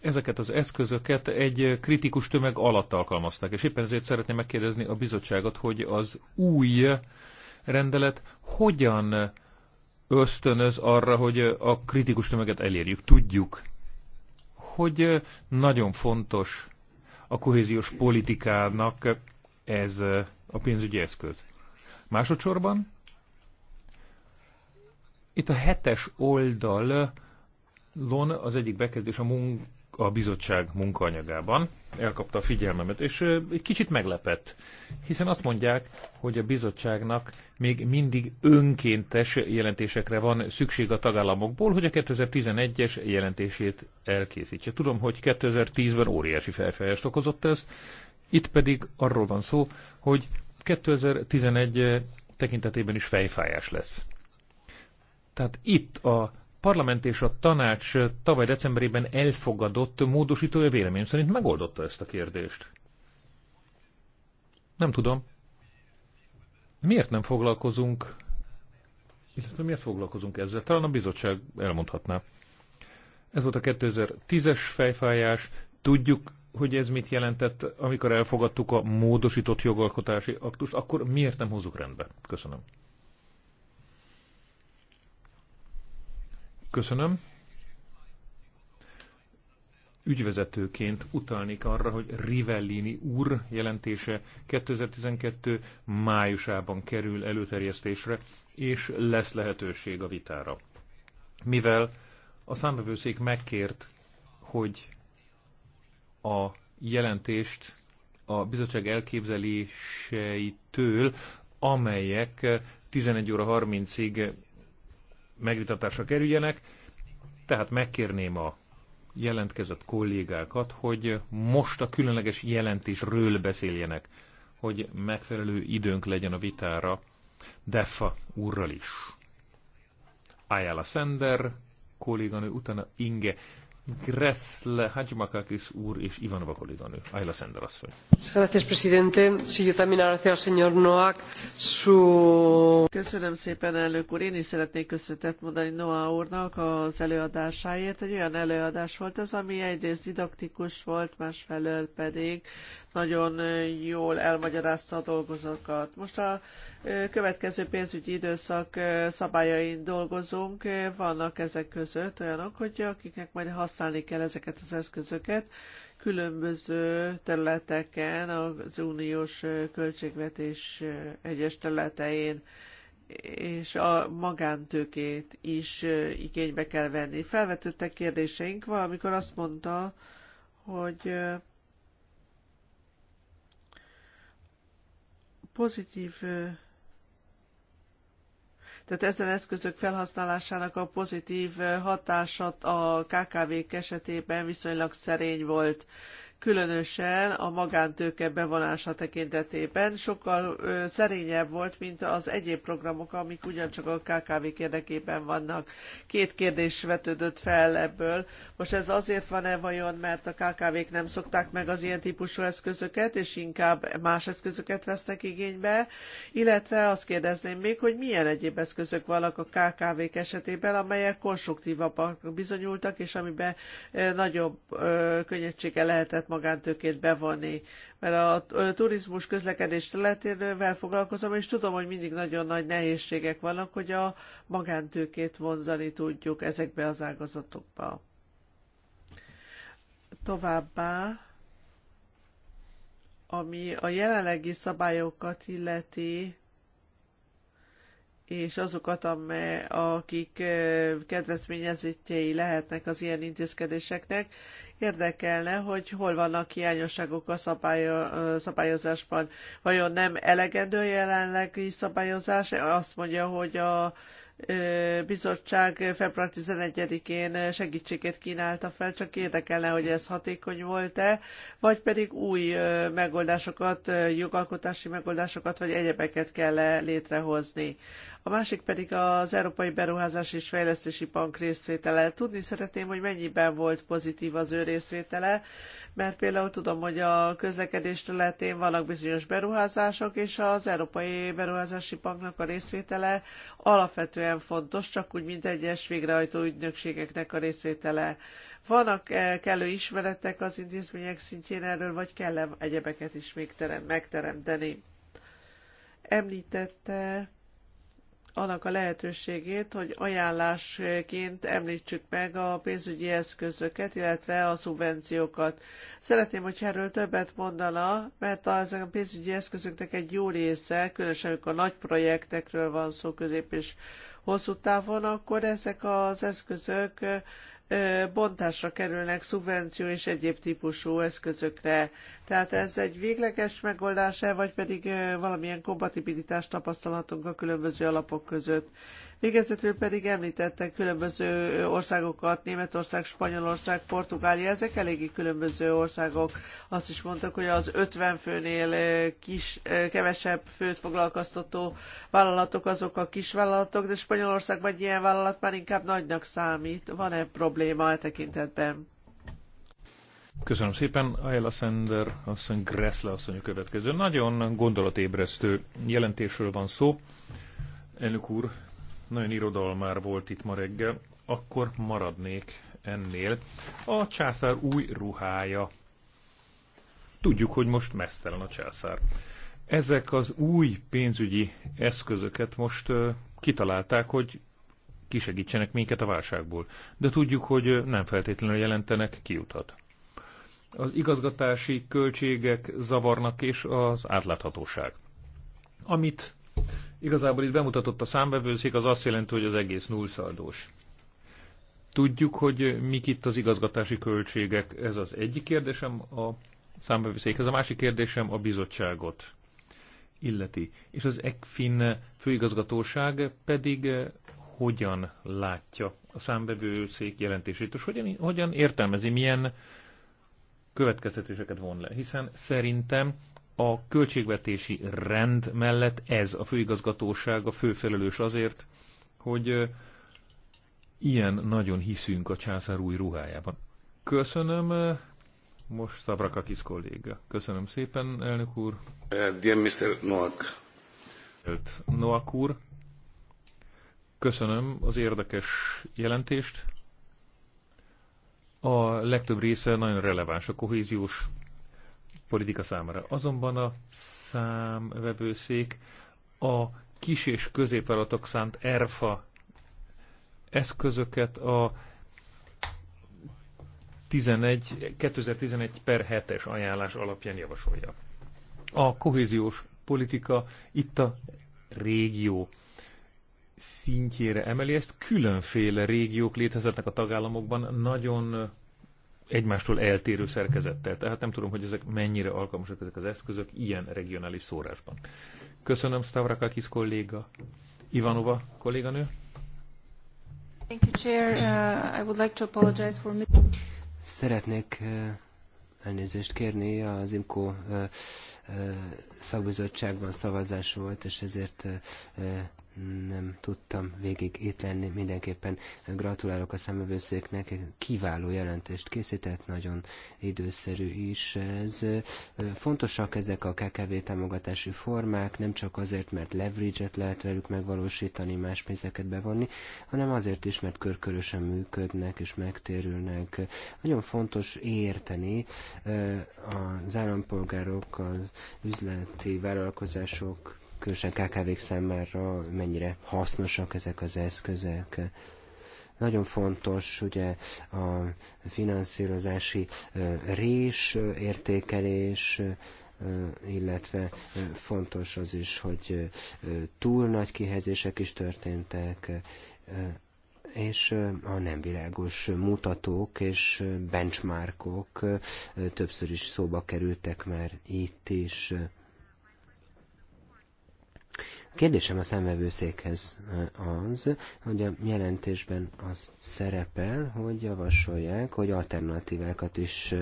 ezeket az eszközöket egy kritikus tömeg alatt alkalmazták, és éppen ezért szeretném megkérdezni a bizottságot, hogy az új rendelet hogyan ösztönöz arra, hogy a kritikus tömeget elérjük. Tudjuk, hogy nagyon fontos a kohéziós politikának ez a pénzügyi eszköz. Másodszorban itt a hetes oldalon az egyik bekezdés a munka a bizottság munkaanyagában, elkapta a figyelmemet, és egy kicsit meglepett, hiszen azt mondják, hogy a bizottságnak még mindig önkéntes jelentésekre van szükség a tagállamokból, hogy a 2011-es jelentését elkészítse. Tudom, hogy 2010-ben óriási felfejest okozott ez, itt pedig arról van szó, hogy 2011 tekintetében is fejfájás lesz. Tehát itt a parlament és a tanács tavaly decemberében elfogadott módosítója vélemény szerint megoldotta ezt a kérdést. Nem tudom. Miért nem foglalkozunk, illetve miért foglalkozunk ezzel? Talán a bizottság elmondhatná. Ez volt a 2010-es fejfájás. Tudjuk, hogy ez mit jelentett, amikor elfogadtuk a módosított jogalkotási aktust, akkor miért nem hozzuk rendbe? Köszönöm. Köszönöm. Ügyvezetőként utalnék arra, hogy Rivellini úr jelentése 2012 májusában kerül előterjesztésre, és lesz lehetőség a vitára. Mivel a számbevőszék megkért, hogy a jelentést a bizottság elképzeléseitől, amelyek 11 óra 30-ig megvitatásra kerüljenek, tehát megkérném a jelentkezett kollégákat, hogy most a különleges jelentésről beszéljenek, hogy megfelelő időnk legyen a vitára Defa úrral is. Ayala Sender, kolléganő, utána Inge Gressle, úr és Ayla Sender asszony. Köszönöm szépen, elnök úr. Én is szeretnék köszönetet mondani Noa úrnak az előadásáért. Egy olyan előadás volt ez, ami egyrészt didaktikus volt, másfelől pedig nagyon jól elmagyarázta a dolgozókat. Most a következő pénzügyi időszak szabályain dolgozunk, vannak ezek között olyanok, hogy akiknek majd használni kell ezeket az eszközöket, különböző területeken, az uniós költségvetés egyes területein, és a magántőkét is igénybe kell venni. Felvetődtek kérdéseink, valamikor azt mondta, hogy pozitív tehát ezen eszközök felhasználásának a pozitív hatásat a KKV-k esetében viszonylag szerény volt különösen a magántőke bevonása tekintetében sokkal ö, szerényebb volt, mint az egyéb programok, amik ugyancsak a kkv érdekében vannak. Két kérdés vetődött fel ebből. Most ez azért van-e vajon, mert a KKV-k nem szokták meg az ilyen típusú eszközöket, és inkább más eszközöket vesznek igénybe, illetve azt kérdezném még, hogy milyen egyéb eszközök vannak a KKV-k esetében, amelyek konstruktívabbak bizonyultak, és amiben nagyobb könnyedsége lehetett lehet magántőkét bevonni. Mert a turizmus közlekedés területéről foglalkozom, és tudom, hogy mindig nagyon nagy nehézségek vannak, hogy a magántőkét vonzani tudjuk ezekbe az ágazatokba. Továbbá, ami a jelenlegi szabályokat illeti, és azokat, amely, akik kedvezményezettjei lehetnek az ilyen intézkedéseknek. Érdekelne, hogy hol vannak hiányosságok a szabályozásban. Vajon nem elegendő jelenlegi szabályozás? Azt mondja, hogy a bizottság február 11-én segítséget kínálta fel, csak érdekelne, hogy ez hatékony volt-e, vagy pedig új megoldásokat, jogalkotási megoldásokat, vagy egyebeket kell -e létrehozni a másik pedig az Európai Beruházás és Fejlesztési Bank részvétele. Tudni szeretném, hogy mennyiben volt pozitív az ő részvétele, mert például tudom, hogy a közlekedés területén vannak bizonyos beruházások, és az Európai Beruházási Banknak a részvétele alapvetően fontos, csak úgy, mint egyes végrehajtó ügynökségeknek a részvétele. Vannak eh, kellő ismeretek az intézmények szintjén erről, vagy kell -e egyebeket is még terem, megteremteni? Említette annak a lehetőségét, hogy ajánlásként említsük meg a pénzügyi eszközöket, illetve a szubvenciókat. Szeretném, hogy erről többet mondana, mert ezek a pénzügyi eszközöknek egy jó része, különösen amikor nagy projektekről van szó közép és hosszú távon, akkor ezek az eszközök bontásra kerülnek szubvenció és egyéb típusú eszközökre. Tehát ez egy végleges megoldás-e, vagy pedig valamilyen kompatibilitást tapasztalhatunk a különböző alapok között. Végezetül pedig említettek különböző országokat, Németország, Spanyolország, Portugália, ezek eléggé különböző országok. Azt is mondtak, hogy az 50 főnél eh, kis, eh, kevesebb főt foglalkoztató vállalatok azok a kis kisvállalatok, de Spanyolországban egy ilyen vállalat már inkább nagynak számít. Van-e probléma e tekintetben? Köszönöm szépen, Ayla Sender, asszony Gressle asszony a következő. Nagyon gondolatébresztő jelentésről van szó. Elnök úr, nagyon irodalmár volt itt ma reggel, akkor maradnék ennél. A császár új ruhája. Tudjuk, hogy most mesztelen a császár. Ezek az új pénzügyi eszközöket most uh, kitalálták, hogy kisegítsenek minket a válságból. De tudjuk, hogy nem feltétlenül jelentenek kiutat. Az igazgatási költségek zavarnak és az átláthatóság. Amit Igazából itt bemutatott a számvevőszék, az azt jelenti, hogy az egész nullszaldós. Tudjuk, hogy mik itt az igazgatási költségek, ez az egyik kérdésem a ez a másik kérdésem a bizottságot illeti. És az ECFIN főigazgatóság pedig hogyan látja a számbevőszék jelentését, és hogyan, hogyan értelmezi, milyen következtetéseket von le. Hiszen szerintem a költségvetési rend mellett ez a főigazgatóság a főfelelős azért, hogy ilyen nagyon hiszünk a császár új ruhájában. Köszönöm, most Szabrakakis kolléga. Köszönöm szépen, elnök úr. Eh, dear Mr. Noak. Noak úr, köszönöm az érdekes jelentést. A legtöbb része nagyon releváns a kohéziós politika számára. Azonban a számvevőszék a kis és középvállalatok szánt ERFA eszközöket a 11, 2011 per 7-es ajánlás alapján javasolja. A kohéziós politika itt a régió szintjére emeli ezt. Különféle régiók létezhetnek a tagállamokban, nagyon egymástól eltérő szerkezettel. Tehát nem tudom, hogy ezek mennyire alkalmasak ezek az eszközök ilyen regionális szórásban. Köszönöm Stavrakakis kolléga. Ivanova kolléganő. Thank you, Chair. Uh, I would like to apologize for... Szeretnék uh, elnézést kérni, az IMCO uh, uh, szakbizottságban szavazás volt, és ezért uh, uh nem tudtam végig itt lenni. Mindenképpen gratulálok a szemövőszéknek, kiváló jelentést készített, nagyon időszerű is ez. Fontosak ezek a KKV támogatási formák, nem csak azért, mert leverage-et lehet velük megvalósítani, más pénzeket bevonni, hanem azért is, mert körkörösen működnek és megtérülnek. Nagyon fontos érteni eh, az állampolgárok, az üzleti vállalkozások különösen KKV-k számára mennyire hasznosak ezek az eszközök. Nagyon fontos ugye a finanszírozási rés értékelés, illetve fontos az is, hogy túl nagy kihelyzések is történtek, és a nem világos mutatók és benchmarkok többször is szóba kerültek már itt is. Kérdésem a szemvevőszékhez az, hogy a jelentésben az szerepel, hogy javasolják, hogy alternatívákat is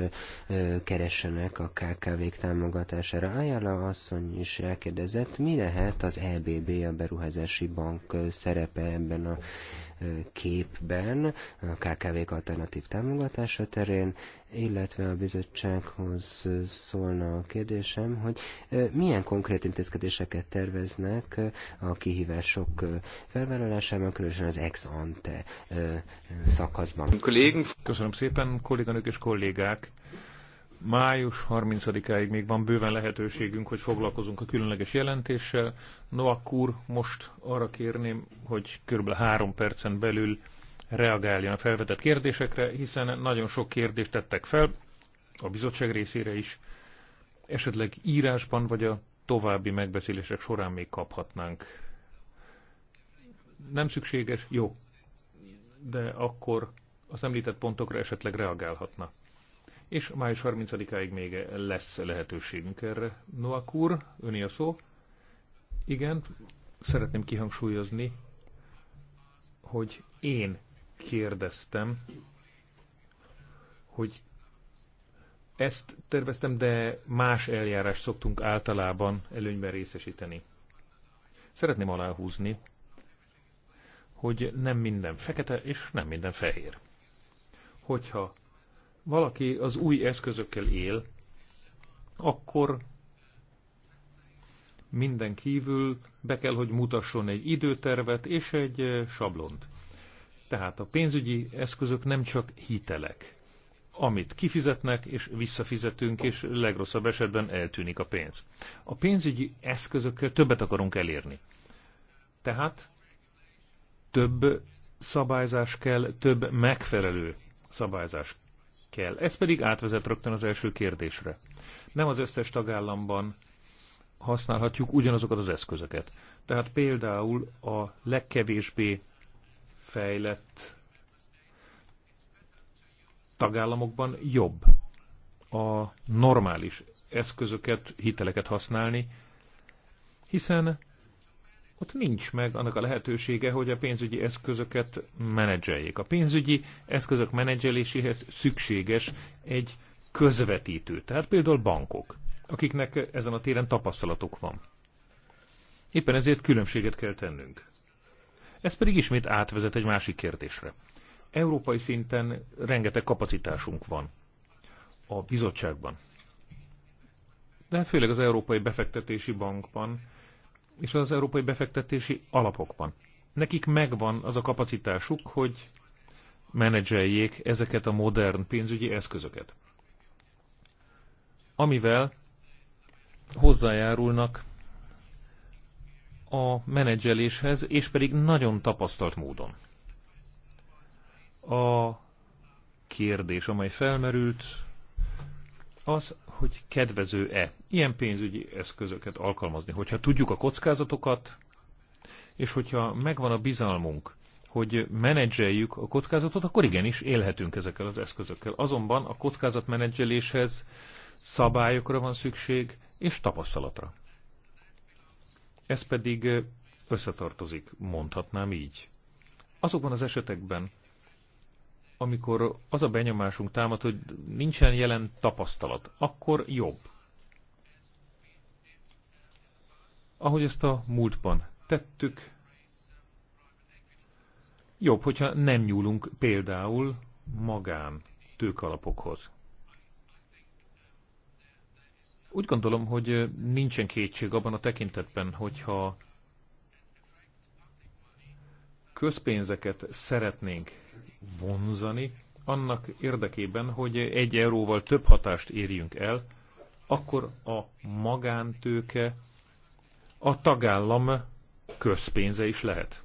keressenek a KKV-k támogatására. Ajala asszony is rákérdezett, mi lehet az EBB, a Beruházási Bank szerepe ebben a képben, a kkv alternatív támogatása terén, illetve a bizottsághoz szólna a kérdésem, hogy milyen konkrét intézkedéseket terveznek a kihívások felvállalásában, különösen az ex-ante szakaszban. Köszönöm szépen, kolléganők és kollégák! május 30-áig még van bőven lehetőségünk, hogy foglalkozunk a különleges jelentéssel. No, akkor most arra kérném, hogy kb. három percen belül reagáljon a felvetett kérdésekre, hiszen nagyon sok kérdést tettek fel, a bizottság részére is. Esetleg írásban vagy a további megbeszélések során még kaphatnánk. Nem szükséges? Jó. De akkor az említett pontokra esetleg reagálhatna és május 30-áig még lesz lehetőségünk erre. Noak úr, öné a szó. Igen, szeretném kihangsúlyozni, hogy én kérdeztem, hogy ezt terveztem, de más eljárás szoktunk általában előnyben részesíteni. Szeretném aláhúzni, hogy nem minden fekete és nem minden fehér. Hogyha valaki az új eszközökkel él, akkor minden kívül be kell, hogy mutasson egy időtervet és egy eh, sablont. Tehát a pénzügyi eszközök nem csak hitelek, amit kifizetnek és visszafizetünk, és legrosszabb esetben eltűnik a pénz. A pénzügyi eszközökkel többet akarunk elérni. Tehát több szabályzás kell, több megfelelő szabályzás kell. Ez pedig átvezet rögtön az első kérdésre. Nem az összes tagállamban használhatjuk ugyanazokat az eszközöket. Tehát például a legkevésbé fejlett tagállamokban jobb a normális eszközöket, hiteleket használni, hiszen ott nincs meg annak a lehetősége, hogy a pénzügyi eszközöket menedzseljék. A pénzügyi eszközök menedzseléséhez szükséges egy közvetítő, tehát például bankok, akiknek ezen a téren tapasztalatok van. Éppen ezért különbséget kell tennünk. Ez pedig ismét átvezet egy másik kérdésre. Európai szinten rengeteg kapacitásunk van a bizottságban, de főleg az Európai Befektetési Bankban, és az európai befektetési alapokban. Nekik megvan az a kapacitásuk, hogy menedzseljék ezeket a modern pénzügyi eszközöket, amivel hozzájárulnak a menedzseléshez, és pedig nagyon tapasztalt módon. A kérdés, amely felmerült, az hogy kedvező-e ilyen pénzügyi eszközöket alkalmazni. Hogyha tudjuk a kockázatokat, és hogyha megvan a bizalmunk, hogy menedzseljük a kockázatot, akkor igenis élhetünk ezekkel az eszközökkel. Azonban a kockázatmenedzseléshez szabályokra van szükség, és tapasztalatra. Ez pedig összetartozik, mondhatnám így. Azokban az esetekben, amikor az a benyomásunk támad, hogy nincsen jelen tapasztalat, akkor jobb. Ahogy ezt a múltban tettük, jobb, hogyha nem nyúlunk például magán tőkalapokhoz. Úgy gondolom, hogy nincsen kétség abban a tekintetben, hogyha közpénzeket szeretnénk vonzani, annak érdekében, hogy egy euróval több hatást érjünk el, akkor a magántőke a tagállam közpénze is lehet.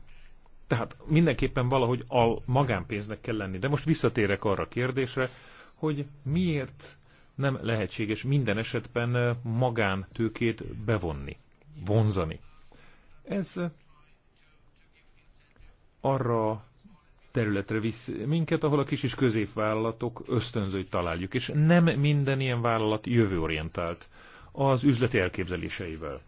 Tehát mindenképpen valahogy a magánpénznek kell lenni. De most visszatérek arra a kérdésre, hogy miért nem lehetséges minden esetben magántőkét bevonni, vonzani. Ez arra területre visz minket, ahol a kis és középvállalatok ösztönzőt találjuk, és nem minden ilyen vállalat jövőorientált az üzleti elképzeléseivel.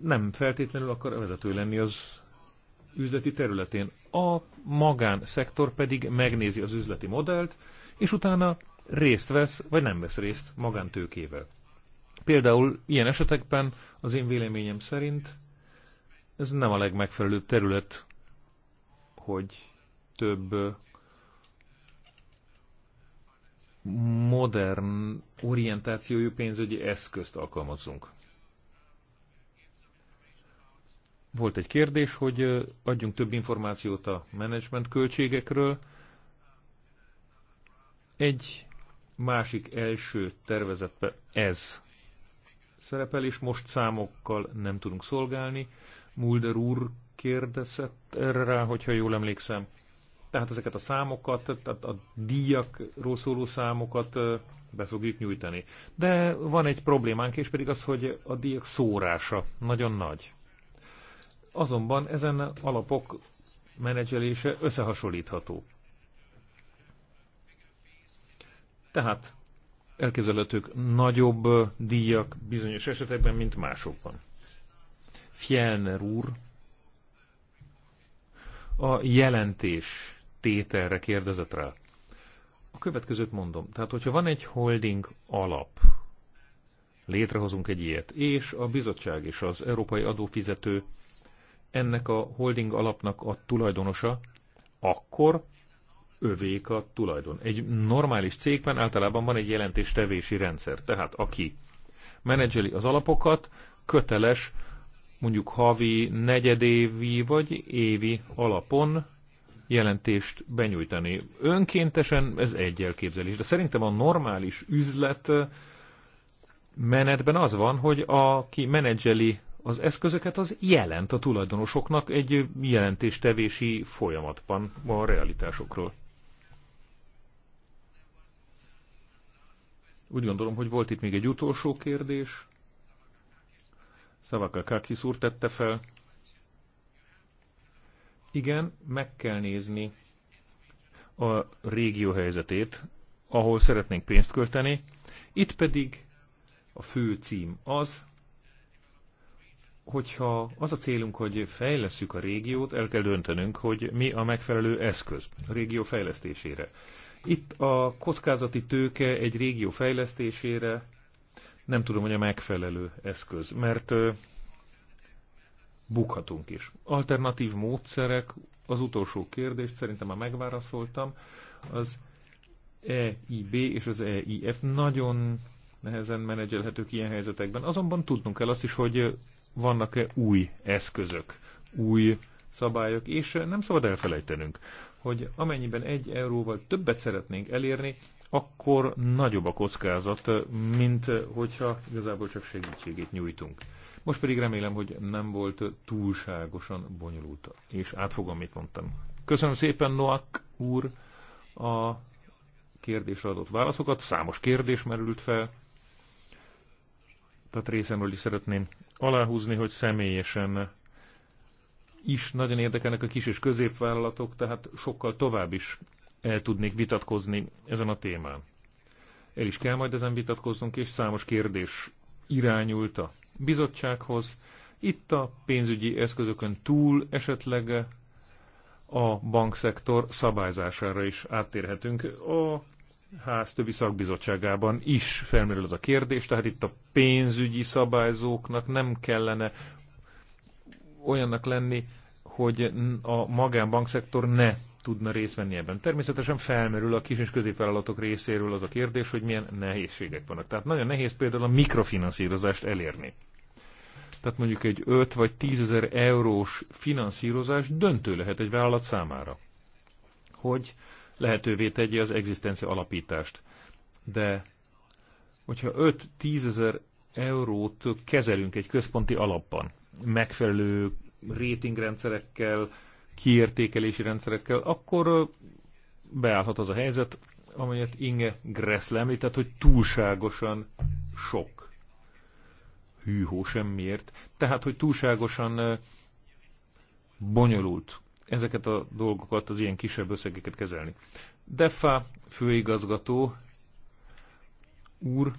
Nem feltétlenül akar vezető lenni az üzleti területén. A magánszektor pedig megnézi az üzleti modellt, és utána részt vesz, vagy nem vesz részt magántőkével. Például ilyen esetekben az én véleményem szerint ez nem a legmegfelelőbb terület, hogy több modern orientációjú pénzügyi eszközt alkalmazzunk. Volt egy kérdés, hogy adjunk több információt a menedzsment költségekről. Egy másik első tervezetben ez szerepel, és most számokkal nem tudunk szolgálni, Mulder úr kérdezett erre rá, hogyha jól emlékszem. Tehát ezeket a számokat, tehát a díjakról szóló számokat be fogjuk nyújtani. De van egy problémánk, és pedig az, hogy a díjak szórása nagyon nagy. Azonban ezen alapok menedzselése összehasonlítható. Tehát elképzelhetők nagyobb díjak bizonyos esetekben, mint másokban. Fjellner úr a jelentés tételre kérdezett rá. A következőt mondom. Tehát, hogyha van egy holding alap, létrehozunk egy ilyet, és a bizottság és az európai adófizető ennek a holding alapnak a tulajdonosa, akkor övék a tulajdon. Egy normális cégben általában van egy jelentéstevési rendszer. Tehát aki menedzseli az alapokat, köteles mondjuk havi, negyedévi vagy évi alapon jelentést benyújtani. Önkéntesen ez egy elképzelés, de szerintem a normális üzlet menetben az van, hogy aki menedzseli az eszközöket, az jelent a tulajdonosoknak egy jelentéstevési folyamatban a realitásokról. Úgy gondolom, hogy volt itt még egy utolsó kérdés. Szavaka Kakis úr tette fel. Igen, meg kell nézni a régió helyzetét, ahol szeretnénk pénzt költeni. Itt pedig a fő cím az, hogyha az a célunk, hogy fejlesszük a régiót, el kell döntenünk, hogy mi a megfelelő eszköz a régió fejlesztésére. Itt a kockázati tőke egy régió fejlesztésére nem tudom, hogy a megfelelő eszköz, mert bukhatunk is. Alternatív módszerek, az utolsó kérdést szerintem már megválaszoltam, az EIB és az EIF nagyon nehezen menedzselhetők ilyen helyzetekben. Azonban tudnunk kell azt is, hogy vannak-e új eszközök, új szabályok, és nem szabad elfelejtenünk, hogy amennyiben egy euróval többet szeretnénk elérni, akkor nagyobb a kockázat, mint hogyha igazából csak segítségét nyújtunk. Most pedig remélem, hogy nem volt túlságosan bonyolult, és átfogom, mit mondtam. Köszönöm szépen, Noak úr, a kérdésre adott válaszokat. Számos kérdés merült fel. Tehát részemről is szeretném aláhúzni, hogy személyesen is nagyon érdekelnek a kis és középvállalatok, tehát sokkal tovább is el tudnék vitatkozni ezen a témán. El is kell majd ezen vitatkoznunk, és számos kérdés irányult a bizottsághoz. Itt a pénzügyi eszközökön túl esetleg a bankszektor szabályzására is áttérhetünk. A ház többi szakbizottságában is felmerül az a kérdés, tehát itt a pénzügyi szabályzóknak nem kellene olyannak lenni, hogy a magánbankszektor ne tudna részt venni ebben. Természetesen felmerül a kis és középvállalatok részéről az a kérdés, hogy milyen nehézségek vannak. Tehát nagyon nehéz például a mikrofinanszírozást elérni. Tehát mondjuk egy 5 vagy 10 ezer eurós finanszírozás döntő lehet egy vállalat számára, hogy lehetővé tegye az egzisztencia alapítást. De hogyha 5-10 ezer eurót kezelünk egy központi alapban, megfelelő rétingrendszerekkel, kiértékelési rendszerekkel, akkor beállhat az a helyzet, amelyet Inge Gressle említett, hogy túlságosan sok hűhó semmiért. Tehát, hogy túlságosan bonyolult ezeket a dolgokat, az ilyen kisebb összegeket kezelni. DEFA főigazgató úr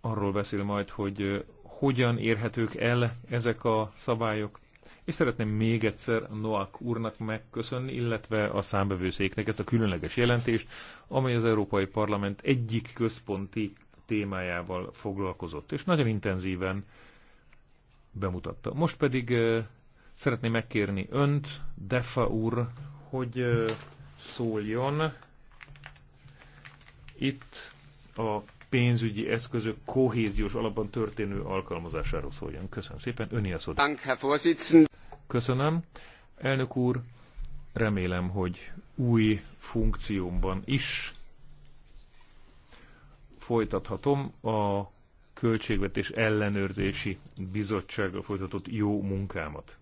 arról beszél majd, hogy hogyan érhetők el ezek a szabályok, és szeretném még egyszer Noak úrnak megköszönni, illetve a számbevőszéknek ezt a különleges jelentést, amely az Európai Parlament egyik központi témájával foglalkozott, és nagyon intenzíven bemutatta. Most pedig szeretném megkérni önt, Defa úr, hogy szóljon itt a pénzügyi eszközök kohéziós alapban történő alkalmazásáról szóljon. Köszönöm szépen, öni a szót. Köszönöm. Elnök úr, remélem, hogy új funkciómban is folytathatom a Költségvetés Ellenőrzési Bizottsággal folytatott jó munkámat.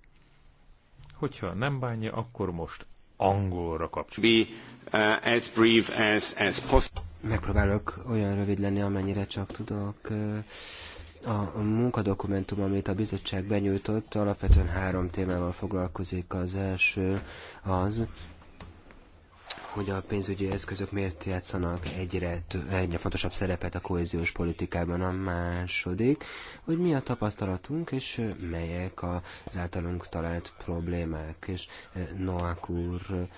Hogyha nem bánja, akkor most angolra kapcsoljuk. Be uh, as brief as, as possible. Megpróbálok olyan rövid lenni, amennyire csak tudok. A munkadokumentum, amit a bizottság benyújtott, alapvetően három témával foglalkozik. Az első az, hogy a pénzügyi eszközök miért játszanak egyre, egyre fontosabb szerepet a kohéziós politikában. A második, hogy mi a tapasztalatunk, és melyek az általunk talált problémák. És Noak úr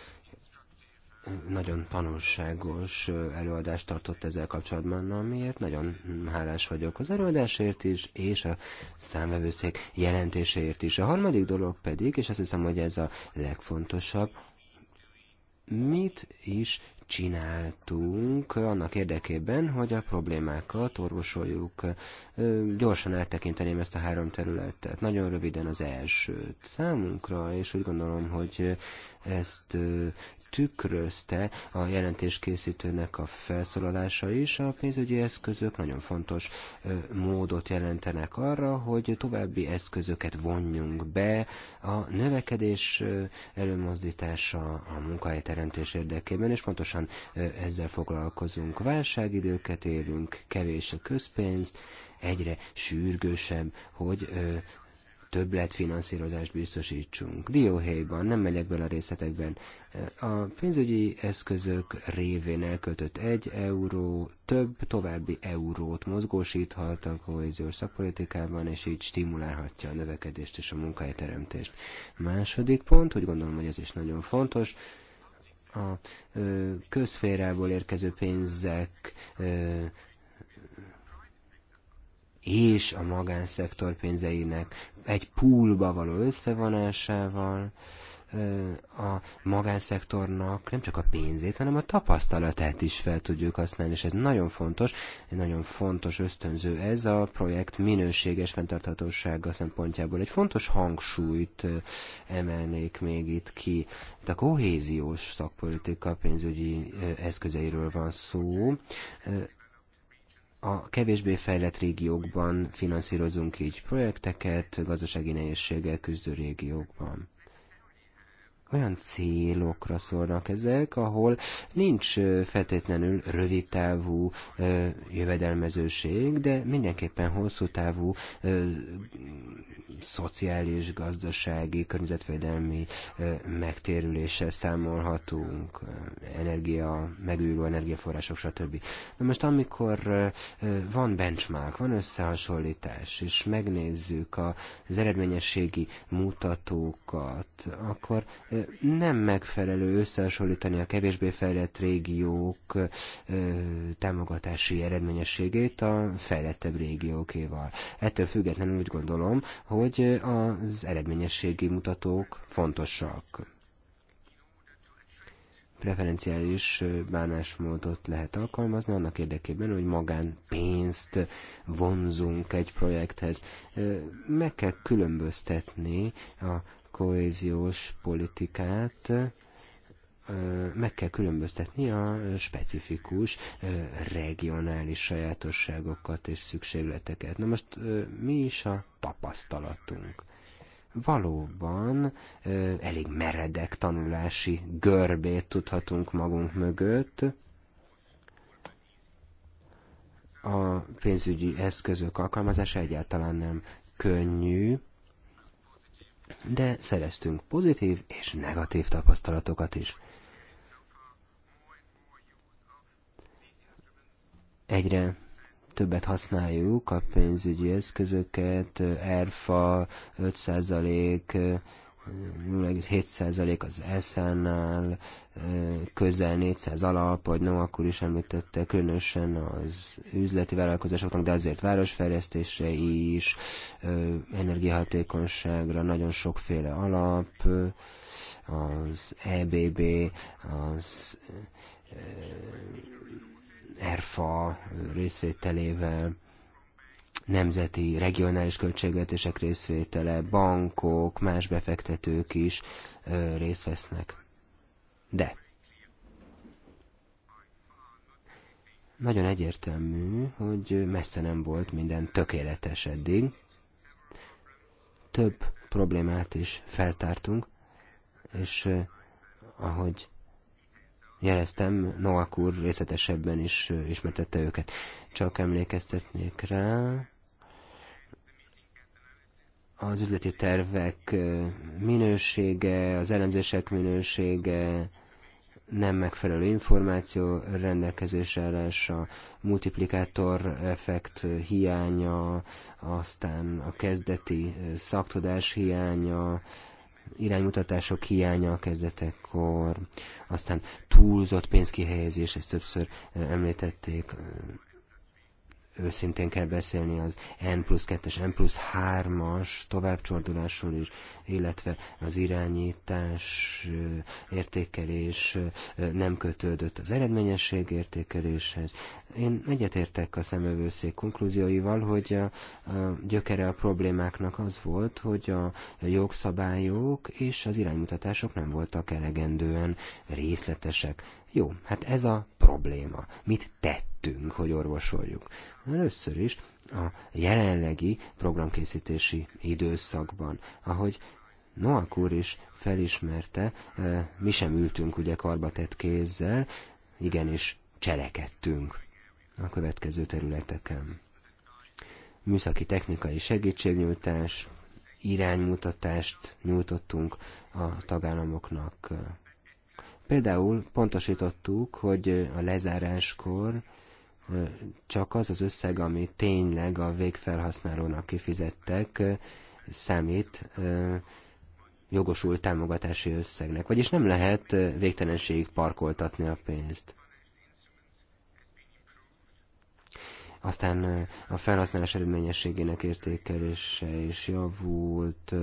nagyon tanulságos előadást tartott ezzel kapcsolatban, amiért nagyon hálás vagyok az előadásért is, és a számvevőszék jelentéséért is. A harmadik dolog pedig, és azt hiszem, hogy ez a legfontosabb, mit is csináltunk annak érdekében, hogy a problémákat orvosoljuk. Gyorsan áttekinteném ezt a három területet. Nagyon röviden az elsőt számunkra, és úgy gondolom, hogy ezt tükrözte a jelentéskészítőnek a felszólalása is. A pénzügyi eszközök nagyon fontos módot jelentenek arra, hogy további eszközöket vonjunk be a növekedés előmozdítása a munkahelyteremtés érdekében, és pontosan ezzel foglalkozunk. Válságidőket élünk, kevés a közpénz, egyre sürgősebb, hogy többletfinanszírozást biztosítsunk. Dióhéjban, nem megyek bele a részletekben, a pénzügyi eszközök révén elköltött egy euró több további eurót mozgósíthat a kohéziós szakpolitikában, és így stimulálhatja a növekedést és a munkahelyteremtést. Második pont, úgy gondolom, hogy ez is nagyon fontos, a közférából érkező pénzek és a magánszektor pénzeinek egy poolba való összevonásával a magánszektornak nem csak a pénzét, hanem a tapasztalatát is fel tudjuk használni, és ez nagyon fontos, egy nagyon fontos ösztönző ez a projekt minőséges fenntarthatósága szempontjából. Egy fontos hangsúlyt emelnék még itt ki. Itt a kohéziós szakpolitika pénzügyi eszközeiről van szó a kevésbé fejlett régiókban finanszírozunk így projekteket, gazdasági nehézséggel küzdő régiókban olyan célokra szólnak ezek, ahol nincs feltétlenül rövid távú jövedelmezőség, de mindenképpen hosszú távú szociális, gazdasági, környezetvédelmi megtérüléssel számolhatunk, energia, megújuló energiaforrások, stb. Na most amikor van benchmark, van összehasonlítás, és megnézzük az eredményességi mutatókat, akkor nem megfelelő összehasonlítani a kevésbé fejlett régiók támogatási eredményességét a fejlettebb régiókéval. Ettől függetlenül úgy gondolom, hogy az eredményességi mutatók fontosak preferenciális bánásmódot lehet alkalmazni annak érdekében, hogy magán pénzt vonzunk egy projekthez. Meg kell különböztetni a kohéziós politikát meg kell különböztetni a specifikus regionális sajátosságokat és szükségleteket. Na most mi is a tapasztalatunk? Valóban elég meredek tanulási görbét tudhatunk magunk mögött, a pénzügyi eszközök alkalmazása egyáltalán nem könnyű, de szereztünk pozitív és negatív tapasztalatokat is. Egyre többet használjuk a pénzügyi eszközöket, ERFA 5 0,7% az ESZ-nál, közel 400 alap, vagy no, akkor is említette, különösen az üzleti vállalkozásoknak, de azért városfejlesztésre is, energiahatékonyságra nagyon sokféle alap, az EBB, az ERFA részvételével, nemzeti, regionális költségvetések részvétele, bankok, más befektetők is ö, részt vesznek. De nagyon egyértelmű, hogy messze nem volt minden tökéletes eddig. Több problémát is feltártunk, és ö, ahogy jeleztem, Noak úr részletesebben is ismertette őket csak emlékeztetnék rá, az üzleti tervek minősége, az elemzések minősége, nem megfelelő információ rendelkezésre a multiplikátor effekt hiánya, aztán a kezdeti szaktudás hiánya, iránymutatások hiánya a kezdetekkor, aztán túlzott pénzkihelyezés, ezt többször említették, őszintén kell beszélni az N plusz 2-es, N plusz 3-as továbbcsordulásról is, illetve az irányítás, értékelés nem kötődött az eredményesség értékeléshez. Én egyetértek a szemövőszék konklúzióival, hogy a, a gyökere a problémáknak az volt, hogy a jogszabályok és az iránymutatások nem voltak elegendően részletesek jó, hát ez a probléma. Mit tettünk, hogy orvosoljuk? Először is a jelenlegi programkészítési időszakban, ahogy Noak úr is felismerte, mi sem ültünk ugye tett kézzel, igenis cselekedtünk a következő területeken. Műszaki technikai segítségnyújtás, iránymutatást nyújtottunk a tagállamoknak Például pontosítottuk, hogy a lezáráskor csak az az összeg, ami tényleg a végfelhasználónak kifizettek, számít jogosult támogatási összegnek. Vagyis nem lehet végtelenségig parkoltatni a pénzt. Aztán a felhasználás eredményességének értékelése is javult,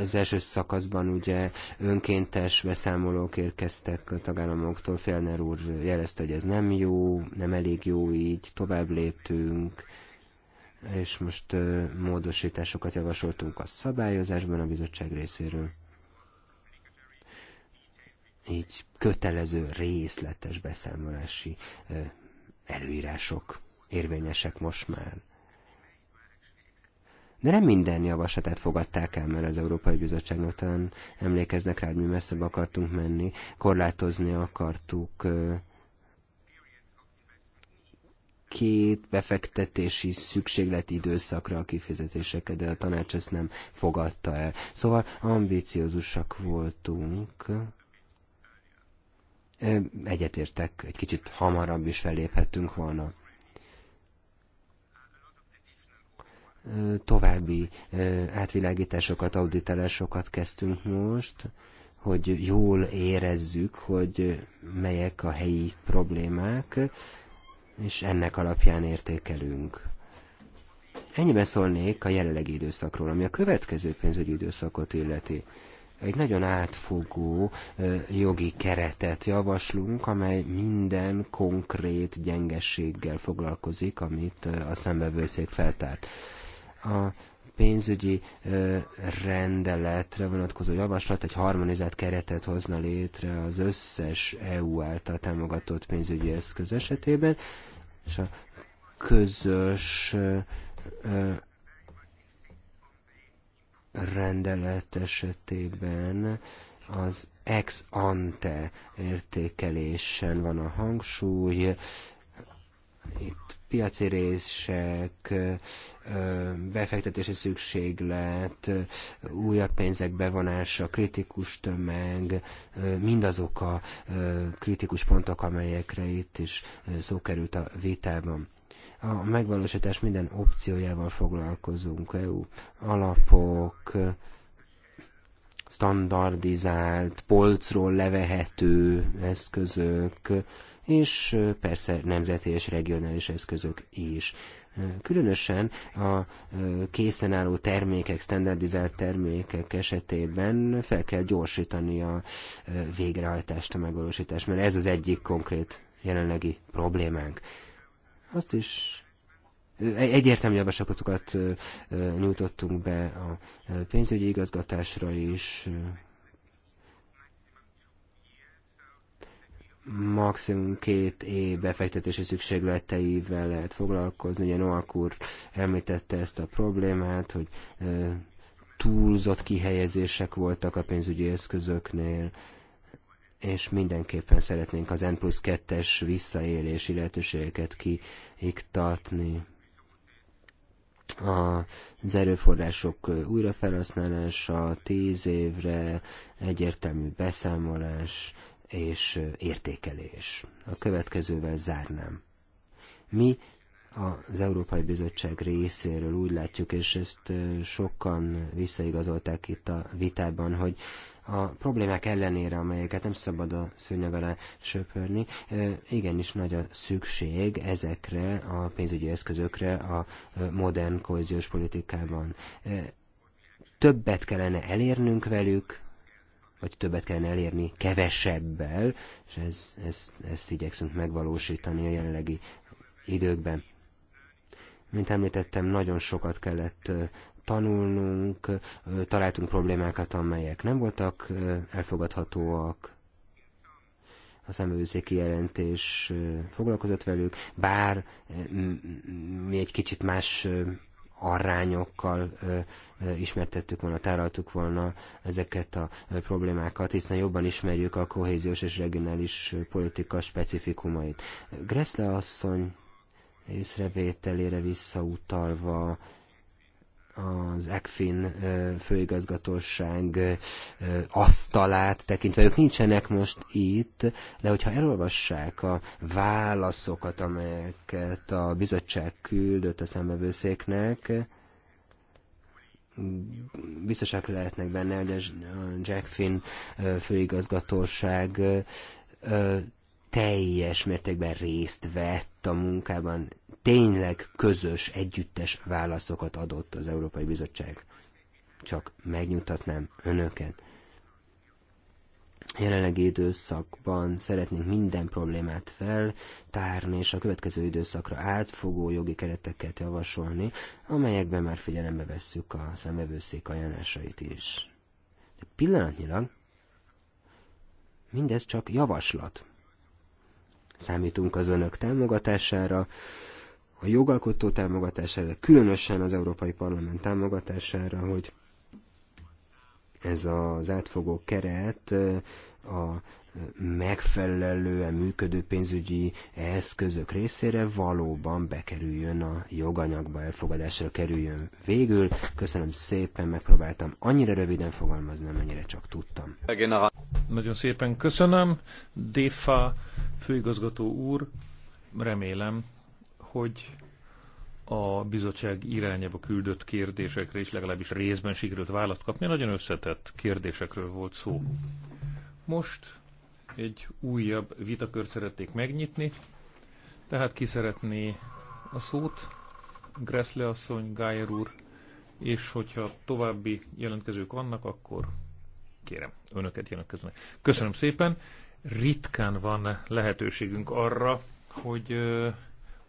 az első szakaszban ugye önkéntes beszámolók érkeztek a tagállamoktól, Felner úr jelezte, hogy ez nem jó, nem elég jó így, tovább léptünk, és most módosításokat javasoltunk a szabályozásban a bizottság részéről. Így kötelező részletes beszámolási előírások érvényesek most már. De nem minden javaslatát fogadták el, mert az Európai Bizottságnak talán emlékeznek rá, hogy mi messzebb akartunk menni, korlátozni akartuk két befektetési szükségleti időszakra a kifizetéseket, de a tanács ezt nem fogadta el. Szóval ambíciózusak voltunk. Egyetértek, egy kicsit hamarabb is feléphettünk volna. további átvilágításokat, auditálásokat kezdtünk most, hogy jól érezzük, hogy melyek a helyi problémák, és ennek alapján értékelünk. Ennyiben szólnék a jelenlegi időszakról, ami a következő pénzügyi időszakot illeti. Egy nagyon átfogó jogi keretet javaslunk, amely minden konkrét gyengességgel foglalkozik, amit a szembevőszék feltárt. A pénzügyi rendeletre vonatkozó javaslat egy harmonizált keretet hozna létre az összes EU által támogatott pénzügyi eszköz esetében, és a közös rendelet esetében az ex ante értékelésen van a hangsúly, itt piaci befektetési szükséglet, újabb pénzek bevonása, kritikus tömeg, mindazok a kritikus pontok, amelyekre itt is szó került a vitában a megvalósítás minden opciójával foglalkozunk, EU alapok, standardizált, polcról levehető eszközök, és persze nemzeti és regionális eszközök is. Különösen a készen álló termékek, standardizált termékek esetében fel kell gyorsítani a végrehajtást, a megvalósítást, mert ez az egyik konkrét jelenlegi problémánk. Azt is egyértelmű javaslatokat nyújtottunk be a pénzügyi igazgatásra is, maximum két év e befektetési szükségleteivel lehet foglalkozni. Ugye Noak úr említette ezt a problémát, hogy túlzott kihelyezések voltak a pénzügyi eszközöknél, és mindenképpen szeretnénk az N plusz 2-es visszaélési lehetőségeket kiiktatni. Az erőforrások újrafelhasználása, tíz évre, egyértelmű beszámolás, és értékelés. A következővel zárnám. Mi az Európai Bizottság részéről úgy látjuk, és ezt sokan visszaigazolták itt a vitában, hogy a problémák ellenére, amelyeket nem szabad a szőnyeg alá söpörni, igenis nagy a szükség ezekre a pénzügyi eszközökre a modern kohéziós politikában. Többet kellene elérnünk velük, vagy többet kellene elérni kevesebbel, és ez, ez, ezt igyekszünk megvalósítani a jelenlegi időkben. Mint említettem, nagyon sokat kellett tanulnunk, találtunk problémákat, amelyek nem voltak elfogadhatóak, a szemőzéki jelentés foglalkozott velük, bár mi egy kicsit más arányokkal ismertettük volna, táraltuk volna ezeket a problémákat, hiszen jobban ismerjük a kohéziós és regionális politika specifikumait. Gressle asszony észrevételére visszautalva az ECFIN főigazgatóság asztalát tekintve. Ők nincsenek most itt, de hogyha elolvassák a válaszokat, amelyeket a bizottság küldött a szembevőszéknek, biztosak lehetnek benne, hogy a Jack Finn főigazgatóság teljes mértékben részt vett a munkában, tényleg közös, együttes válaszokat adott az Európai Bizottság. Csak megnyugtatnám önöket. Jelenlegi időszakban szeretnénk minden problémát feltárni, és a következő időszakra átfogó jogi kereteket javasolni, amelyekben már figyelembe vesszük a szemevőszék ajánlásait is. De pillanatnyilag mindez csak javaslat, Számítunk az önök támogatására, a jogalkotó támogatására, különösen az Európai Parlament támogatására, hogy ez az átfogó keret a megfelelően működő pénzügyi eszközök részére valóban bekerüljön a joganyagba, elfogadásra kerüljön végül. Köszönöm szépen, megpróbáltam annyira röviden fogalmazni, amennyire csak tudtam. Nagyon szépen köszönöm, Défa főigazgató úr. Remélem, hogy a bizottság irányába küldött kérdésekre is legalábbis részben sikerült választ kapni. Nagyon összetett kérdésekről volt szó. Most egy újabb vitakört szeretnék megnyitni, tehát ki szeretné a szót, Gressle asszony, Gájer úr, és hogyha további jelentkezők vannak, akkor kérem, önöket jelentkeznek. Köszönöm szépen, ritkán van lehetőségünk arra, hogy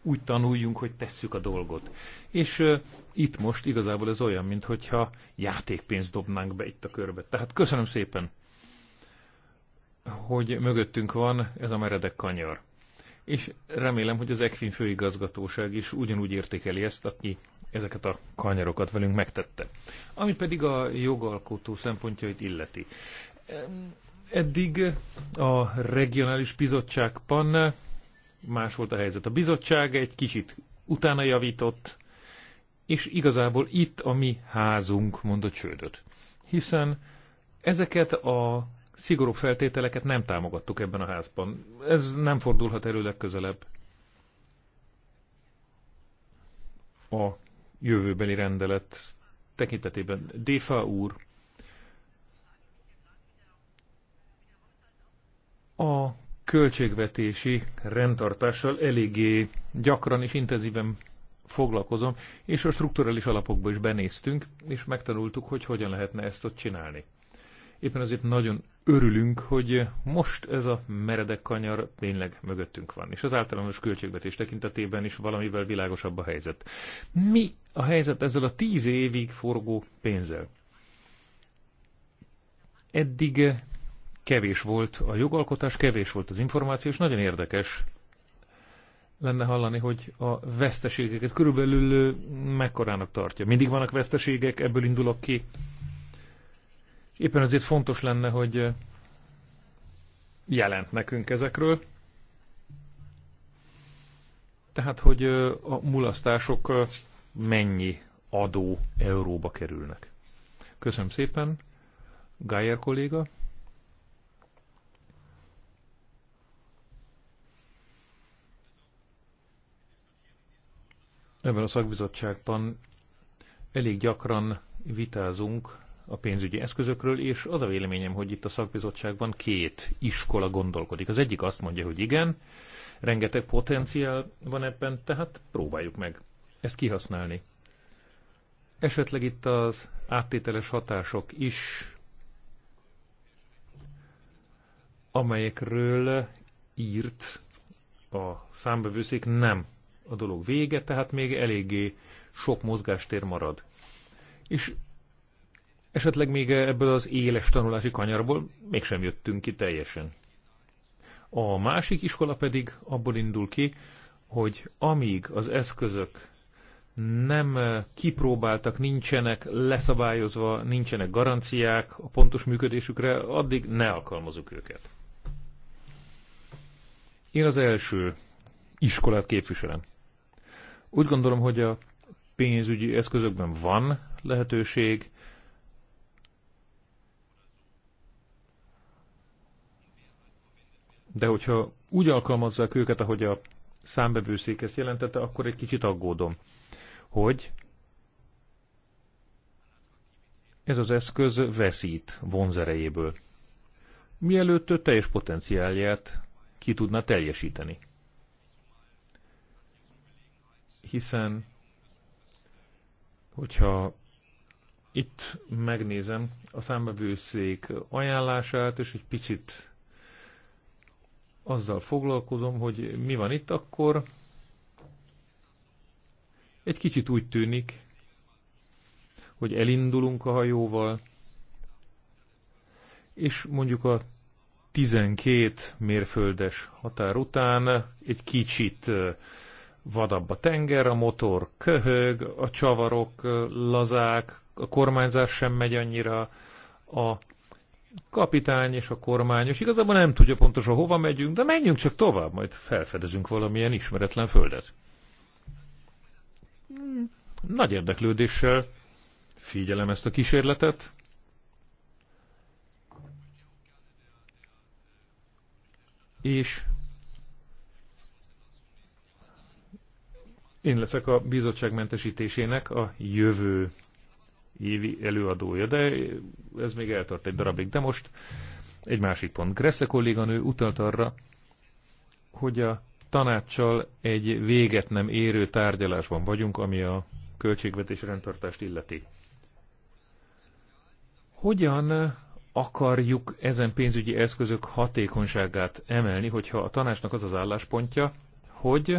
úgy tanuljunk, hogy tesszük a dolgot. És uh, itt most igazából ez olyan, mintha játékpénzt dobnánk be itt a körbe. Tehát köszönöm szépen, hogy mögöttünk van ez a meredek kanyar. És remélem, hogy az ECFIN főigazgatóság is ugyanúgy értékeli ezt, aki ezeket a kanyarokat velünk megtette. Ami pedig a jogalkotó szempontjait illeti. Eddig a regionális bizottságban más volt a helyzet. A bizottság egy kicsit utána javított, és igazából itt a mi házunk mondott csődöt. Hiszen ezeket a szigorú feltételeket nem támogattuk ebben a házban. Ez nem fordulhat elő legközelebb. A jövőbeli rendelet tekintetében. Défa úr, a költségvetési rendtartással eléggé gyakran és intenzíven foglalkozom, és a strukturális alapokba is benéztünk, és megtanultuk, hogy hogyan lehetne ezt ott csinálni. Éppen azért nagyon örülünk, hogy most ez a meredek kanyar tényleg mögöttünk van, és az általános költségvetés tekintetében is valamivel világosabb a helyzet. Mi a helyzet ezzel a tíz évig forgó pénzzel? Eddig Kevés volt a jogalkotás, kevés volt az információ, és nagyon érdekes lenne hallani, hogy a veszteségeket körülbelül mekkorának tartja. Mindig vannak veszteségek, ebből indulok ki. Éppen azért fontos lenne, hogy jelent nekünk ezekről. Tehát, hogy a mulasztások mennyi adó euróba kerülnek. Köszönöm szépen, Gájer kolléga. ebben a szakbizottságban elég gyakran vitázunk a pénzügyi eszközökről, és az a véleményem, hogy itt a szakbizottságban két iskola gondolkodik. Az egyik azt mondja, hogy igen, rengeteg potenciál van ebben, tehát próbáljuk meg ezt kihasználni. Esetleg itt az áttételes hatások is, amelyekről írt a számbevőszék, nem a dolog vége, tehát még eléggé sok mozgástér marad. És esetleg még ebből az éles tanulási kanyarból mégsem jöttünk ki teljesen. A másik iskola pedig abból indul ki, hogy amíg az eszközök nem kipróbáltak, nincsenek leszabályozva, nincsenek garanciák a pontos működésükre, addig ne alkalmazunk őket. Én az első iskolát képviselem. Úgy gondolom, hogy a pénzügyi eszközökben van lehetőség, de hogyha úgy alkalmazzák őket, ahogy a számbevőszék ezt jelentette, akkor egy kicsit aggódom, hogy ez az eszköz veszít vonzerejéből, mielőtt teljes potenciálját ki tudna teljesíteni hiszen hogyha itt megnézem a számbevőszék ajánlását, és egy picit azzal foglalkozom, hogy mi van itt, akkor egy kicsit úgy tűnik, hogy elindulunk a hajóval, és mondjuk a 12 mérföldes határ után egy kicsit vadabb a tenger, a motor köhög, a csavarok lazák, a kormányzás sem megy annyira, a kapitány és a kormány, és igazából nem tudja pontosan hova megyünk, de menjünk csak tovább, majd felfedezünk valamilyen ismeretlen földet. Nagy érdeklődéssel figyelem ezt a kísérletet. És Én leszek a bizottság mentesítésének a jövő évi előadója, de ez még eltart egy darabig. De most egy másik pont. Gressze kolléganő utalt arra, hogy a tanácssal egy véget nem érő tárgyalásban vagyunk, ami a költségvetés rendtartást illeti. Hogyan akarjuk ezen pénzügyi eszközök hatékonyságát emelni, hogyha a tanácsnak az az álláspontja, hogy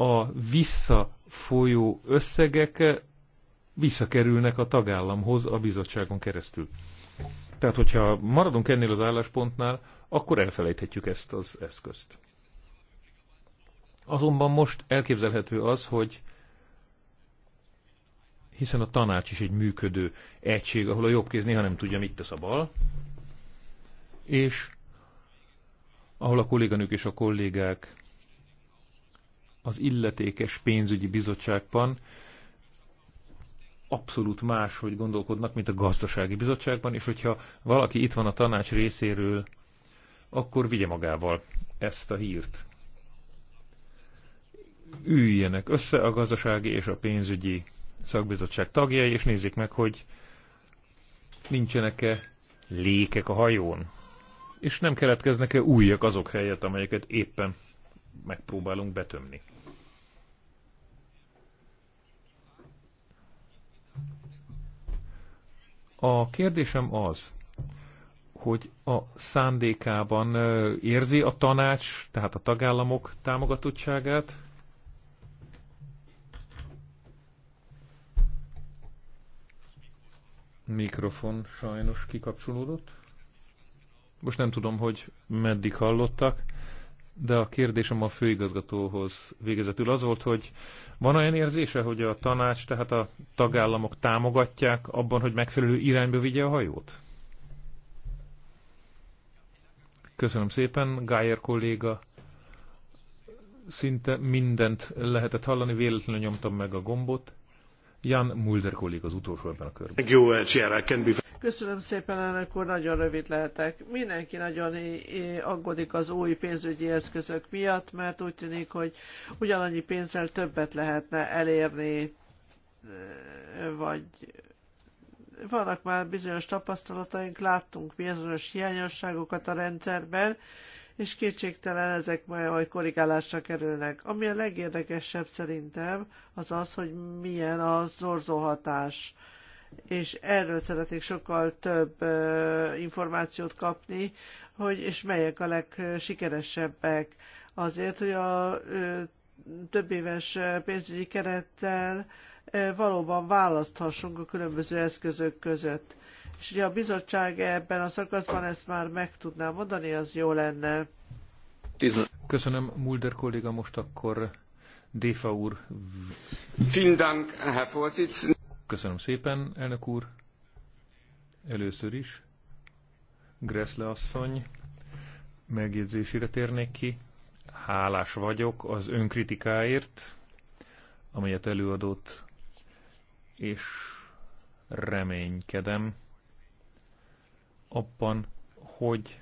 a visszafolyó összegek visszakerülnek a tagállamhoz a bizottságon keresztül. Tehát, hogyha maradunk ennél az álláspontnál, akkor elfelejthetjük ezt az eszközt. Azonban most elképzelhető az, hogy hiszen a tanács is egy működő egység, ahol a jobb kéz néha nem tudja, mit tesz a bal, és ahol a kolléganők és a kollégák az illetékes pénzügyi bizottságban abszolút más, hogy gondolkodnak, mint a gazdasági bizottságban, és hogyha valaki itt van a tanács részéről, akkor vigye magával ezt a hírt. Üljenek össze a gazdasági és a pénzügyi szakbizottság tagjai, és nézzék meg, hogy nincsenek-e lékek a hajón, és nem keletkeznek-e újak azok helyett, amelyeket éppen megpróbálunk betömni. A kérdésem az, hogy a szándékában érzi a tanács, tehát a tagállamok támogatottságát? Mikrofon sajnos kikapcsolódott. Most nem tudom, hogy meddig hallottak de a kérdésem a főigazgatóhoz végezetül az volt, hogy van olyan érzése, hogy a tanács, tehát a tagállamok támogatják abban, hogy megfelelő irányba vigye a hajót? Köszönöm szépen, Gájer kolléga. Szinte mindent lehetett hallani, véletlenül nyomtam meg a gombot. Jan Mulder kollég az utolsó ebben a körben. Jó eh, Köszönöm szépen, elnök úr, nagyon rövid lehetek. Mindenki nagyon aggódik az új pénzügyi eszközök miatt, mert úgy tűnik, hogy ugyanannyi pénzzel többet lehetne elérni, eh, vagy vannak már bizonyos tapasztalataink, láttunk bizonyos hiányosságokat a rendszerben, és kétségtelen ezek majd korrigálásra kerülnek. Ami a legérdekesebb szerintem, az az, hogy milyen a zorzó hatás és erről szeretnék sokkal több információt kapni, hogy és melyek a legsikeresebbek. Azért, hogy a ö, több éves pénzügyi kerettel valóban választhassunk a különböző eszközök között és ugye a bizottság ebben a szakaszban ezt már meg tudná mondani, az jó lenne. Köszönöm, Mulder kolléga, most akkor Défa úr. Dank, Köszönöm szépen, elnök úr. Először is Gressle asszony megjegyzésére térnék ki. Hálás vagyok az önkritikáért, amelyet előadott, és reménykedem, abban, hogy,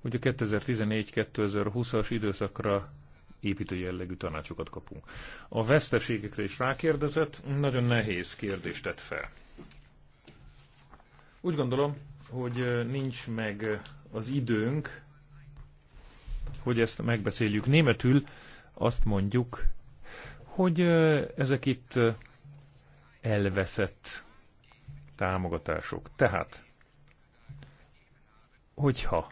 hogy a 2014-2020-as időszakra építő jellegű tanácsokat kapunk. A veszteségekre is rákérdezett, nagyon nehéz kérdést tett fel. Úgy gondolom, hogy nincs meg az időnk, hogy ezt megbeszéljük. Németül azt mondjuk, hogy ezek itt elveszett támogatások. Tehát hogyha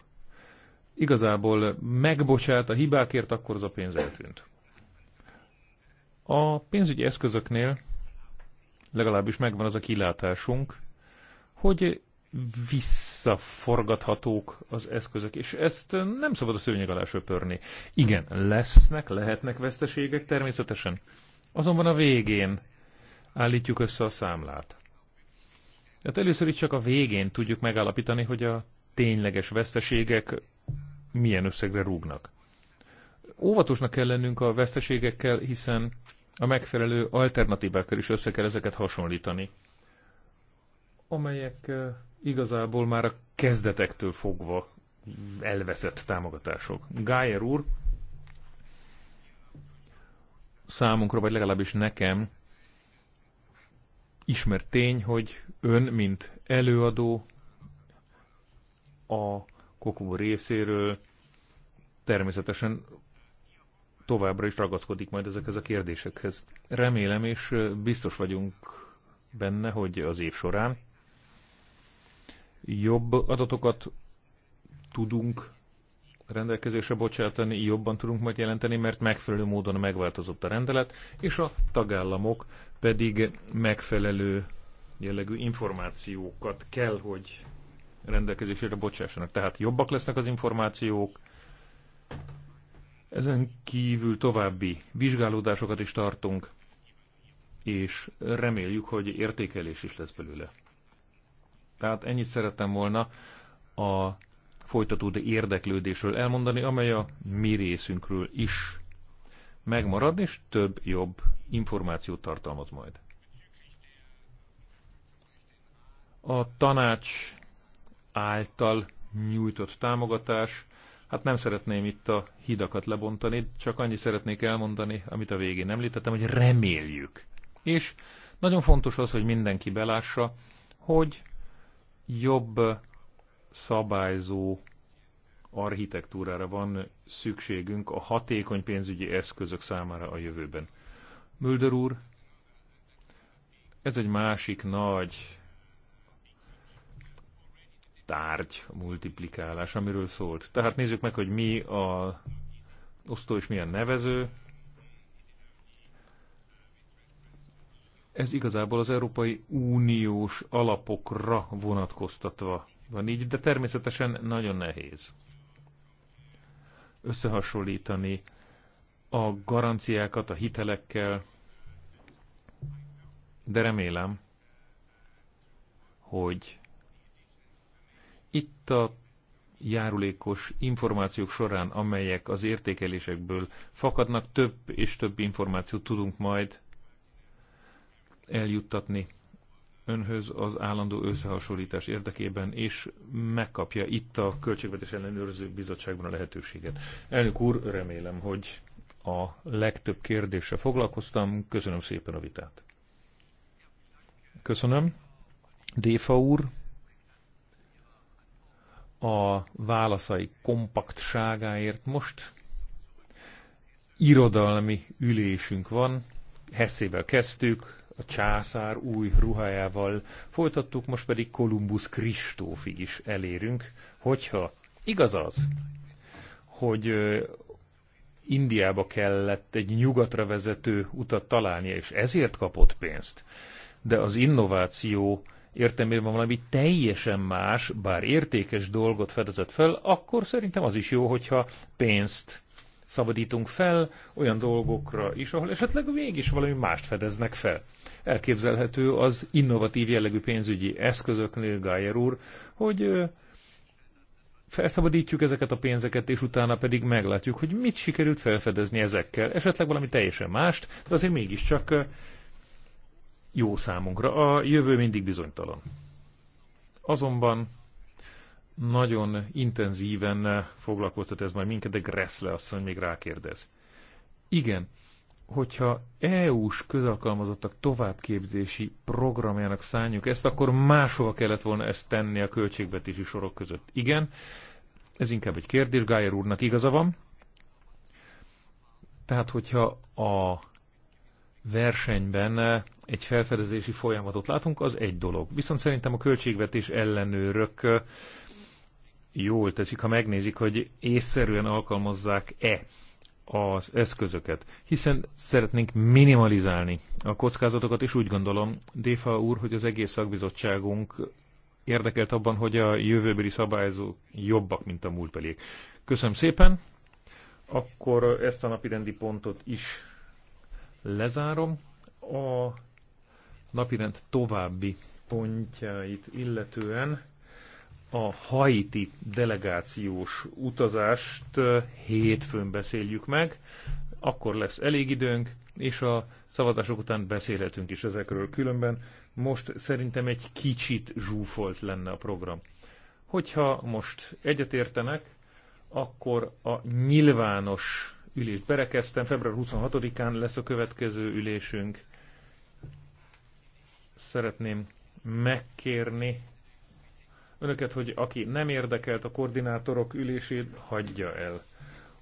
igazából megbocsát a hibákért, akkor az a pénz eltűnt. A pénzügyi eszközöknél legalábbis megvan az a kilátásunk, hogy visszaforgathatók az eszközök, és ezt nem szabad a szőnyeg alá söpörni. Igen, lesznek, lehetnek veszteségek természetesen, azonban a végén állítjuk össze a számlát. Tehát először is csak a végén tudjuk megállapítani, hogy a tényleges veszteségek milyen összegre rúgnak. Óvatosnak kell lennünk a veszteségekkel, hiszen a megfelelő alternatívákkal is össze kell ezeket hasonlítani, amelyek eh, igazából már a kezdetektől fogva elveszett támogatások. Gájer úr számunkra, vagy legalábbis nekem ismert tény, hogy ön, mint előadó, a Kokubo részéről természetesen továbbra is ragaszkodik majd ezekhez a kérdésekhez. Remélem és biztos vagyunk benne, hogy az év során jobb adatokat tudunk rendelkezésre bocsátani, jobban tudunk majd jelenteni, mert megfelelő módon megváltozott a rendelet, és a tagállamok pedig megfelelő jellegű információkat kell, hogy rendelkezésére bocsássanak. Tehát jobbak lesznek az információk, ezen kívül további vizsgálódásokat is tartunk, és reméljük, hogy értékelés is lesz belőle. Tehát ennyit szerettem volna a folytatódó érdeklődésről elmondani, amely a mi részünkről is megmarad, és több jobb információt tartalmaz majd. A tanács által nyújtott támogatás. Hát nem szeretném itt a hidakat lebontani, csak annyi szeretnék elmondani, amit a végén említettem, hogy reméljük. És nagyon fontos az, hogy mindenki belássa, hogy jobb szabályzó architektúrára van szükségünk a hatékony pénzügyi eszközök számára a jövőben. Mülder úr, ez egy másik nagy tárgy a multiplikálás, amiről szólt. Tehát nézzük meg, hogy mi a osztó és milyen nevező. Ez igazából az Európai Uniós alapokra vonatkoztatva van így, de természetesen nagyon nehéz összehasonlítani a garanciákat a hitelekkel, de remélem, hogy itt a járulékos információk során, amelyek az értékelésekből fakadnak, több és több információt tudunk majd eljuttatni önhöz az állandó összehasonlítás érdekében, és megkapja itt a Költségvetés Ellenőrző Bizottságban a lehetőséget. Elnök úr, remélem, hogy a legtöbb kérdéssel foglalkoztam. Köszönöm szépen a vitát. Köszönöm. Défa úr a válaszai kompaktságáért. Most irodalmi ülésünk van, Hessével kezdtük, a császár új ruhájával folytattuk, most pedig Kolumbusz Kristófig is elérünk, hogyha igaz az, hogy Indiába kellett egy nyugatra vezető utat találnia, és ezért kapott pénzt. De az innováció értelmében valami teljesen más, bár értékes dolgot fedezett fel, akkor szerintem az is jó, hogyha pénzt szabadítunk fel olyan dolgokra is, ahol esetleg mégis valami mást fedeznek fel. Elképzelhető az innovatív jellegű pénzügyi eszközöknél, Gájer úr, hogy felszabadítjuk ezeket a pénzeket, és utána pedig meglátjuk, hogy mit sikerült felfedezni ezekkel. Esetleg valami teljesen mást, de azért mégiscsak jó számunkra. A jövő mindig bizonytalan. Azonban nagyon intenzíven foglalkoztat ez majd minket, de Gressle asszony még rákérdez. Igen, hogyha EU-s közalkalmazottak továbbképzési programjának szálljuk ezt, akkor máshova kellett volna ezt tenni a költségvetési sorok között. Igen, ez inkább egy kérdés, Gájer úrnak igaza van. Tehát, hogyha a versenyben egy felfedezési folyamatot látunk, az egy dolog. Viszont szerintem a költségvetés ellenőrök jól teszik, ha megnézik, hogy észszerűen alkalmazzák-e az eszközöket, hiszen szeretnénk minimalizálni a kockázatokat, és úgy gondolom, Défa úr, hogy az egész szakbizottságunk érdekelt abban, hogy a jövőbeli szabályozók jobbak, mint a múltbeliek. Köszönöm szépen, akkor ezt a napi rendi pontot is lezárom. A napirend további pontjait illetően a haiti delegációs utazást hétfőn beszéljük meg, akkor lesz elég időnk, és a szavazások után beszélhetünk is ezekről. Különben most szerintem egy kicsit zsúfolt lenne a program. Hogyha most egyetértenek, akkor a nyilvános ülést berekeztem. Február 26-án lesz a következő ülésünk szeretném megkérni önöket, hogy aki nem érdekelt a koordinátorok ülését, hagyja el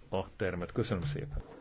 a termet. Köszönöm szépen!